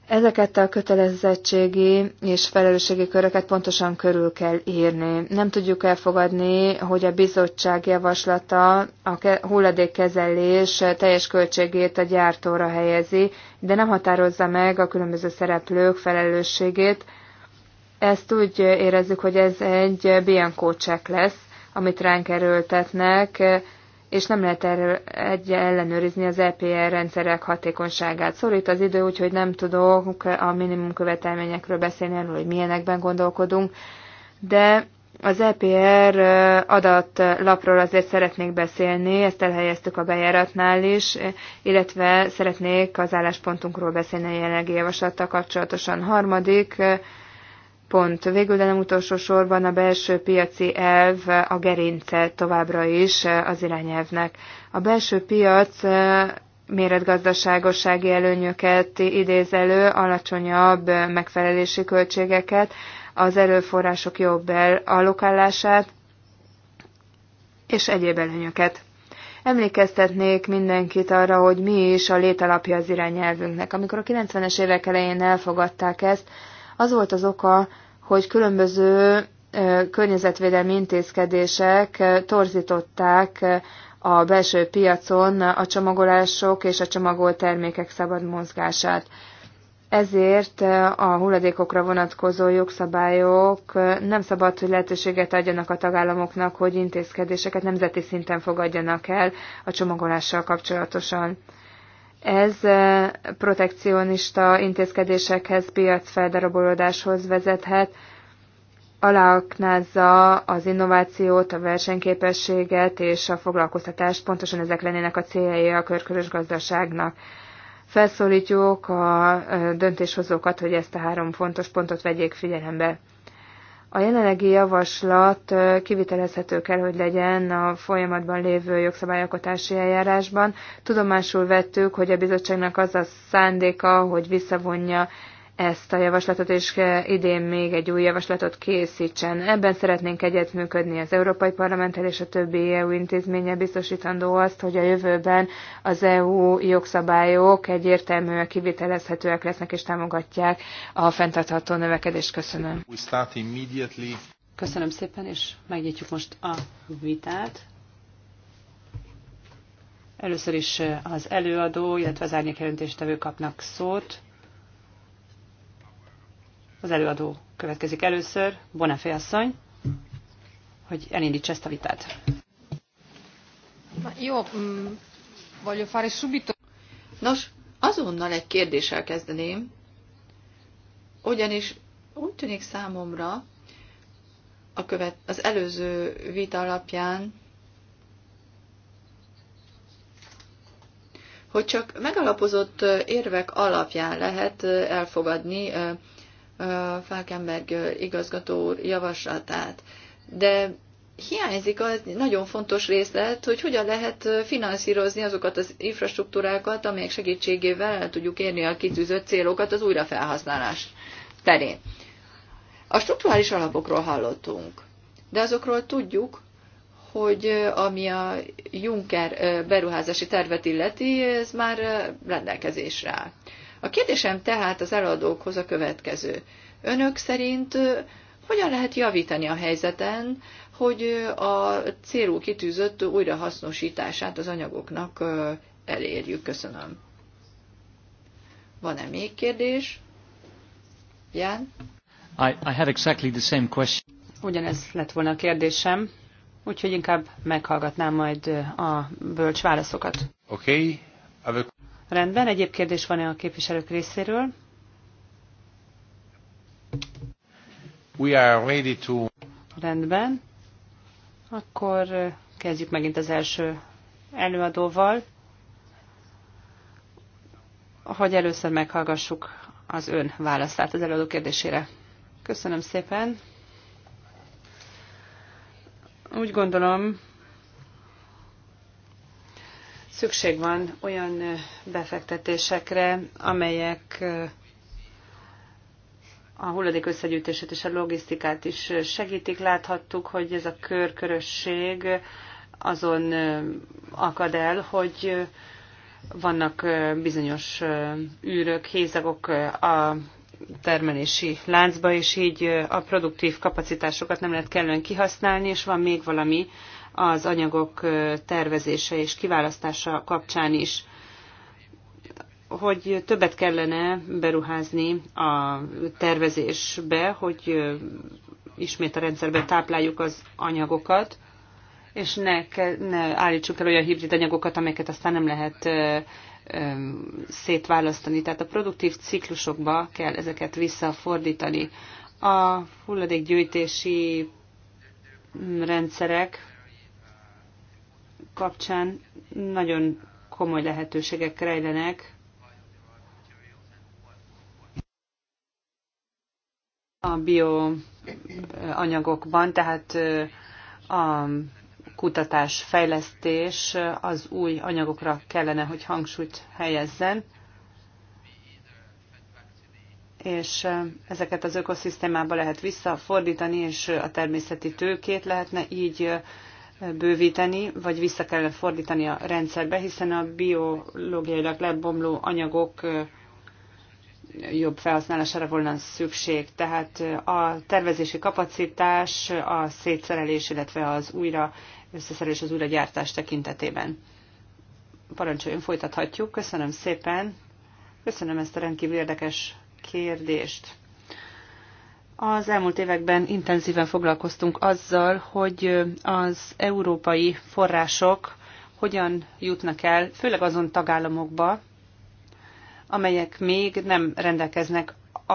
Ezeket a kötelezettségi és felelősségi köröket pontosan körül kell írni. Nem tudjuk elfogadni, hogy a bizottság javaslata a hulladékkezelés teljes költségét a gyártóra helyezi, de nem határozza meg a különböző szereplők felelősségét. Ezt úgy érezzük, hogy ez egy bianco lesz, amit ránk erőltetnek, és nem lehet erről egy ellenőrizni az EPR rendszerek hatékonyságát. Szorít az idő, úgyhogy nem tudok a minimum követelményekről beszélni, arról, hogy milyenekben gondolkodunk, de az EPR adatlapról azért szeretnék beszélni, ezt elhelyeztük a bejáratnál is, illetve szeretnék az álláspontunkról beszélni a jelenlegi javaslattal kapcsolatosan. Harmadik, pont. Végül, de nem utolsó sorban a belső piaci elv a gerince továbbra is eh, az irányelvnek. A belső piac eh, méretgazdaságossági előnyöket idéz elő, alacsonyabb eh, megfelelési költségeket, az erőforrások jobb elallokálását és egyéb előnyöket. Emlékeztetnék mindenkit arra, hogy mi is a létalapja az irányelvünknek. Amikor a 90-es évek elején elfogadták ezt, az volt az oka, hogy különböző környezetvédelmi intézkedések torzították a belső piacon a csomagolások és a csomagolt termékek szabad mozgását. Ezért a hulladékokra vonatkozó jogszabályok nem szabad, hogy lehetőséget adjanak a tagállamoknak, hogy intézkedéseket nemzeti szinten fogadjanak el a csomagolással kapcsolatosan. Ez protekcionista intézkedésekhez, piacfeldarabolódáshoz vezethet, aláaknázza az innovációt, a versenyképességet és a foglalkoztatást, pontosan ezek lennének a céljai a körkörös gazdaságnak. Felszólítjuk a döntéshozókat, hogy ezt a három fontos pontot vegyék figyelembe. A jelenlegi javaslat kivitelezhető kell, hogy legyen a folyamatban lévő jogszabályalkotási eljárásban. Tudomásul vettük, hogy a bizottságnak az a szándéka, hogy visszavonja ezt a javaslatot, és eh, idén még egy új javaslatot készítsen. Ebben szeretnénk egyetműködni az Európai Parlamenttel és a többi EU intézménye biztosítandó azt, hogy a jövőben az EU jogszabályok egyértelműen kivitelezhetőek lesznek és támogatják a fenntartható növekedést. Köszönöm. Köszönöm szépen, és megnyitjuk most a vitát. Először is eh, az előadó, illetve az árnyékjelentéstevő kapnak szót. Az előadó következik először, Bonafé asszony, hogy elindítsa ezt a vitát. Jó, mm, voglio fare subito. Nos, azonnal egy kérdéssel kezdeném, ugyanis úgy tűnik számomra a követ, az előző vita alapján, hogy csak megalapozott érvek alapján lehet elfogadni Falkenberg igazgató úr javaslatát. De hiányzik az nagyon fontos részlet, hogy hogyan lehet finanszírozni azokat az infrastruktúrákat, amelyek segítségével el tudjuk érni a kitűzött célokat az újrafelhasználás terén. A struktúrális alapokról hallottunk, de azokról tudjuk, hogy ami a Juncker beruházási tervet illeti, ez már rendelkezésre áll. A kérdésem tehát az eladókhoz a következő. Önök szerint hogyan lehet javítani a helyzeten, hogy a célú kitűzött újrahasznosítását az anyagoknak elérjük? Köszönöm. Van-e még kérdés? Jan? I, I had exactly the same question. Ugyanez lett volna a kérdésem, úgyhogy inkább meghallgatnám majd a bölcs válaszokat. Oké. Okay. Rendben, egyéb kérdés van-e a képviselők részéről? We are ready to... Rendben. Akkor kezdjük megint az első előadóval, hogy először meghallgassuk az ön választát az előadó kérdésére. Köszönöm szépen. Úgy gondolom, Szükség van olyan befektetésekre, amelyek a hulladék összegyűjtését és a logisztikát is segítik. Láthattuk, hogy ez a körkörösség azon akad el, hogy vannak bizonyos űrök, hézagok a termelési láncba, és így a produktív kapacitásokat nem lehet kellően kihasználni, és van még valami, az anyagok tervezése és kiválasztása kapcsán is hogy többet kellene beruházni a tervezésbe, hogy ismét a rendszerbe tápláljuk az anyagokat, és ne, ne állítsuk el olyan hibrid anyagokat, amelyeket aztán nem lehet szétválasztani. Tehát a produktív ciklusokba kell ezeket visszafordítani. A hulladékgyűjtési rendszerek kapcsán nagyon komoly lehetőségek rejlenek a bioanyagokban, tehát a kutatás, fejlesztés az új anyagokra kellene, hogy hangsúlyt helyezzen, és ezeket az ökoszisztémába lehet visszafordítani, és a természeti tőkét lehetne így bővíteni, vagy vissza kell fordítani a rendszerbe, hiszen a biológiailag lebomló anyagok jobb felhasználására volna szükség. Tehát a tervezési kapacitás, a szétszerelés, illetve az újra összeszerelés, az újragyártás tekintetében. Parancsoljon, folytathatjuk. Köszönöm szépen. Köszönöm ezt a rendkívül érdekes kérdést. Az elmúlt években intenzíven foglalkoztunk azzal, hogy az európai források hogyan jutnak el, főleg azon tagállamokba, amelyek még nem rendelkeznek a,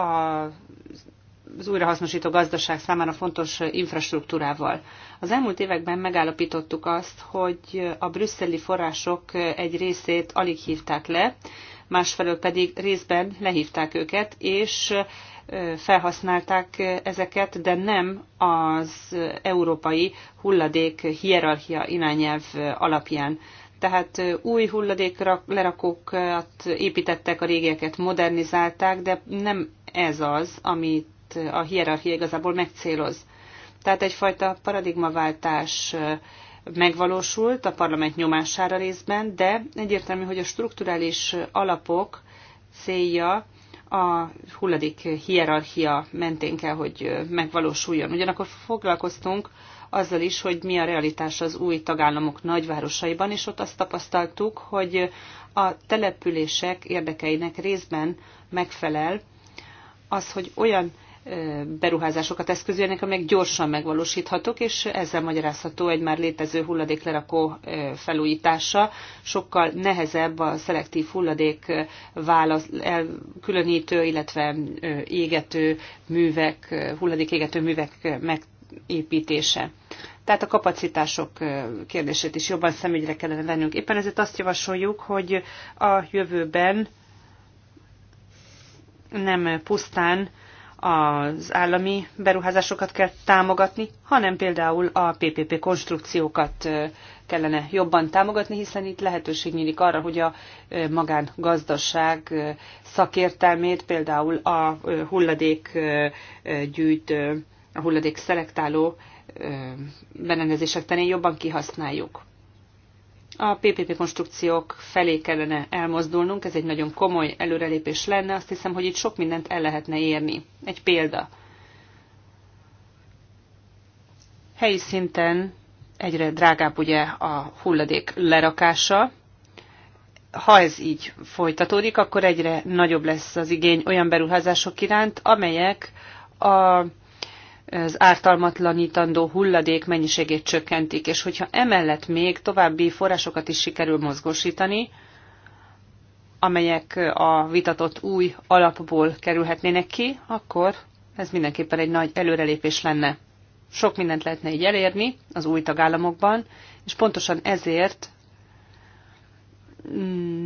az újrahasznosító gazdaság számára fontos infrastruktúrával. Az elmúlt években megállapítottuk azt, hogy a brüsszeli források egy részét alig hívták le, másfelől pedig részben lehívták őket, és felhasználták ezeket, de nem az európai hulladék hierarchia irányelv alapján. Tehát új hulladék lerakókat építettek, a régieket modernizálták, de nem ez az, amit a hierarchia igazából megcéloz. Tehát egyfajta paradigmaváltás megvalósult a parlament nyomására részben, de egyértelmű, hogy a strukturális alapok célja a hulladék hierarchia mentén kell, hogy megvalósuljon. Ugyanakkor foglalkoztunk azzal is, hogy mi a realitás az új tagállamok nagyvárosaiban, és ott azt tapasztaltuk, hogy a települések érdekeinek részben megfelel az, hogy olyan beruházásokat eszközölnek, amelyek gyorsan megvalósíthatók, és ezzel magyarázható egy már létező hulladéklerakó felújítása. Sokkal nehezebb a szelektív hulladék válasz, különítő, illetve égető művek, hulladékégető művek megépítése. Tehát a kapacitások kérdését is jobban szemügyre kellene vennünk. Éppen ezért azt javasoljuk, hogy a jövőben nem pusztán az állami beruházásokat kell támogatni, hanem például a PPP konstrukciókat kellene jobban támogatni, hiszen itt lehetőség nyílik arra, hogy a magángazdaság szakértelmét például a hulladék gyűjtő, a hulladék szelektáló berendezések terén jobban kihasználjuk a PPP konstrukciók felé kellene elmozdulnunk, ez egy nagyon komoly előrelépés lenne, azt hiszem, hogy itt sok mindent el lehetne érni. Egy példa. Helyi szinten egyre drágább ugye a hulladék lerakása. Ha ez így folytatódik, akkor egyre nagyobb lesz az igény olyan beruházások iránt, amelyek a az ártalmatlanítandó hulladék mennyiségét csökkentik, és hogyha emellett még további forrásokat is sikerül mozgósítani, amelyek a vitatott új alapból kerülhetnének ki, akkor ez mindenképpen egy nagy előrelépés lenne. Sok mindent lehetne így elérni az új tagállamokban, és pontosan ezért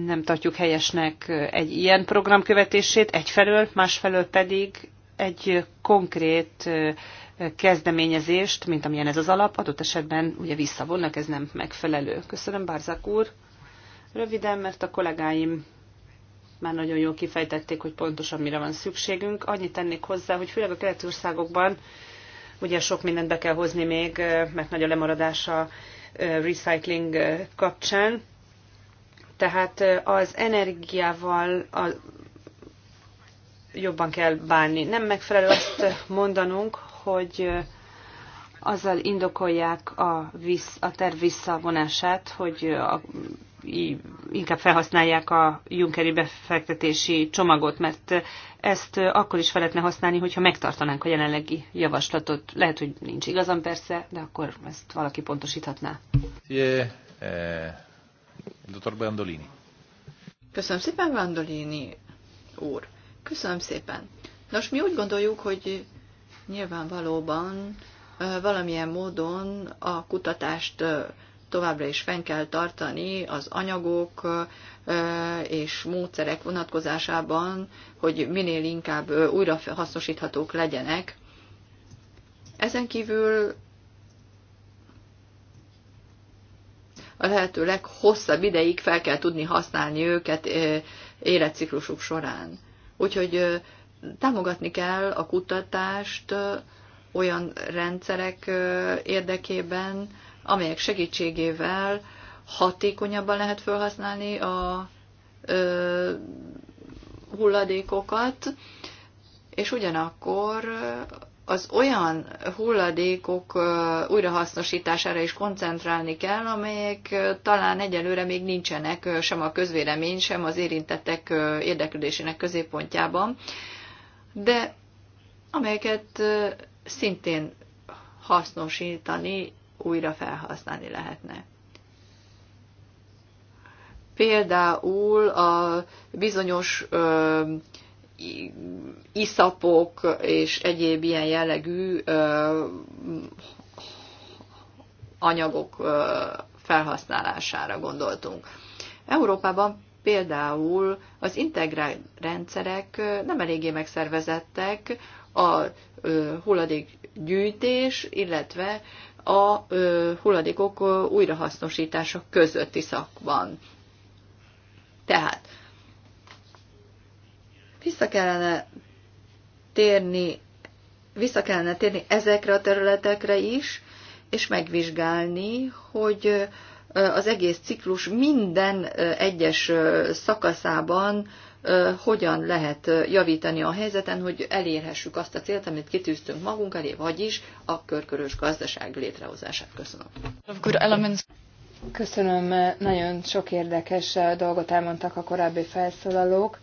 nem tartjuk helyesnek egy ilyen program követését egyfelől, másfelől pedig egy konkrét kezdeményezést, mint amilyen ez az alap, adott esetben ugye visszavonnak, ez nem megfelelő. Köszönöm, Bárzák úr. Röviden, mert a kollégáim már nagyon jól kifejtették, hogy pontosan mire van szükségünk. Annyit tennék hozzá, hogy főleg a keleti országokban ugye sok mindent be kell hozni még, mert nagy a lemaradás a recycling kapcsán. Tehát az energiával, a jobban kell bánni. Nem megfelelő azt mondanunk, hogy azzal indokolják a, visz, a terv visszavonását, hogy a, inkább felhasználják a Junckeri befektetési csomagot, mert ezt akkor is fel lehetne használni, hogyha megtartanánk a jelenlegi javaslatot. Lehet, hogy nincs igazam persze, de akkor ezt valaki pontosíthatná. Eh, Dr. Bandolini. Köszönöm szépen, Vandolini úr. Köszönöm szépen. Nos, mi úgy gondoljuk, hogy nyilvánvalóban valamilyen módon a kutatást továbbra is fenn kell tartani az anyagok és módszerek vonatkozásában, hogy minél inkább újra hasznosíthatók legyenek. Ezen kívül a lehető leghosszabb ideig fel kell tudni használni őket életciklusuk során. Úgyhogy támogatni kell a kutatást olyan rendszerek érdekében, amelyek segítségével hatékonyabban lehet felhasználni a hulladékokat, és ugyanakkor az olyan hulladékok újrahasznosítására is koncentrálni kell, amelyek talán egyelőre még nincsenek sem a közvélemény, sem az érintettek érdeklődésének középpontjában, de amelyeket szintén hasznosítani, újra felhasználni lehetne. Például a bizonyos iszapok és egyéb ilyen jellegű anyagok felhasználására gondoltunk. Európában például az integrált rendszerek nem eléggé megszervezettek, a hulladékgyűjtés, illetve a hulladékok újrahasznosítása közötti szakban. Tehát vissza kellene térni, vissza kellene térni ezekre a területekre is, és megvizsgálni, hogy az egész ciklus minden egyes szakaszában hogyan lehet javítani a helyzeten, hogy elérhessük azt a célt, amit kitűztünk magunk elé, vagyis a körkörös gazdaság létrehozását. Köszönöm. Köszönöm, nagyon sok érdekes dolgot elmondtak a korábbi felszólalók.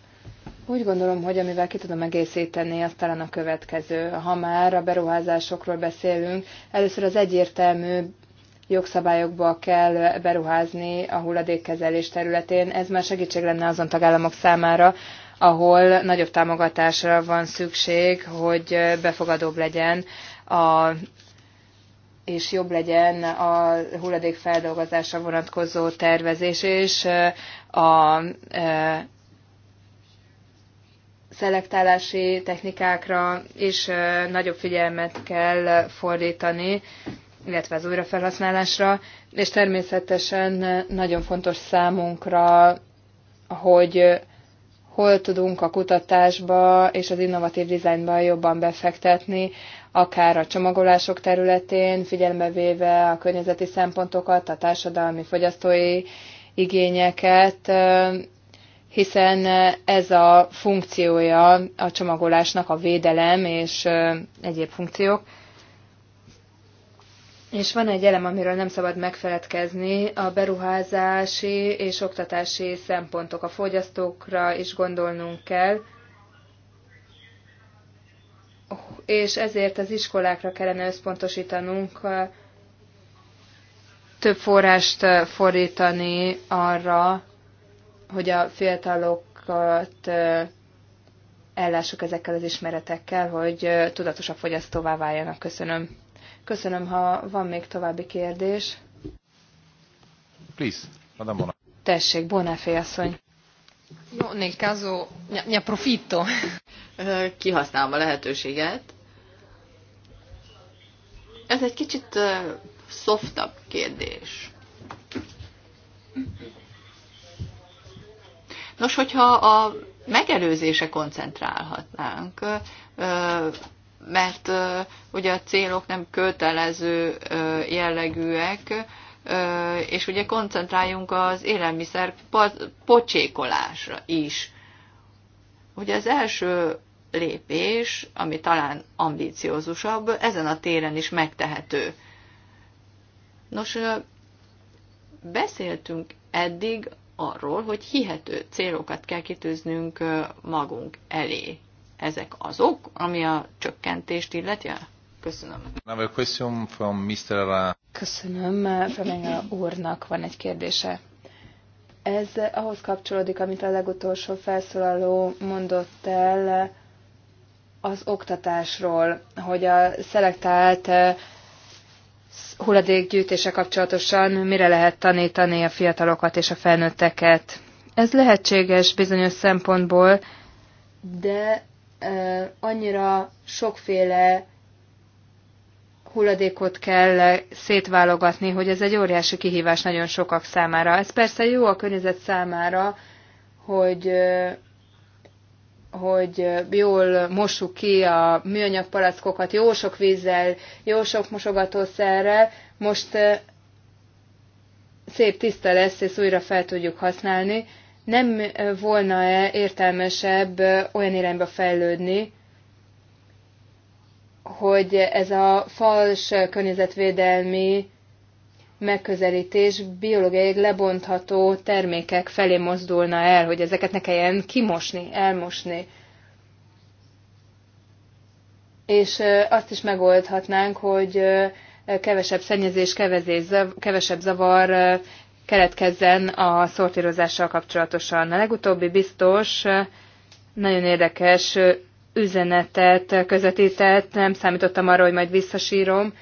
Úgy gondolom, hogy amivel ki tudom egészíteni, az talán a következő. Ha már a beruházásokról beszélünk, először az egyértelmű jogszabályokba kell beruházni a hulladékkezelés területén. Ez már segítség lenne azon tagállamok számára, ahol nagyobb támogatásra van szükség, hogy befogadóbb legyen a és jobb legyen a hulladékfeldolgozásra vonatkozó tervezés és a szelektálási technikákra is nagyobb figyelmet kell fordítani, illetve az újrafelhasználásra, és természetesen nagyon fontos számunkra, hogy hol tudunk a kutatásba és az innovatív dizájnba jobban befektetni, akár a csomagolások területén, figyelembe véve a környezeti szempontokat, a társadalmi fogyasztói igényeket, hiszen ez a funkciója a csomagolásnak a védelem és egyéb funkciók. És van egy elem, amiről nem szabad megfeledkezni, a beruházási és oktatási szempontok. A fogyasztókra is gondolnunk kell, és ezért az iskolákra kellene összpontosítanunk, több forrást fordítani arra, hogy a fiatalokat ellássuk ezekkel az ismeretekkel, hogy tudatosabb fogyasztóvá váljanak. Köszönöm. Köszönöm, ha van még további kérdés. Please, Madame Bona. Tessék, Bonafé asszony. Jó, nel caso, ne approfitto. Kihasználom a lehetőséget. Ez egy kicsit uh, softabb kérdés. Nos, hogyha a megelőzése koncentrálhatnánk, mert ugye a célok nem kötelező jellegűek, és ugye koncentráljunk az élelmiszer pocsékolásra is. Ugye az első lépés, ami talán ambíciózusabb, ezen a téren is megtehető. Nos, beszéltünk eddig arról, hogy hihető célokat kell kitűznünk magunk elé. Ezek azok, ami a csökkentést illeti? Köszönöm. question from Mr. Köszönöm. Femenga úrnak van egy kérdése. Ez ahhoz kapcsolódik, amit a legutolsó felszólaló mondott el az oktatásról, hogy a szelektált hulladékgyűjtése kapcsolatosan mire lehet tanítani a fiatalokat és a felnőtteket. Ez lehetséges bizonyos szempontból, de uh, annyira sokféle hulladékot kell szétválogatni, hogy ez egy óriási kihívás nagyon sokak számára. Ez persze jó a környezet számára, hogy hogy jól mossuk ki a műanyag palackokat jó sok vízzel, jó sok mosogatószerrel, most szép tiszta lesz, és újra fel tudjuk használni. Nem volna-e értelmesebb olyan irányba fejlődni, hogy ez a fals környezetvédelmi megközelítés biológiai lebontható termékek felé mozdulna el, hogy ezeket ne kelljen kimosni, elmosni. És azt is megoldhatnánk, hogy kevesebb szennyezés, kevesebb zavar keletkezzen a szortírozással kapcsolatosan. A legutóbbi biztos nagyon érdekes üzenetet közvetített, nem számítottam arra, hogy majd visszasírom,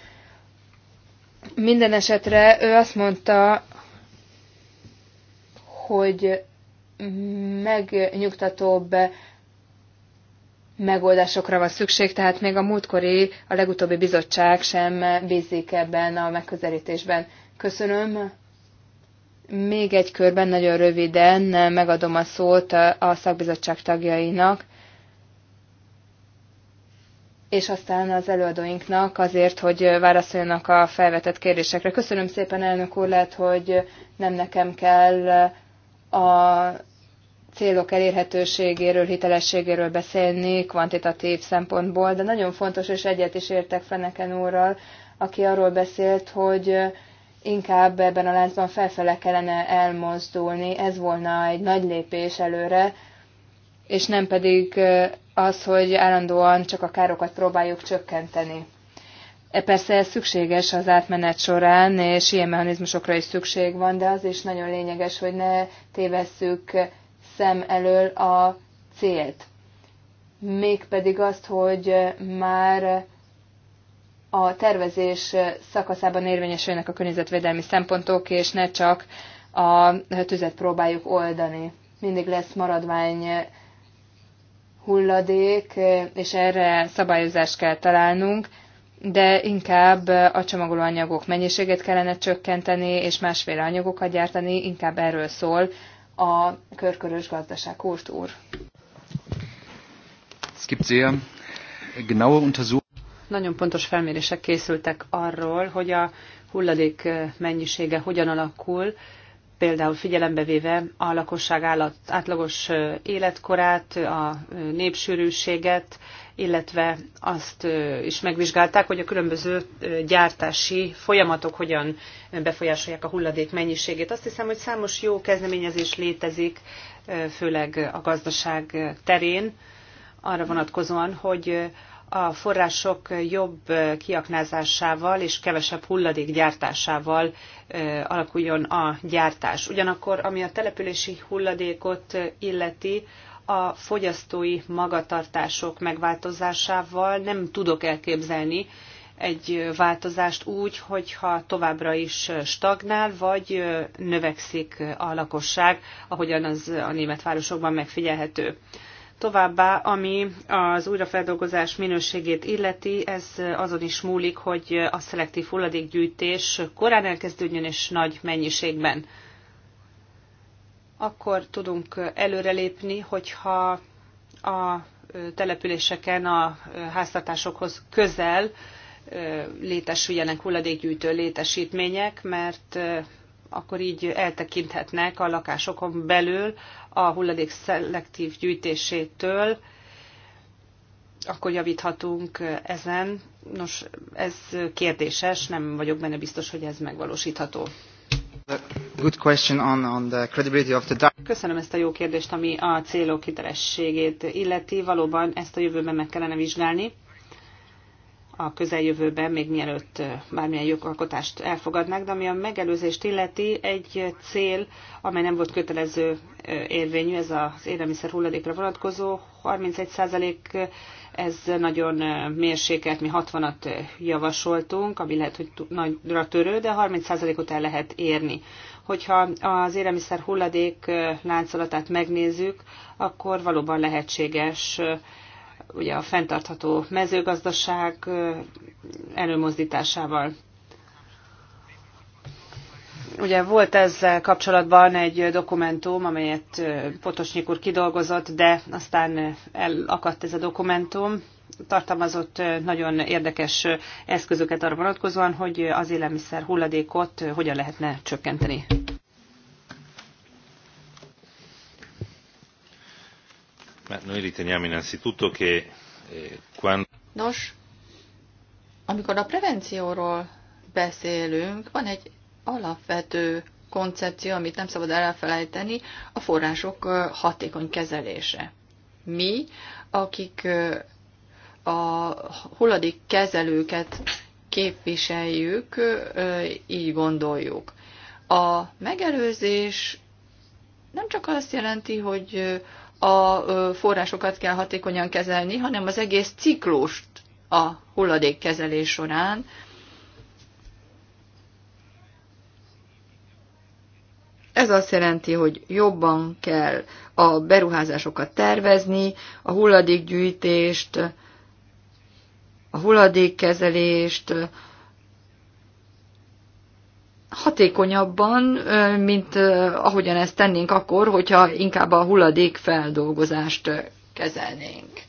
minden esetre ő azt mondta, hogy megnyugtatóbb megoldásokra van szükség, tehát még a múltkori, a legutóbbi bizottság sem bízik ebben a megközelítésben. Köszönöm. Még egy körben nagyon röviden megadom a szót a szakbizottság tagjainak és aztán az előadóinknak azért, hogy válaszoljanak a felvetett kérdésekre. Köszönöm szépen, elnök úr, lehet, hogy nem nekem kell a célok elérhetőségéről, hitelességéről beszélni kvantitatív szempontból, de nagyon fontos, és egyet is értek Feneken úrral, aki arról beszélt, hogy inkább ebben a láncban felfele kellene elmozdulni. Ez volna egy nagy lépés előre, és nem pedig az, hogy állandóan csak a károkat próbáljuk csökkenteni. E, persze ez szükséges az átmenet során, és ilyen mechanizmusokra is szükség van, de az is nagyon lényeges, hogy ne tévesszük szem elől a célt. Mégpedig azt, hogy már a tervezés szakaszában érvényesülnek a környezetvédelmi szempontok, és ne csak a tüzet próbáljuk oldani. Mindig lesz maradvány hulladék, és erre szabályozást kell találnunk, de inkább a csomagolóanyagok mennyiségét kellene csökkenteni, és másféle anyagokat gyártani, inkább erről szól a körkörös gazdaság kultúr. Es gibt sehr genaue Nagyon pontos felmérések készültek arról, hogy a hulladék mennyisége hogyan alakul, például figyelembe véve a lakosság állat, átlagos életkorát, a népsűrűséget, illetve azt is megvizsgálták, hogy a különböző gyártási folyamatok hogyan befolyásolják a hulladék mennyiségét. Azt hiszem, hogy számos jó kezdeményezés létezik, főleg a gazdaság terén, arra vonatkozóan, hogy a források jobb kiaknázásával és kevesebb hulladék gyártásával alakuljon a gyártás. Ugyanakkor, ami a települési hulladékot illeti, a fogyasztói magatartások megváltozásával nem tudok elképzelni egy változást úgy, hogyha továbbra is stagnál, vagy növekszik a lakosság, ahogyan az a német városokban megfigyelhető. Továbbá, ami az újrafeldolgozás minőségét illeti, ez azon is múlik, hogy a szelektív hulladékgyűjtés korán elkezdődjön és nagy mennyiségben. Akkor tudunk előrelépni, hogyha a településeken a háztartásokhoz közel létesüljenek hulladékgyűjtő létesítmények, mert akkor így eltekinthetnek a lakásokon belül a hulladék szelektív gyűjtésétől, akkor javíthatunk ezen. Nos, ez kérdéses, nem vagyok benne biztos, hogy ez megvalósítható. Good question on, on the credibility of the... Köszönöm ezt a jó kérdést, ami a célok hitelességét illeti. Valóban ezt a jövőben meg kellene vizsgálni a közeljövőben, még mielőtt bármilyen jogalkotást elfogadnák, de ami a megelőzést illeti, egy cél, amely nem volt kötelező érvényű, ez az élelmiszer hulladékra vonatkozó 31 ez nagyon mérsékelt, mi 60-at javasoltunk, ami lehet, hogy nagyra törő, de 30 ot el lehet érni. Hogyha az élelmiszer hulladék láncolatát megnézzük, akkor valóban lehetséges ugye a fenntartható mezőgazdaság előmozdításával. Ugye volt ezzel kapcsolatban egy dokumentum, amelyet Potosnyik úr kidolgozott, de aztán elakadt ez a dokumentum. Tartalmazott nagyon érdekes eszközöket arra vonatkozóan, hogy az élelmiszer hulladékot hogyan lehetne csökkenteni. Eh, Nos, amikor a prevencióról beszélünk, van egy alapvető koncepció, amit nem szabad elfelejteni, a források hatékony kezelése. Mi, akik a hulladék kezelőket képviseljük, így gondoljuk. A megelőzés nem csak azt jelenti, hogy a forrásokat kell hatékonyan kezelni, hanem az egész ciklust a hulladékkezelés során. Ez azt jelenti, hogy jobban kell a beruházásokat tervezni, a hulladékgyűjtést, a hulladékkezelést, hatékonyabban, mint ahogyan ezt tennénk akkor, hogyha inkább a hulladékfeldolgozást kezelnénk.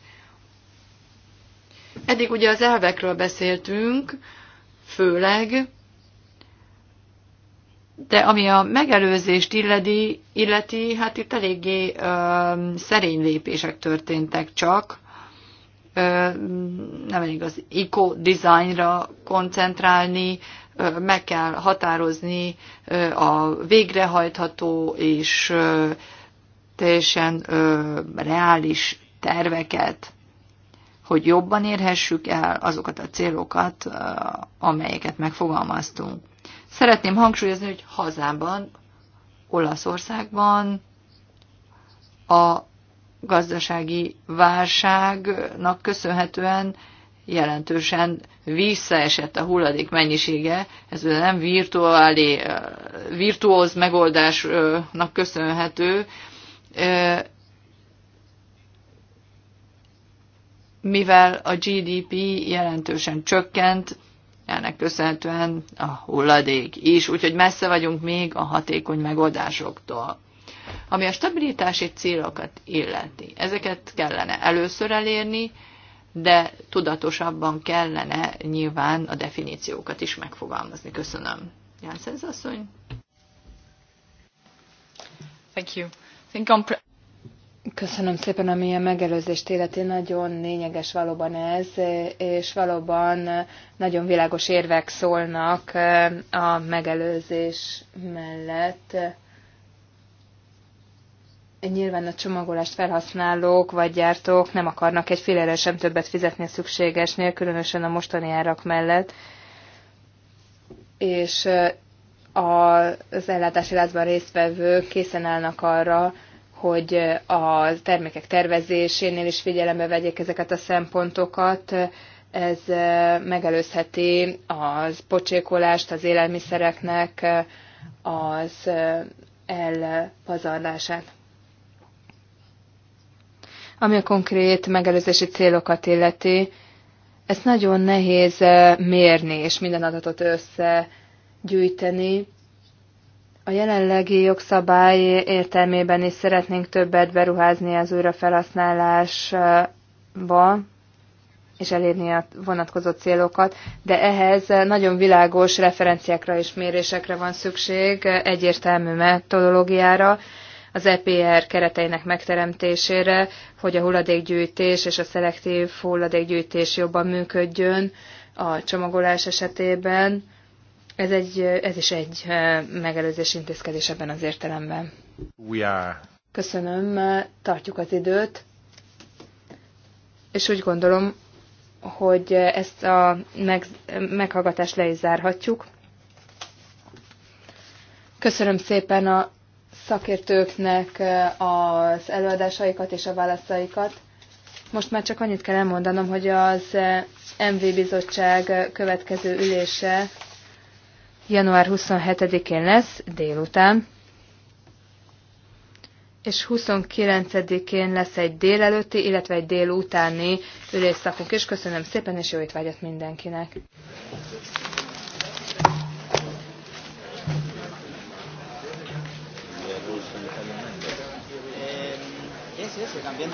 Eddig ugye az elvekről beszéltünk, főleg, de ami a megelőzést illeti, illeti hát itt eléggé ö, szerény lépések történtek csak. Ö, nem elég az eco-designra koncentrálni, meg kell határozni a végrehajtható és teljesen reális terveket, hogy jobban érhessük el azokat a célokat, amelyeket megfogalmaztunk. Szeretném hangsúlyozni, hogy hazában, Olaszországban a gazdasági válságnak köszönhetően jelentősen visszaesett a hulladék mennyisége, ez nem virtuális virtuóz megoldásnak köszönhető, mivel a GDP jelentősen csökkent, ennek köszönhetően a hulladék is, úgyhogy messze vagyunk még a hatékony megoldásoktól. Ami a stabilitási célokat illeti, ezeket kellene először elérni, de tudatosabban kellene nyilván a definíciókat is megfogalmazni. Köszönöm. Jánszenz asszony. Thank you. Think on Köszönöm szépen, ami a megelőzést illeti. Nagyon lényeges valóban ez, és valóban nagyon világos érvek szólnak eh, a megelőzés mellett nyilván a csomagolást felhasználók vagy gyártók nem akarnak egy félelre sem többet fizetni a szükségesnél, különösen a mostani árak mellett. És az ellátási láncban résztvevők készen állnak arra, hogy a termékek tervezésénél is figyelembe vegyék ezeket a szempontokat. Ez megelőzheti az pocsékolást az élelmiszereknek, az elpazarlását. Ami a konkrét megelőzési célokat illeti, ezt nagyon nehéz eh, mérni és minden adatot összegyűjteni. A jelenlegi jogszabály értelmében is szeretnénk többet beruházni az újrafelhasználásba, és elérni a vonatkozó célokat, de ehhez nagyon világos referenciákra és mérésekre van szükség, egyértelmű metodológiára, az EPR kereteinek megteremtésére, hogy a hulladékgyűjtés és a szelektív hulladékgyűjtés jobban működjön a csomagolás esetében. Ez, egy, ez is egy eh, megelőzés intézkedés ebben az értelemben. Köszönöm, tartjuk az időt, és úgy gondolom, hogy ezt a meg, meghallgatást le is zárhatjuk. Köszönöm szépen a szakértőknek eh, az előadásaikat és a válaszaikat. Most már csak annyit kell elmondanom, hogy az eh, MV bizottság következő ülése január 27-én lesz, délután, és 29-én lesz egy délelőtti, illetve egy délutáni ülésszakunk és Köszönöm szépen, és jó étvágyat mindenkinek! sí, sí, también.